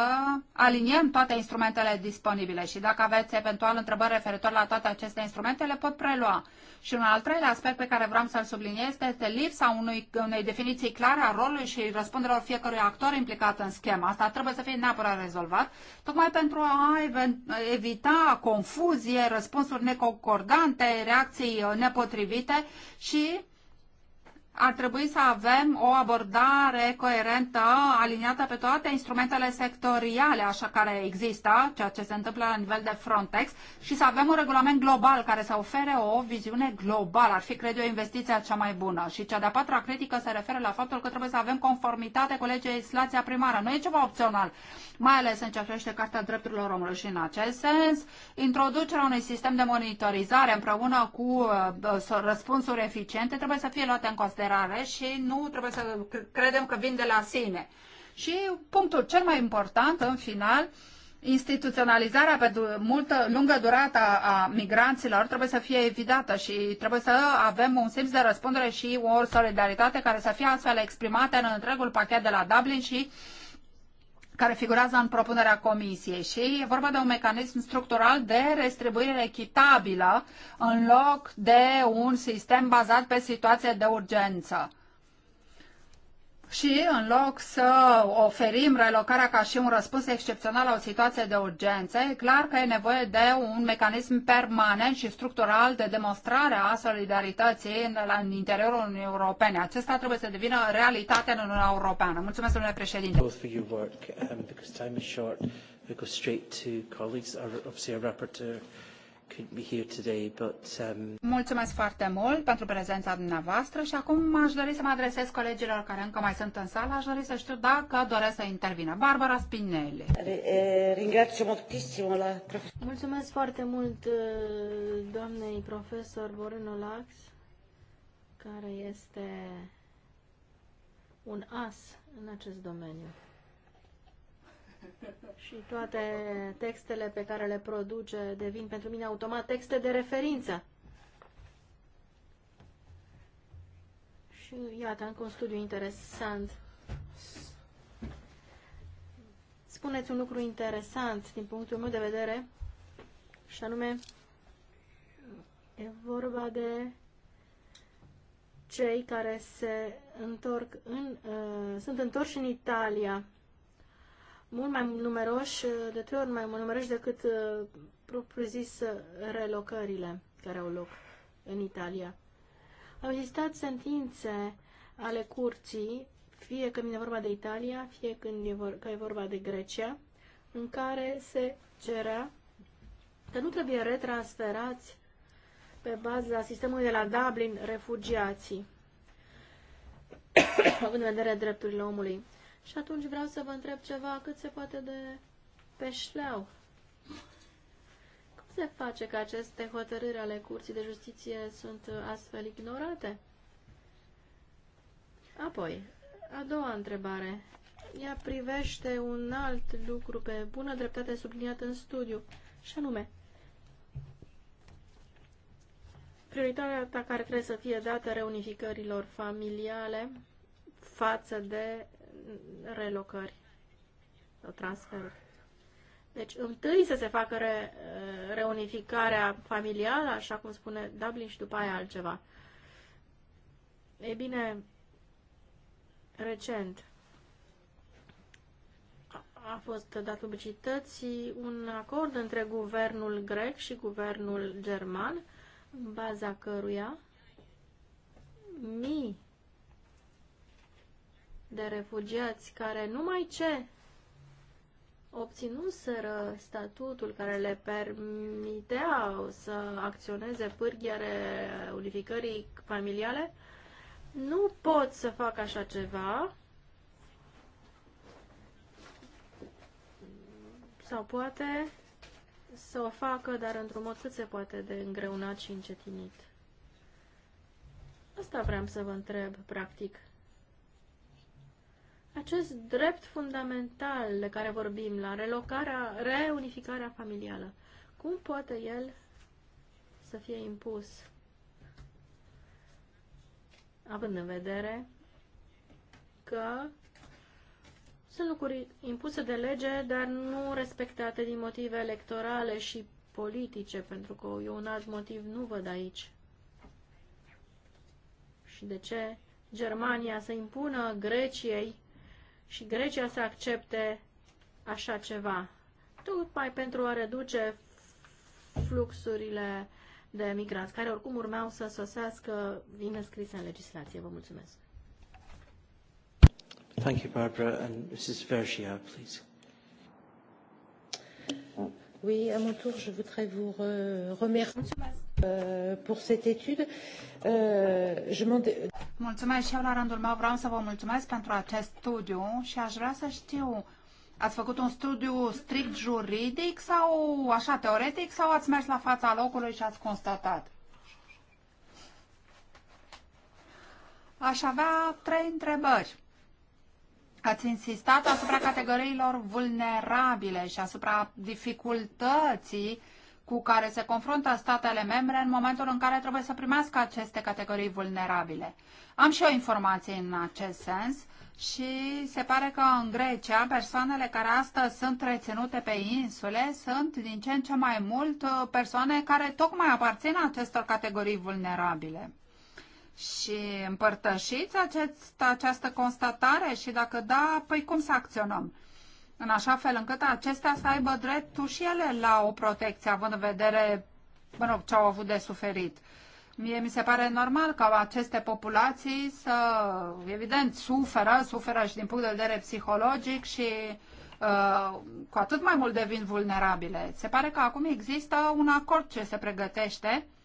aliniem toate instrumentele disponibile și dacă aveți eventual întrebări referitor la toate aceste instrumente, le pot prelua. Și un al treilea aspect pe care vreau să-l subliniez este lipsa unui, unei definiții clare a rolului și răspunderilor fiecărui actor implicat în schemă. Asta trebuie să fie neapărat rezolvat, tocmai pentru a evita confuzie, răspunsuri neconcordante, reacții nepotrivite și ar trebui să avem o abordare coerentă, aliniată pe toate instrumentele sectoriale, așa care există, ceea ce se întâmplă la nivel de Frontex, și să avem un regulament global care să ofere o viziune globală. Ar fi, cred eu, investiția cea mai bună. Și cea de-a patra critică se referă la faptul că trebuie să avem conformitate cu legislația primară. Nu e ceva opțional mai ales în ce privește cartea Drepturilor Omului și în acest sens, introducerea unui sistem de monitorizare împreună cu uh, răspunsuri eficiente trebuie să fie luate în considerare și nu trebuie să credem că vin de la sine. Și punctul cel mai important, în final, instituționalizarea pe multă, lungă durată a migranților trebuie să fie evitată și trebuie să avem un simț de răspundere și o solidaritate care să fie astfel exprimată în întregul pachet de la Dublin și uh, care figurează în propunerea comisiei și e vorba de un mecanism structural de restribuire echitabilă în loc de un sistem bazat pe situație de urgență și în loc să oferim relocarea ca și un răspuns excepțional la o situație de urgență, e clar că e nevoie de un mecanism permanent și structural de demonstrare a solidarității în, în interiorul Uniunii Europene. Acesta trebuie să devină realitate în Uniunea Europeană. Mulțumesc, domnule președinte couldn't be here today, but... Um... Mulțumesc foarte mult pentru prezența dumneavoastră și acum aș dori să mă adresez colegilor care încă mai sunt în sală, aș dori să știu dacă doresc să intervină. Barbara Spinelli. Eh, Mulțumesc foarte mult eh, doamnei profesor Borino Lax, care este un as în acest domeniu și toate textele pe care le produce devin pentru mine automat texte de referință. Și iată, încă un studiu interesant. Spuneți un lucru interesant din punctul meu de vedere, și anume e vorba de cei care se întorc în, uh, sunt întorși în Italia mult mai numeroși, uh, de trei ori mai numeroși decât uh, propriu-zis uh, relocările care au loc în Italia. Au existat sentințe ale curții, fie când e vorba de Italia, fie când e, vor, că e vorba de Grecia, în care se cerea că nu trebuie retransferați pe baza sistemului de la Dublin refugiații, având în vedere drepturile omului. Și atunci vreau să vă întreb ceva cât se poate de pe șleau. Cum se face că aceste hotărâri ale Curții de Justiție sunt astfel ignorate? Apoi, a doua întrebare. Ea privește un alt lucru pe bună dreptate subliniat în studiu, și anume, prioritatea care trebuie să fie dată reunificărilor familiale față de relocări sau transferuri. Deci, întâi să se facă re, reunificarea familială, așa cum spune Dublin, și după aia altceva. E bine, recent a fost dat publicității un acord între guvernul grec și guvernul german, în baza căruia mii de refugiați care numai ce obținuseră statutul care le permitea să acționeze pârghiere unificării familiale, nu pot să fac așa ceva sau poate să o facă, dar într-un mod cât se poate de îngreunat și încetinit. Asta vreau să vă întreb, practic acest drept fundamental de care vorbim, la relocarea, reunificarea familială, cum poate el să fie impus? Având în vedere că sunt lucruri impuse de lege, dar nu respectate din motive electorale și politice, pentru că eu un alt motiv nu văd aici. Și de ce Germania să impună Greciei și Grecia să accepte așa ceva, tocmai pentru a reduce fluxurile de migranți, care oricum urmeau să sosească, vine scrise în legislație. Vă mulțumesc. Thank you, Barbara. And Mrs. Vergia, please. Oui, à mon tour, je voudrais vous remercier. Mulțumesc. Euh, pour cette étude, euh, je Mulțumesc și eu la rândul meu vreau să vă mulțumesc pentru acest studiu și aș vrea să știu Ați făcut un studiu strict juridic sau așa teoretic sau ați mers la fața locului și ați constatat? Aș avea trei întrebări. Ați insistat asupra categoriilor vulnerabile și asupra dificultății cu care se confruntă statele membre în momentul în care trebuie să primească aceste categorii vulnerabile. Am și o informație în acest sens și se pare că în Grecia persoanele care astăzi sunt reținute pe insule sunt din ce în ce mai mult uh, persoane care tocmai aparțin acestor categorii vulnerabile. Și împărtășiți acest, această constatare și dacă da, păi cum să acționăm? în așa fel încât acestea să aibă dreptul și ele la o protecție, având în vedere mă rog, ce au avut de suferit. Mie mi se pare normal ca aceste populații să, evident, suferă, suferă și din punct de vedere psihologic și uh, cu atât mai mult devin vulnerabile. Se pare că acum există un acord ce se pregătește uh,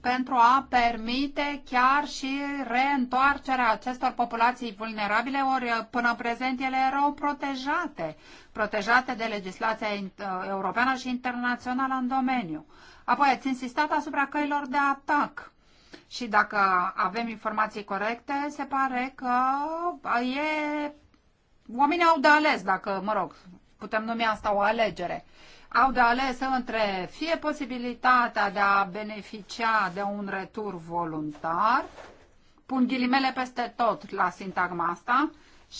pentru a permite chiar și reîntoarcerea acestor populații vulnerabile, ori uh, până prezent ele erau protejate, protejate de legislația uh, europeană și internațională în domeniu. Apoi ați insistat asupra căilor de atac. Și dacă avem informații corecte, se pare că uh, e... oamenii au de ales, dacă, mă rog, putem numi asta o alegere au de ales între fie posibilitatea de a beneficia de un retur voluntar, pun ghilimele peste tot la sintagma asta,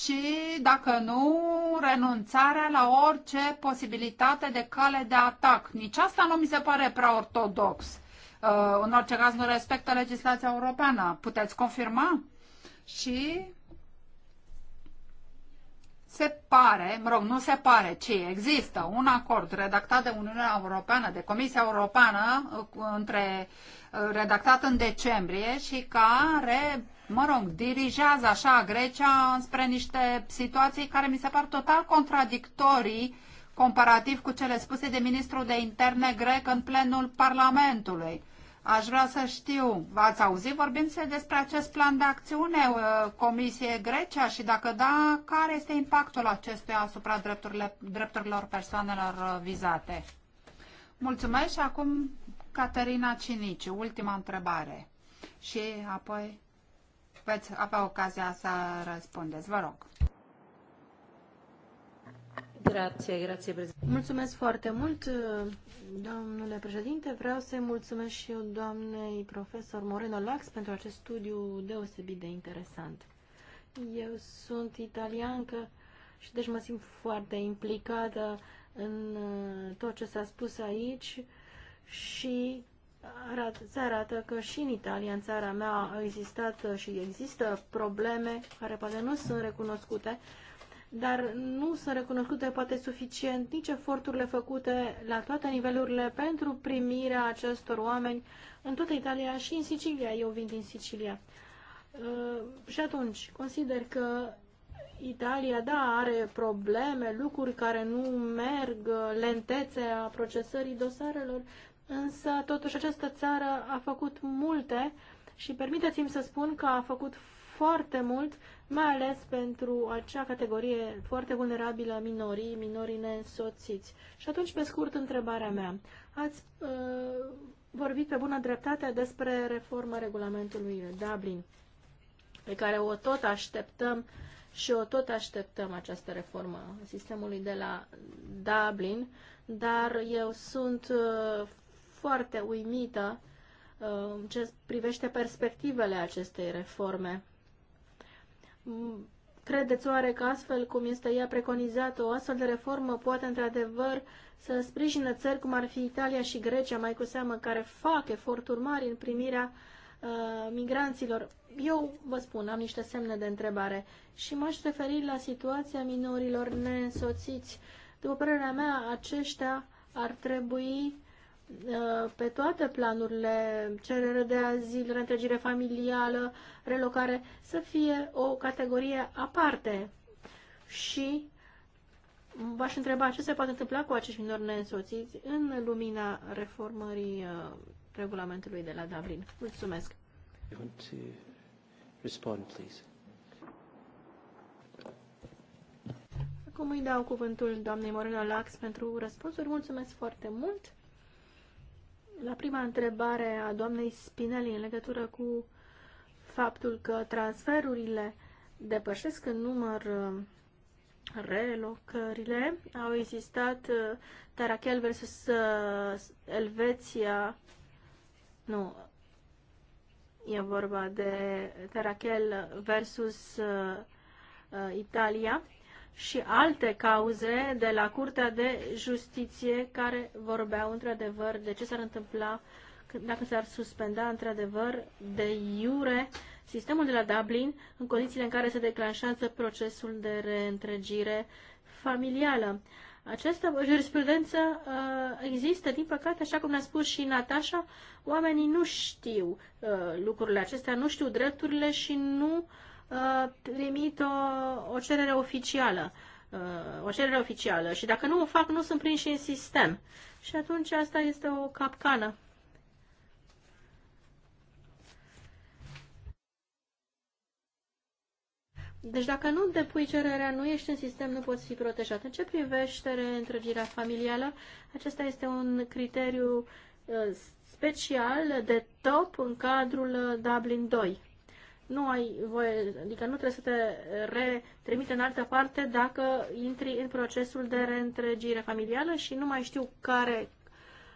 și, dacă nu, renunțarea la orice posibilitate de cale de atac. Nici asta nu mi se pare prea ortodox. Uh, în orice caz nu respectă legislația europeană. Puteți confirma? Și se pare, mă rog, nu se pare, ci există un acord redactat de Uniunea Europeană, de Comisia Europeană, uh, între, uh, redactat în decembrie și care, mă rog, dirigează așa Grecia spre niște situații care mi se par total contradictorii comparativ cu cele spuse de ministrul de interne grec în plenul Parlamentului. Aș vrea să știu, v-ați auzit vorbind despre acest plan de acțiune uh, Comisie Grecia și dacă da, care este impactul acestuia asupra drepturilor persoanelor uh, vizate? Mulțumesc și acum Caterina Cinici, ultima întrebare. Și apoi veți avea ocazia să răspundeți. Vă rog. Grație, grație, președinte. Mulțumesc foarte mult, domnule președinte. Vreau să-i mulțumesc și eu doamnei profesor Moreno Lax pentru acest studiu deosebit de interesant. Eu sunt italiancă și deci mă simt foarte implicată în tot ce s-a spus aici și arată, se arată că și în Italia, în țara mea, au existat și există probleme care poate nu sunt recunoscute, dar nu sunt recunoscute poate suficient nici eforturile făcute la toate nivelurile pentru primirea acestor oameni în toată Italia și în Sicilia. Eu vin din Sicilia. Uh, și atunci, consider că Italia, da, are probleme, lucruri care nu merg, uh, lentețe a procesării dosarelor, însă totuși această țară a făcut multe și permiteți-mi să spun că a făcut foarte mult mai ales pentru acea categorie foarte vulnerabilă, minorii, minorii nesoțiți. Și atunci, pe scurt, întrebarea mea. Ați uh, vorbit pe bună dreptate despre reforma regulamentului Dublin, pe care o tot așteptăm și o tot așteptăm această reformă sistemului de la Dublin, dar eu sunt uh, foarte uimită uh, în uh, ce privește perspectivele acestei reforme Credeți oare că astfel cum este ea preconizată, o astfel de reformă poate într-adevăr să sprijină țări cum ar fi Italia și Grecia, mai cu seamă, care fac eforturi mari în primirea uh, migranților? Eu vă spun, am niște semne de întrebare și m-aș referi la situația minorilor neînsoțiți. După părerea mea, aceștia ar trebui Uh, pe toate planurile, cerere de azil, reîntregire familială, relocare, să fie o categorie aparte. Și v-aș întreba ce se poate întâmpla cu acești minori neînsoțiți în lumina reformării uh, regulamentului de la Dublin. Mulțumesc! You Acum îi dau cuvântul doamnei Morena Lax pentru răspunsuri. Mulțumesc foarte mult! La prima întrebare a doamnei Spinelli în legătură cu faptul că transferurile depășesc în număr uh, relocările, au existat uh, Tarachel versus uh, Elveția, nu, e vorba de Tarachel versus Italia, și alte cauze de la Curtea de Justiție care vorbeau într-adevăr de ce s-ar întâmpla dacă s-ar suspenda într-adevăr de iure sistemul de la Dublin în condițiile în care se declanșează procesul de reîntregire familială. Această jurisprudență uh, există, din păcate, așa cum ne-a spus și Natasha, oamenii nu știu uh, lucrurile acestea, nu știu drepturile și nu uh, primit uh, o, o cerere oficială. Uh, o cerere oficială și dacă nu o fac, nu sunt prinși în sistem. Și atunci asta este o capcană. Deci dacă nu depui cererea, nu ești în sistem, nu poți fi protejat. În ce privește reîntrăgirea familială, acesta este un criteriu uh, special de top în cadrul Dublin 2 nu ai voie, adică nu trebuie să te retrimite în altă parte dacă intri în procesul de reîntregire familială și nu mai știu care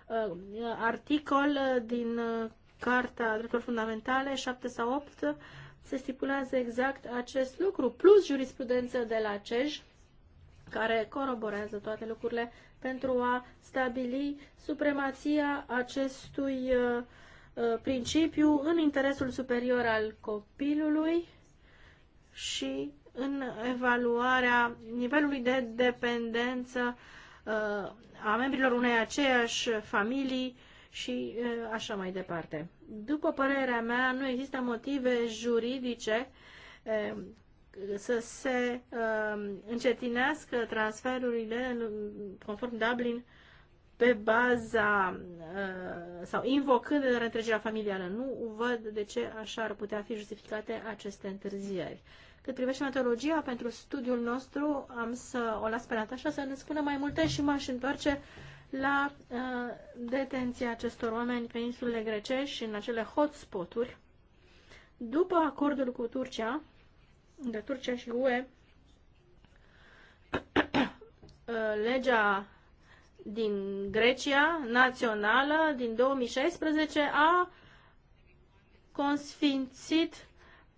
uh, articol din uh, Carta Drepturilor Fundamentale 7 sau 8 se stipulează exact acest lucru, plus jurisprudență de la CEJ, care coroborează toate lucrurile pentru a stabili supremația acestui uh, Uh, principiu în interesul superior al copilului și în evaluarea nivelului de dependență uh, a membrilor unei aceeași familii și uh, așa mai departe. După părerea mea, nu există motive juridice să se încetinească transferurile conform Dublin pe baza uh, sau invocând reîntregirea familială. Nu văd de ce așa ar putea fi justificate aceste întârzieri. Cât privește metodologia pentru studiul nostru, am să o las pe Natasha să ne spună mai multe și m-aș întoarce la uh, detenția acestor oameni pe insulele grecești și în acele hotspot-uri. După acordul cu Turcia, de Turcia și UE, uh, legea din Grecia națională din 2016 a consfințit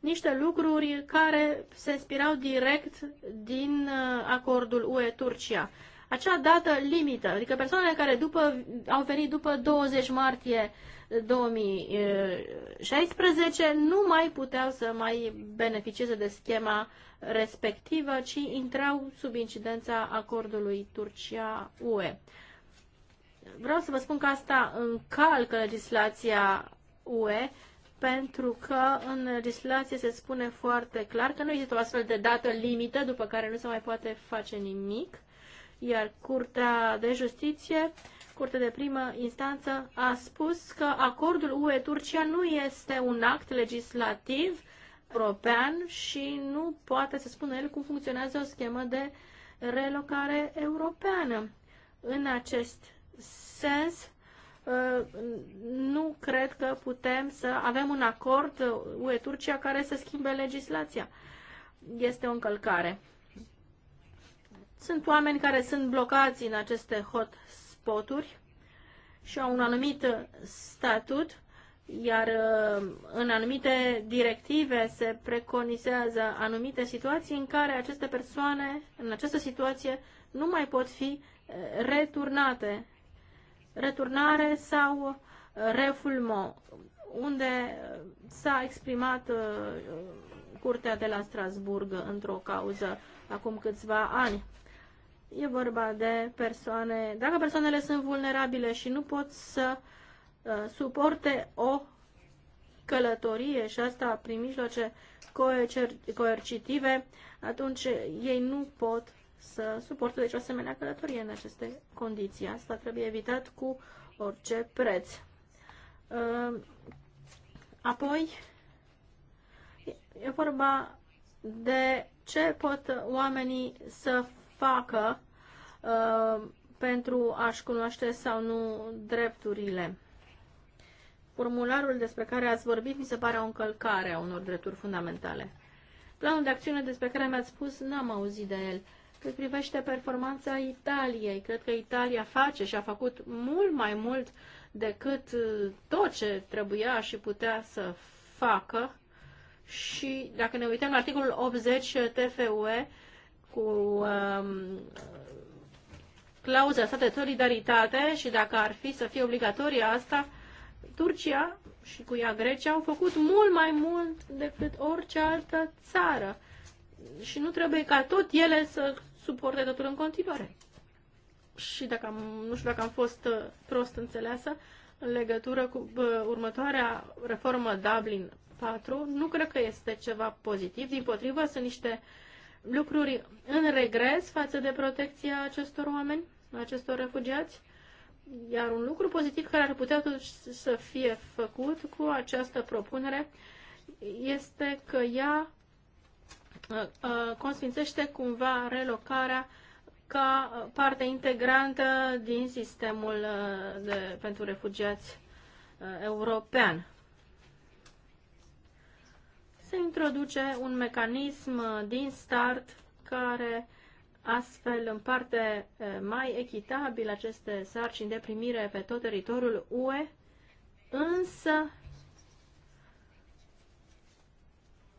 niște lucruri care se inspirau direct din uh, acordul UE-Turcia. Acea dată limită, adică persoanele care după, au venit după 20 martie 2016 nu mai puteau să mai beneficieze de schema respectivă, ci intrau sub incidența acordului Turcia-UE. Vreau să vă spun că asta încalcă legislația UE, pentru că în legislație se spune foarte clar că nu există o astfel de dată limită după care nu se mai poate face nimic, iar Curtea de Justiție uh, Curtea de Primă Instanță a spus că acordul UE-Turcia nu este un act legislativ european și nu poate să spună el cum funcționează o schemă de relocare europeană. În acest sens, uh, nu cred că putem să avem un acord UE-Turcia care să schimbe legislația. Este o încălcare. Sunt oameni care sunt blocați în aceste hot spoturi și au un anumit statut, iar uh, în anumite directive se preconizează anumite situații în care aceste persoane, în această situație, nu mai pot fi uh, returnate. Returnare sau uh, refulmo, unde s-a exprimat Curtea de la Strasburg într-o cauză acum câțiva ani. E vorba de persoane, dacă persoanele sunt vulnerabile și nu pot să uh, suporte o călătorie și asta prin mijloace coercitive, atunci ei nu pot să suporte deci o asemenea călătorie în aceste condiții. Asta trebuie evitat cu orice preț. Uh, apoi, e vorba de ce pot oamenii să facă uh, pentru a-și cunoaște sau nu drepturile. Formularul despre care ați vorbit mi se pare o încălcare a unor drepturi fundamentale. Planul de acțiune despre care mi-ați spus n-am auzit de el. Cât privește performanța Italiei, cred că Italia face și a făcut mult mai mult decât uh, tot ce trebuia și putea să facă. Și dacă ne uităm la articolul 80 TFUE, cu um, clauza asta de solidaritate și dacă ar fi să fie obligatorie asta, Turcia și cu ea Grecia au făcut mult mai mult decât orice altă țară. Și nu trebuie ca tot ele să suporte totul în continuare. Și dacă am, nu știu dacă am fost uh, prost înțeleasă, în legătură cu bă, uh, următoarea reformă Dublin 4, nu cred că este ceva pozitiv. Din potrivă, sunt niște uh, lucruri în regres față de protecția acestor oameni, acestor refugiați. Iar un lucru pozitiv care ar putea totuși să fie făcut cu această propunere este că ea uh, uh, consfințește cumva relocarea ca parte integrantă din sistemul uh, de, pentru refugiați european se introduce un mecanism din start care astfel împarte eh, mai echitabil aceste sarcini de primire pe tot teritoriul UE, însă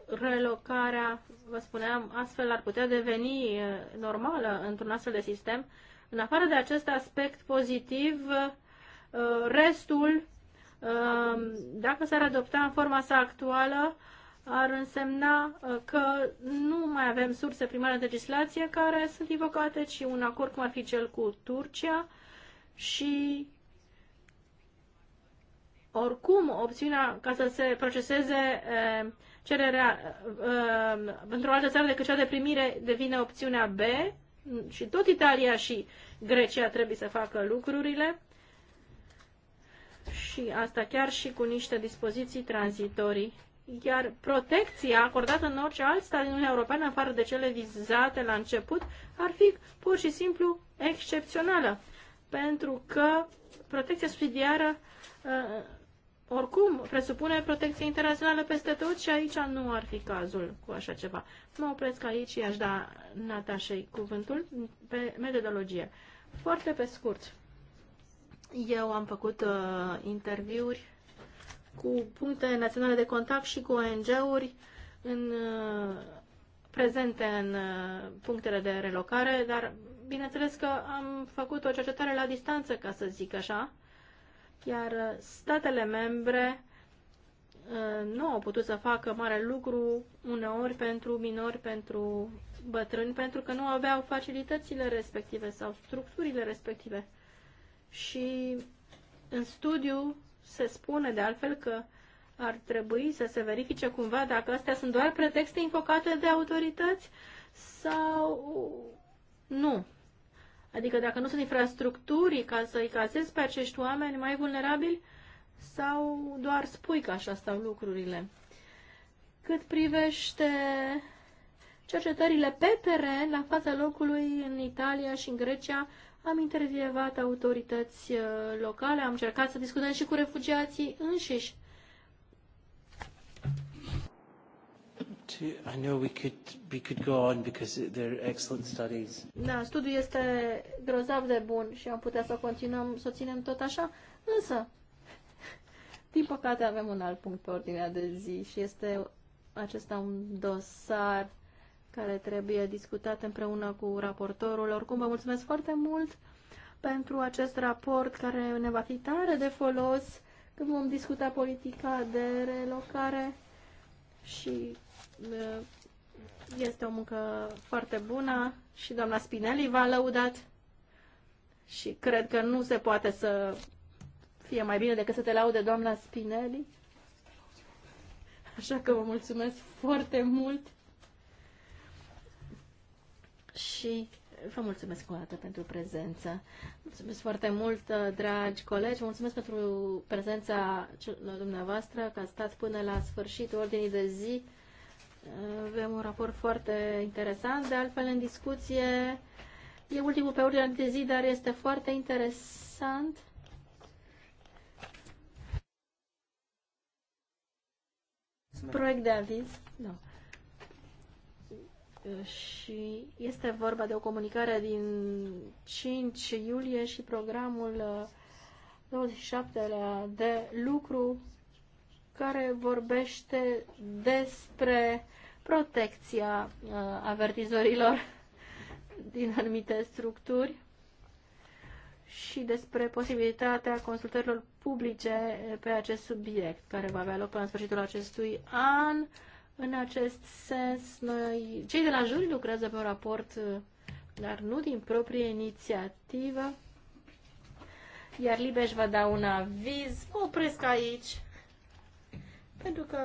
relocarea, vă spuneam, astfel ar putea deveni eh, normală într-un astfel de sistem. În afară de acest aspect pozitiv, eh, restul, dacă s-ar adopta în forma sa actuală, ar însemna uh, că nu mai avem surse primare de legislație care sunt invocate, ci un acord cum ar fi cel cu Turcia și oricum opțiunea ca să se proceseze uh, cererea pentru uh, o altă țară decât cea de primire devine opțiunea B și tot Italia și Grecia trebuie să facă lucrurile și asta chiar și cu niște dispoziții tranzitorii iar protecția acordată în orice alt stat din Uniunea Europeană, în afară de cele vizate la început, ar fi pur și simplu excepțională, pentru că protecția subsidiară uh, oricum presupune protecție internațională peste tot și aici nu ar fi cazul cu așa ceva. Mă opresc aici, i-aș da Natașei cuvântul pe metodologie. Foarte pe scurt, eu am făcut uh, interviuri cu puncte naționale de contact și cu ONG-uri în, uh, prezente în uh, punctele de relocare, dar bineînțeles că am făcut o cercetare la distanță, ca să zic așa, iar statele membre uh, nu au putut să facă mare lucru uneori pentru minori, pentru bătrâni, pentru că nu aveau facilitățile respective sau structurile respective. Și în studiu se spune de altfel că ar trebui să se verifice cumva dacă astea sunt doar pretexte invocate de autorități sau nu. Adică dacă nu sunt infrastructuri ca să-i cazezi pe acești oameni mai vulnerabili sau doar spui că așa stau lucrurile. Cât privește cercetările pe teren, la fața locului în Italia și în Grecia, am intervievat autorități uh, locale, am încercat să discutăm și cu refugiații înșiși. I know we could, we could go on because they're excellent studies. Da, studiul este grozav de bun și am putea să continuăm, să ținem tot așa, însă, din păcate avem un alt punct pe ordinea de zi și este acesta un dosar care trebuie discutat împreună cu raportorul. Oricum, vă mulțumesc foarte mult pentru acest raport care ne va fi tare de folos când vom discuta politica de relocare și uh, este o muncă foarte bună și doamna Spinelli v-a lăudat și cred că nu se poate să fie mai bine decât să te laude doamna Spinelli. Așa că vă mulțumesc foarte mult și vă mulțumesc o dată pentru prezență. Mulțumesc foarte mult, uh, dragi colegi, mulțumesc pentru prezența dumneavoastră, că a stat până la sfârșitul ordinii de zi. Uh, avem un raport foarte interesant, de altfel în discuție e ultimul pe ordinea de zi, dar este foarte interesant. Proiect de aviz? Nu. No și este vorba de o comunicare din 5 iulie și programul 27 uh, de lucru care vorbește despre protecția uh, avertizorilor din anumite structuri și despre posibilitatea consultărilor publice pe acest subiect, care va avea loc până la sfârșitul acestui an. În acest sens, noi, cei de la juri lucrează pe un raport, dar nu din proprie inițiativă. Iar Libeș va da un aviz. Mă opresc aici, pentru că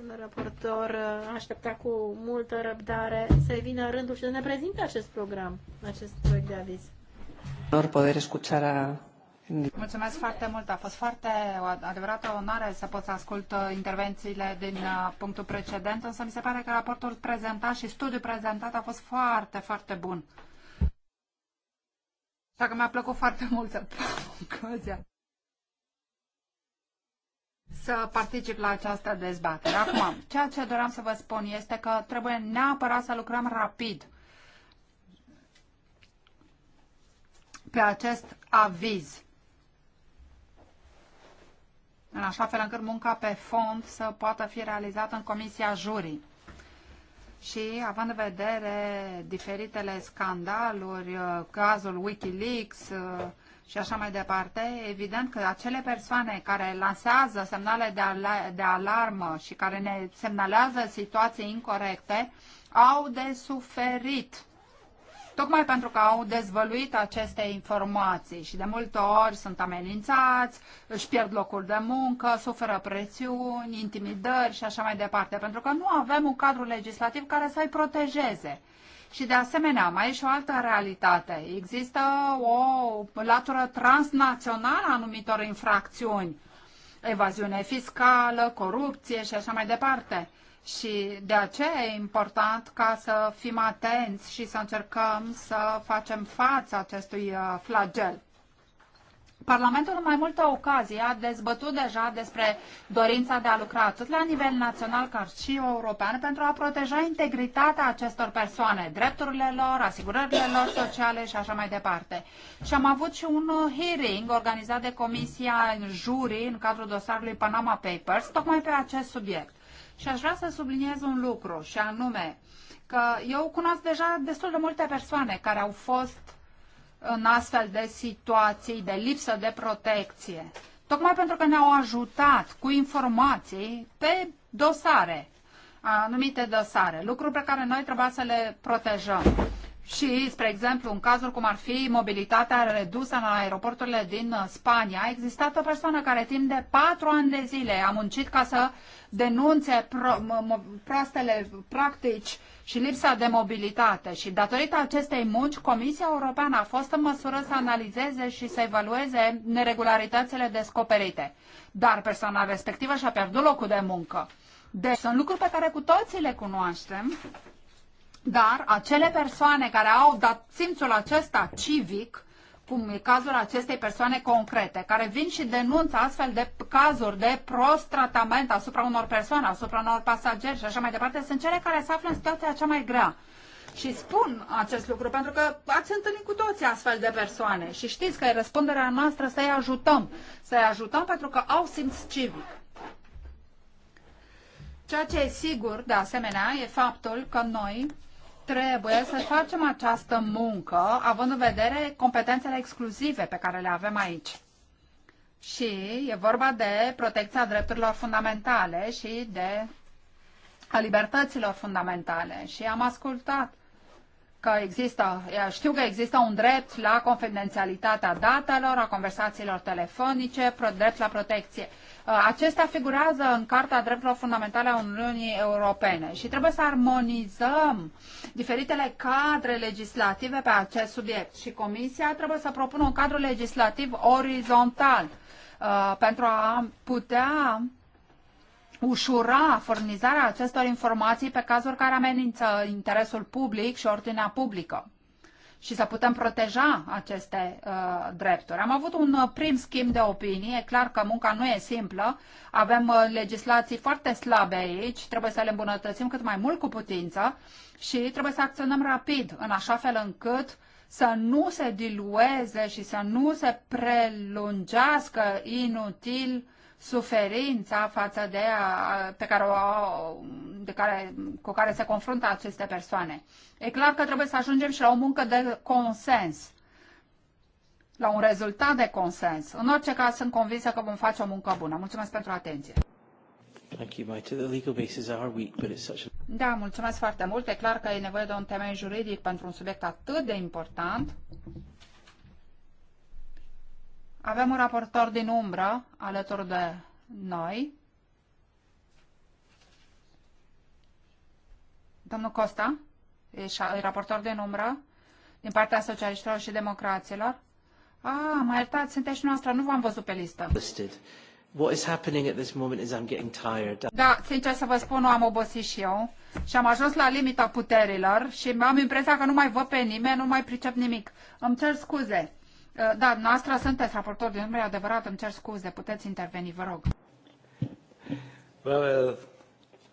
un raportor aștepta cu multă răbdare să vină rândul și să ne prezinte acest program, acest proiect de aviz. Poder escuchar a Mulțumesc foarte mult. A fost foarte o adevărată onoare să pot să ascult uh, intervențiile din uh, punctul precedent, însă mi se pare că raportul prezentat și studiul prezentat a fost foarte, foarte bun. Așa că mi-a plăcut foarte mult să să particip la această dezbatere. Acum, ceea ce doream să vă spun este că trebuie neapărat să lucrăm rapid pe acest aviz în așa fel încât munca pe fond să poată fi realizată în comisia jurii. Și având în vedere diferitele scandaluri, uh, cazul Wikileaks uh, și așa mai departe, evident că acele persoane care lansează semnale de, al- de alarmă și care ne semnalează situații incorrecte au de suferit tocmai pentru că au dezvăluit aceste informații și de multe ori sunt amenințați, își pierd locul de muncă, suferă prețiuni, intimidări și așa mai departe, pentru că nu avem un cadru legislativ care să-i protejeze. Și de asemenea, mai e și o altă realitate. Există o latură transnațională a anumitor infracțiuni, evaziune fiscală, corupție și așa mai departe. Și de aceea e important ca să fim atenți și să încercăm să facem față acestui uh, flagel. Parlamentul în mai multă ocazie a dezbătut deja despre dorința de a lucra atât la nivel național cât și european pentru a proteja integritatea acestor persoane, drepturile lor, asigurările lor sociale și așa mai departe. Și am avut și un uh, hearing organizat de Comisia în Juri în cadrul dosarului Panama Papers, tocmai pe acest subiect. Și aș vrea să subliniez un lucru, și anume că eu cunosc deja destul de multe persoane care au fost în astfel de situații de lipsă de protecție, tocmai pentru că ne-au ajutat cu informații pe dosare, anumite dosare, lucruri pe care noi trebuia să le protejăm. Și, spre exemplu, în cazuri cum ar fi mobilitatea redusă în aeroporturile din uh, Spania, a existat o persoană care timp de patru ani de zile a muncit ca să denunțe pro, proastele practici și lipsa de mobilitate. Și datorită acestei munci, Comisia Europeană a fost în măsură să analizeze și să evalueze neregularitățile descoperite. Dar persoana respectivă și-a pierdut locul de muncă. Deci sunt lucruri pe care cu toții le cunoaștem dar acele persoane care au dat simțul acesta civic, cum e cazul acestei persoane concrete, care vin și denunță astfel de cazuri de prost tratament asupra unor persoane, asupra unor pasageri și așa mai departe, sunt cele care se află în situația cea mai grea. Și spun acest lucru pentru că ați întâlnit cu toți astfel de persoane și știți că e răspunderea noastră să-i ajutăm, să-i ajutăm pentru că au simț civic. Ceea ce e sigur, de asemenea, e faptul că noi trebuie să facem această muncă, având în vedere competențele exclusive pe care le avem aici. Și e vorba de protecția drepturilor fundamentale și de a libertăților fundamentale. Și am ascultat că există, știu că există un drept la confidențialitatea datelor, a conversațiilor telefonice, drept la protecție Uh, acestea figurează în Carta Drepturilor Fundamentale a Uniunii Europene și trebuie să armonizăm diferitele cadre legislative pe acest subiect și Comisia trebuie să propună un cadru legislativ orizontal uh, pentru a putea ușura furnizarea acestor informații pe cazuri care amenință interesul public și ordinea publică și să putem proteja aceste uh, drepturi. Am avut un uh, prim schimb de opinie, e clar că munca nu e simplă, avem uh, legislații foarte slabe aici, trebuie să le îmbunătățim cât mai mult cu putință și trebuie să acționăm rapid, în așa fel încât să nu se dilueze și să nu se prelungească inutil suferința față de, a, pe care o, de care, cu care se confruntă aceste persoane. E clar că trebuie să ajungem și la o muncă de consens, la un rezultat de consens. În orice caz, sunt convinsă că vom face o muncă bună. Mulțumesc pentru atenție. Da, mulțumesc foarte mult. E clar că e nevoie de un temei juridic pentru un subiect atât de important. Avem un raportor din umbră alături de noi. Domnul Costa, e raportor din umbră, din partea socialiștilor și democraților. Ah, mă iertați, sunteți noastră, nu v-am văzut pe listă. What is happening at this moment is I'm getting tired. Da, sincer să vă spun, am obosit și eu și am ajuns la limita puterilor și am impresia că nu mai văd pe nimeni, nu mai pricep nimic. Îmi cer scuze. Uh, da, noastră sunteți raportor din numere adevărat, îmi cer scuze, puteți interveni, vă rog. Well, uh...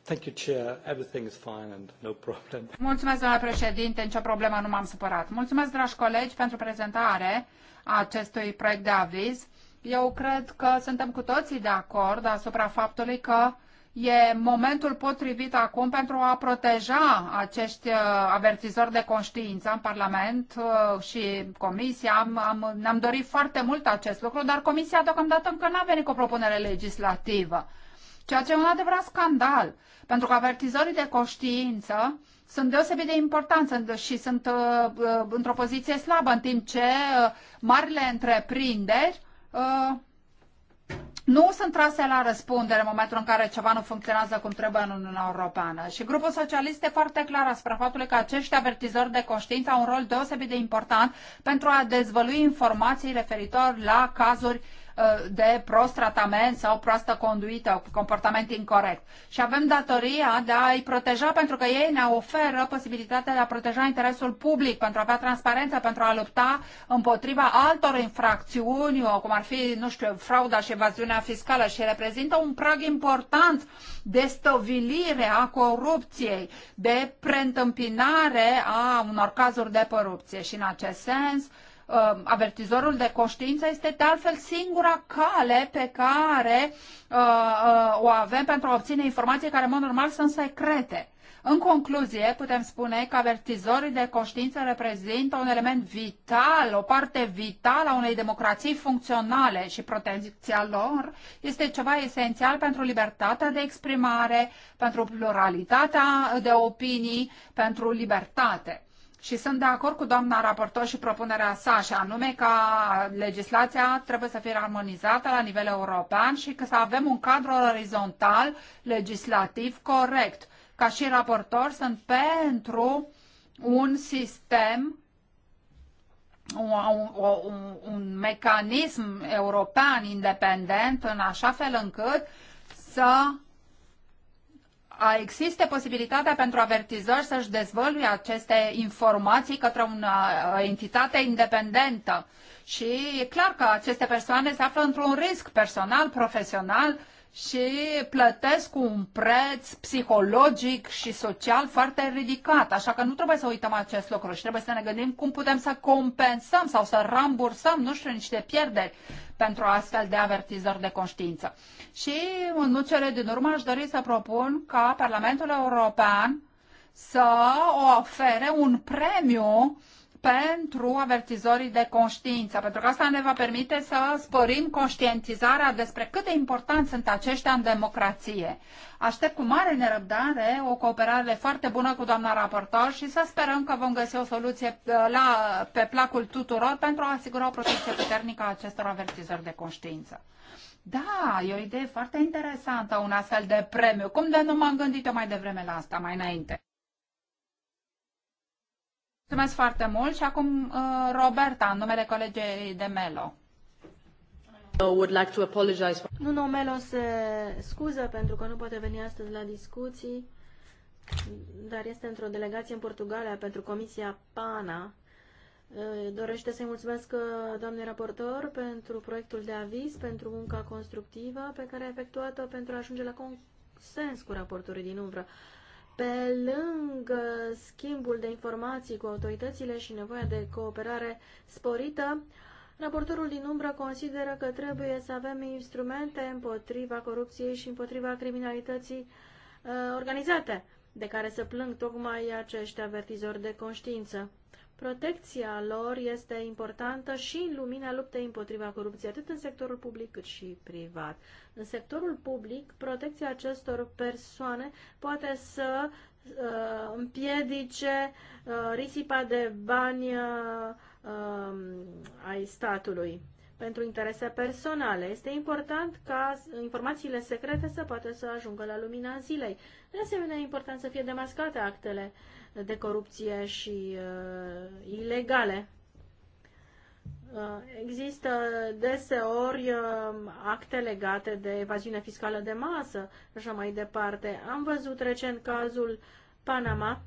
Thank you, Chair. Everything is fine and no problem. Mulțumesc, domnule președinte, nicio problemă, nu m-am supărat. Mulțumesc, dragi colegi, pentru prezentare a acestui proiect de aviz. Eu cred că suntem cu toții de acord asupra faptului că E momentul potrivit acum pentru a proteja acești uh, avertizori de conștiință în Parlament uh, și Comisia. Am, am, ne-am dorit foarte mult acest lucru, dar Comisia deocamdată încă n-a venit cu o propunere legislativă. Ceea ce e un adevărat scandal, pentru că avertizorii de conștiință sunt deosebit de importanți și sunt uh, uh, într-o poziție slabă, în timp ce uh, marile întreprinderi uh, nu sunt trase la răspundere în momentul în care ceva nu funcționează cum trebuie în Uniunea Europeană. Și grupul socialist e foarte clar asupra faptului că acești avertizori de conștiință au un rol deosebit de important pentru a dezvălui informații referitor la cazuri uh, Uh, de prost tratament sau proastă conduită, comportament incorrect. Și avem datoria de a-i proteja pentru că ei ne oferă posibilitatea de a proteja interesul public, pentru a avea transparență, pentru a lupta împotriva altor infracțiuni, uh, cum ar fi, nu știu, frauda și evaziunea fiscală și reprezintă un prag important de stăvilire a corupției, de preîntâmpinare a unor cazuri de corupție. Și în acest sens, uh, avertizorul de conștiință este de altfel singura cale pe care uh, uh, o avem pentru a obține informații care, în mod normal, sunt secrete. În concluzie, putem spune că avertizorii de conștiință reprezintă un element vital, o parte vitală a unei democrații funcționale și protecția lor este ceva esențial pentru libertatea de exprimare, pentru pluralitatea de opinii, pentru libertate și sunt de acord cu doamna raportor și propunerea sa, și anume ca legislația trebuie să fie armonizată la nivel european și că să avem un cadru orizontal legislativ corect. Ca și raportor sunt pentru un sistem un, un, un mecanism european independent în așa fel încât să a existe posibilitatea pentru avertizări să-și dezvăluie aceste informații către o entitate independentă. Și e clar că aceste persoane se află într-un risc personal, profesional și plătesc un preț psihologic și social foarte ridicat. Așa că nu trebuie să uităm acest lucru și trebuie să ne gândim cum putem să compensăm sau să rambursăm, nu știu, niște pierderi pentru astfel de avertizări de conștiință. Și, în nu cele din urmă, aș dori să propun ca Parlamentul European să ofere un premiu pentru avertizorii de conștiință, pentru că asta ne va permite să sporim conștientizarea despre cât de important sunt aceștia în democrație. Aștept cu mare nerăbdare o cooperare foarte bună cu doamna raportor și să sperăm că vom găsi o soluție uh, la, pe placul tuturor pentru a asigura o protecție puternică a acestor avertizori de conștiință. Da, e o idee foarte interesantă, un astfel de premiu. Cum de nu m-am gândit eu mai devreme la asta, mai înainte? Mulțumesc foarte mult și acum uh, Roberta, în numele colegei de Melo. Would like to apologize. Nu, Melo se scuză pentru că nu poate veni astăzi la discuții, dar este într-o delegație în Portugalia pentru Comisia PANA. Uh, dorește să-i mulțumesc uh, doamne raportor pentru proiectul de aviz, pentru munca constructivă pe care a efectuat-o pentru a ajunge la consens cu raportorii din umbră. Pe lângă schimbul de informații cu autoritățile și nevoia de cooperare sporită, raportorul din umbră consideră că trebuie să avem instrumente împotriva corupției și împotriva criminalității uh, organizate, de care se plâng tocmai acești avertizori de conștiință. Protecția lor este importantă și în lumina luptei împotriva corupției, atât în sectorul public cât și privat. În sectorul public, protecția acestor persoane poate să uh, împiedice uh, risipa de bani uh, um, ai statului pentru interese personale. Este important ca informațiile secrete să poată să ajungă la lumina zilei. De asemenea, e important să fie demascate actele uh, de corupție și uh, ilegale. Uh, există deseori uh, acte legate de evaziune fiscală de masă și așa mai departe. Am văzut recent cazul Panama,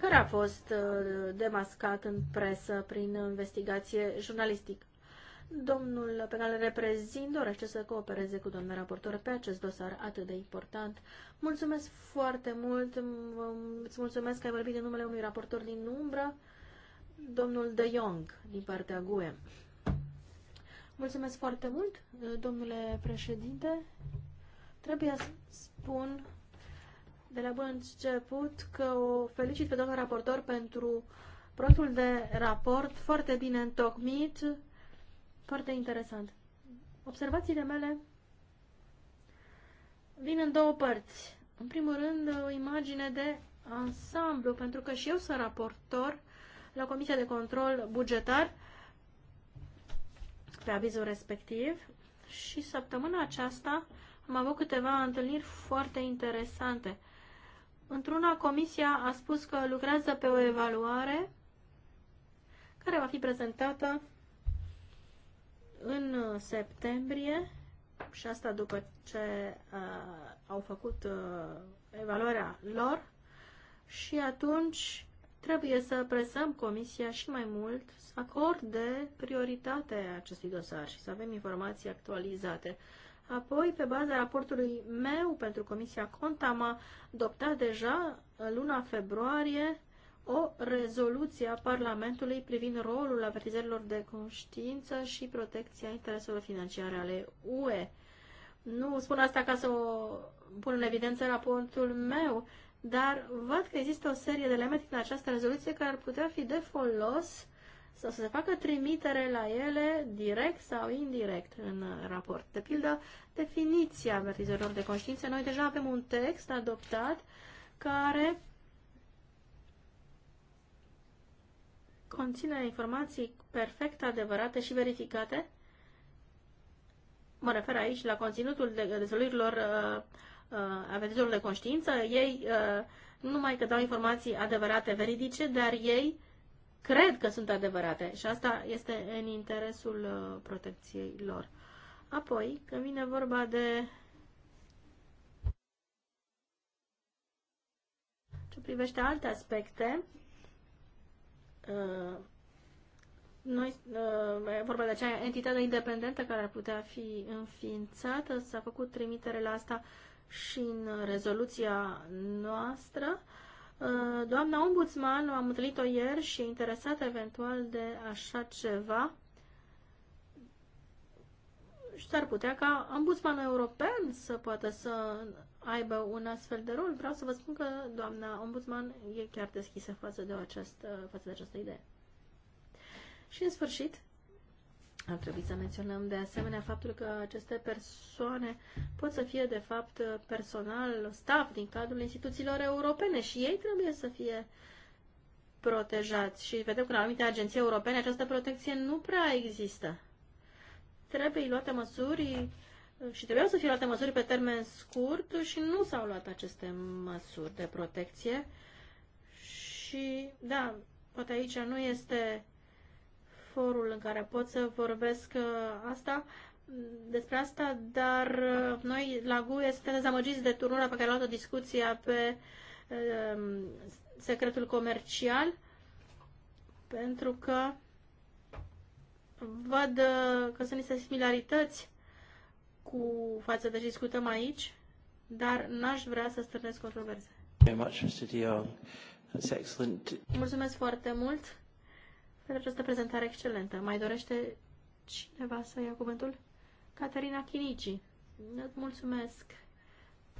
care a fost uh, demascat în presă prin investigație jurnalistică. Domnul pe care îl reprezint dorește să coopereze cu domnul raportor pe acest dosar atât de important. Mulțumesc foarte mult, îți mulțumesc că ai vorbit în numele unui raportor din umbră, domnul De Jong, din partea GUE. Mulțumesc foarte mult, domnule președinte. Trebuie să spun de la bun început că o felicit pe domnul raportor pentru proiectul de raport foarte bine întocmit, foarte interesant. Observațiile mele vin în două părți. În primul rând, o imagine de ansamblu, pentru că și eu sunt raportor la Comisia de Control Bugetar pe avizul respectiv și săptămâna aceasta am avut câteva întâlniri foarte interesante. Într-una, Comisia a spus că lucrează pe o evaluare care va fi prezentată în uh, septembrie, și asta după ce uh, au făcut uh, evaluarea lor, și atunci trebuie să presăm Comisia și mai mult să acorde prioritate acestui dosar și să avem informații actualizate. Apoi, pe baza raportului meu pentru Comisia Conta, am adoptat deja în uh, luna februarie o rezoluție a Parlamentului privind rolul avertizărilor de conștiință și protecția intereselor financiare ale UE. Nu spun asta ca să o pun în evidență raportul meu, dar văd că există o serie de elemente în această rezoluție care ar putea fi de folos sau să se facă trimitere la ele direct sau indirect în raport. De pildă, definiția avertizorilor de conștiință. Noi deja avem un text adoptat care conține informații perfect adevărate și verificate. Mă refer aici la conținutul de dezvăluirilor uh, uh avertizorilor de conștiință. Ei uh, nu numai că dau informații adevărate, veridice, dar ei cred că sunt adevărate și asta este în interesul uh, protecției lor. Apoi, când vine vorba de ce privește alte aspecte, Uh, noi, uh, e vorba de acea entitate independentă care ar putea fi înființată, s-a făcut trimitere la asta și în rezoluția noastră. Uh, doamna ombudsman, am întâlnit-o ieri și e interesată eventual de așa ceva. Și s-ar putea ca ombudsmanul european să poată să aibă un astfel de rol. Vreau să vă spun că doamna ombudsman e chiar deschisă față de această, față de această idee. Și în sfârșit, ar trebui să menționăm de asemenea faptul că aceste persoane pot să fie de fapt personal, staff din cadrul instituțiilor europene și ei trebuie să fie protejați. Și vedem că în anumite agenții europene această protecție nu prea există. Trebuie luate măsuri și trebuiau să fie luate măsuri pe termen scurt și nu s-au luat aceste măsuri de protecție. Și, da, poate aici nu este forul în care pot să vorbesc uh, asta, despre asta, dar uh, noi la GUE suntem dezamăgiți de turnura pe care a luat-o discuția pe uh, secretul comercial, pentru că văd uh, că sunt niște similarități cu față de ce discutăm aici, dar n-aș vrea să strânesc controverse. Mulțumesc foarte mult pentru această prezentare excelentă. Mai dorește cineva să ia cuvântul? Caterina Chinici. Mulțumesc!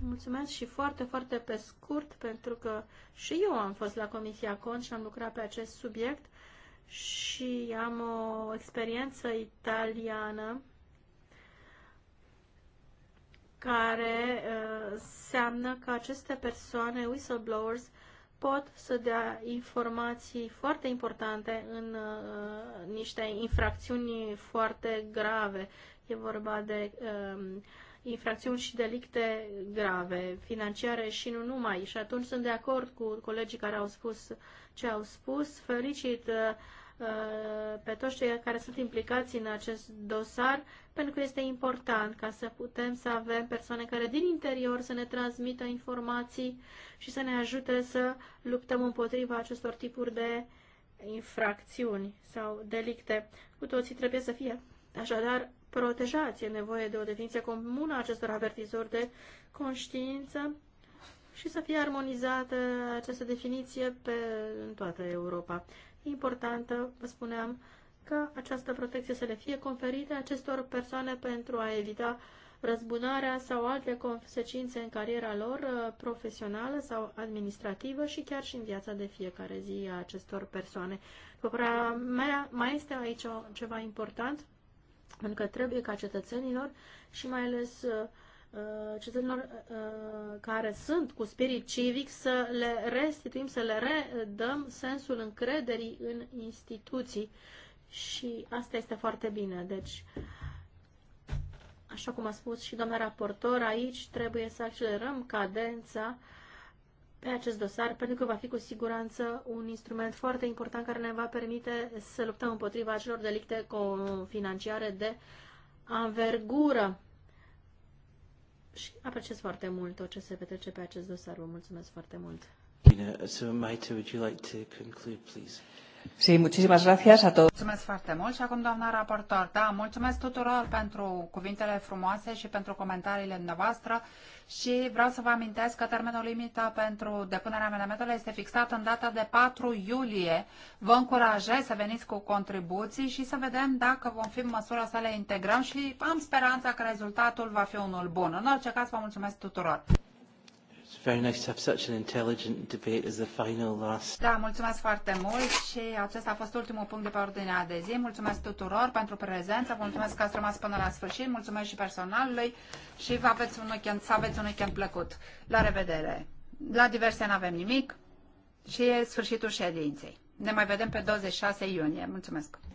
Mulțumesc și foarte, foarte pe scurt, pentru că și eu am fost la Comisia Cont și am lucrat pe acest subiect și am o experiență italiană care înseamnă uh, că aceste persoane, whistleblowers, pot să dea informații foarte importante în uh, niște infracțiuni foarte grave. E vorba de um, infracțiuni și delicte grave, financiare și nu numai. Și atunci sunt de acord cu colegii care au spus ce au spus. Fericit! Uh, Uh, pe toți cei care sunt implicați în acest dosar, pentru că este important ca să putem să avem persoane care din interior să ne transmită informații și să ne ajute să luptăm împotriva acestor tipuri de infracțiuni sau delicte. Cu toții trebuie să fie așadar protejați. E nevoie de o definiție comună a acestor avertizori de conștiință și să fie armonizată această definiție pe, în toată Europa importantă, vă spuneam, ca această protecție să le fie conferită acestor persoane pentru a evita răzbunarea sau alte consecințe în cariera lor uh, profesională sau administrativă și chiar și în viața de fiecare zi a acestor persoane. După mea, mai este aici ceva important, pentru că trebuie ca cetățenilor și mai ales uh, Uh, cetățenilor uh, care sunt cu spirit civic să le restituim, să le redăm sensul încrederii în instituții. Și asta este foarte bine. Deci, așa cum a spus și doamna raportor, aici trebuie să accelerăm cadența pe acest dosar, pentru că va fi cu siguranță un instrument foarte important care ne va permite să luptăm împotriva acelor delicte financiare de anvergură și apreciez foarte mult tot ce se petrece pe acest dosar. Vă mulțumesc foarte mult. Bine, so Maite, would you like to conclude, please? Sí, muchísimas gracias a todos. Mulțumesc foarte mult și acum, doamna raportor, da, mulțumesc tuturor pentru cuvintele frumoase și pentru comentariile noastre. și vreau să vă amintesc că termenul limită pentru depunerea amendamentelor este fixat în data de 4 iulie. Vă încurajez să veniți cu contribuții și să vedem dacă vom fi în măsură să le integrăm și am speranța că rezultatul va fi unul bun. În orice caz, vă mulțumesc tuturor. Very nice to have such an intelligent debate as the final last. Da, mulțumesc foarte mult și acesta a fost ultimul punct de pe ordinea de zi. Mulțumesc tuturor pentru prezență, vă mulțumesc că ați rămas până la sfârșit, mulțumesc și personalului și vă aveți un weekend, să aveți un weekend plăcut. La revedere! La diverse nu avem nimic și e sfârșitul ședinței. Ne mai vedem pe 26 iunie. Mulțumesc!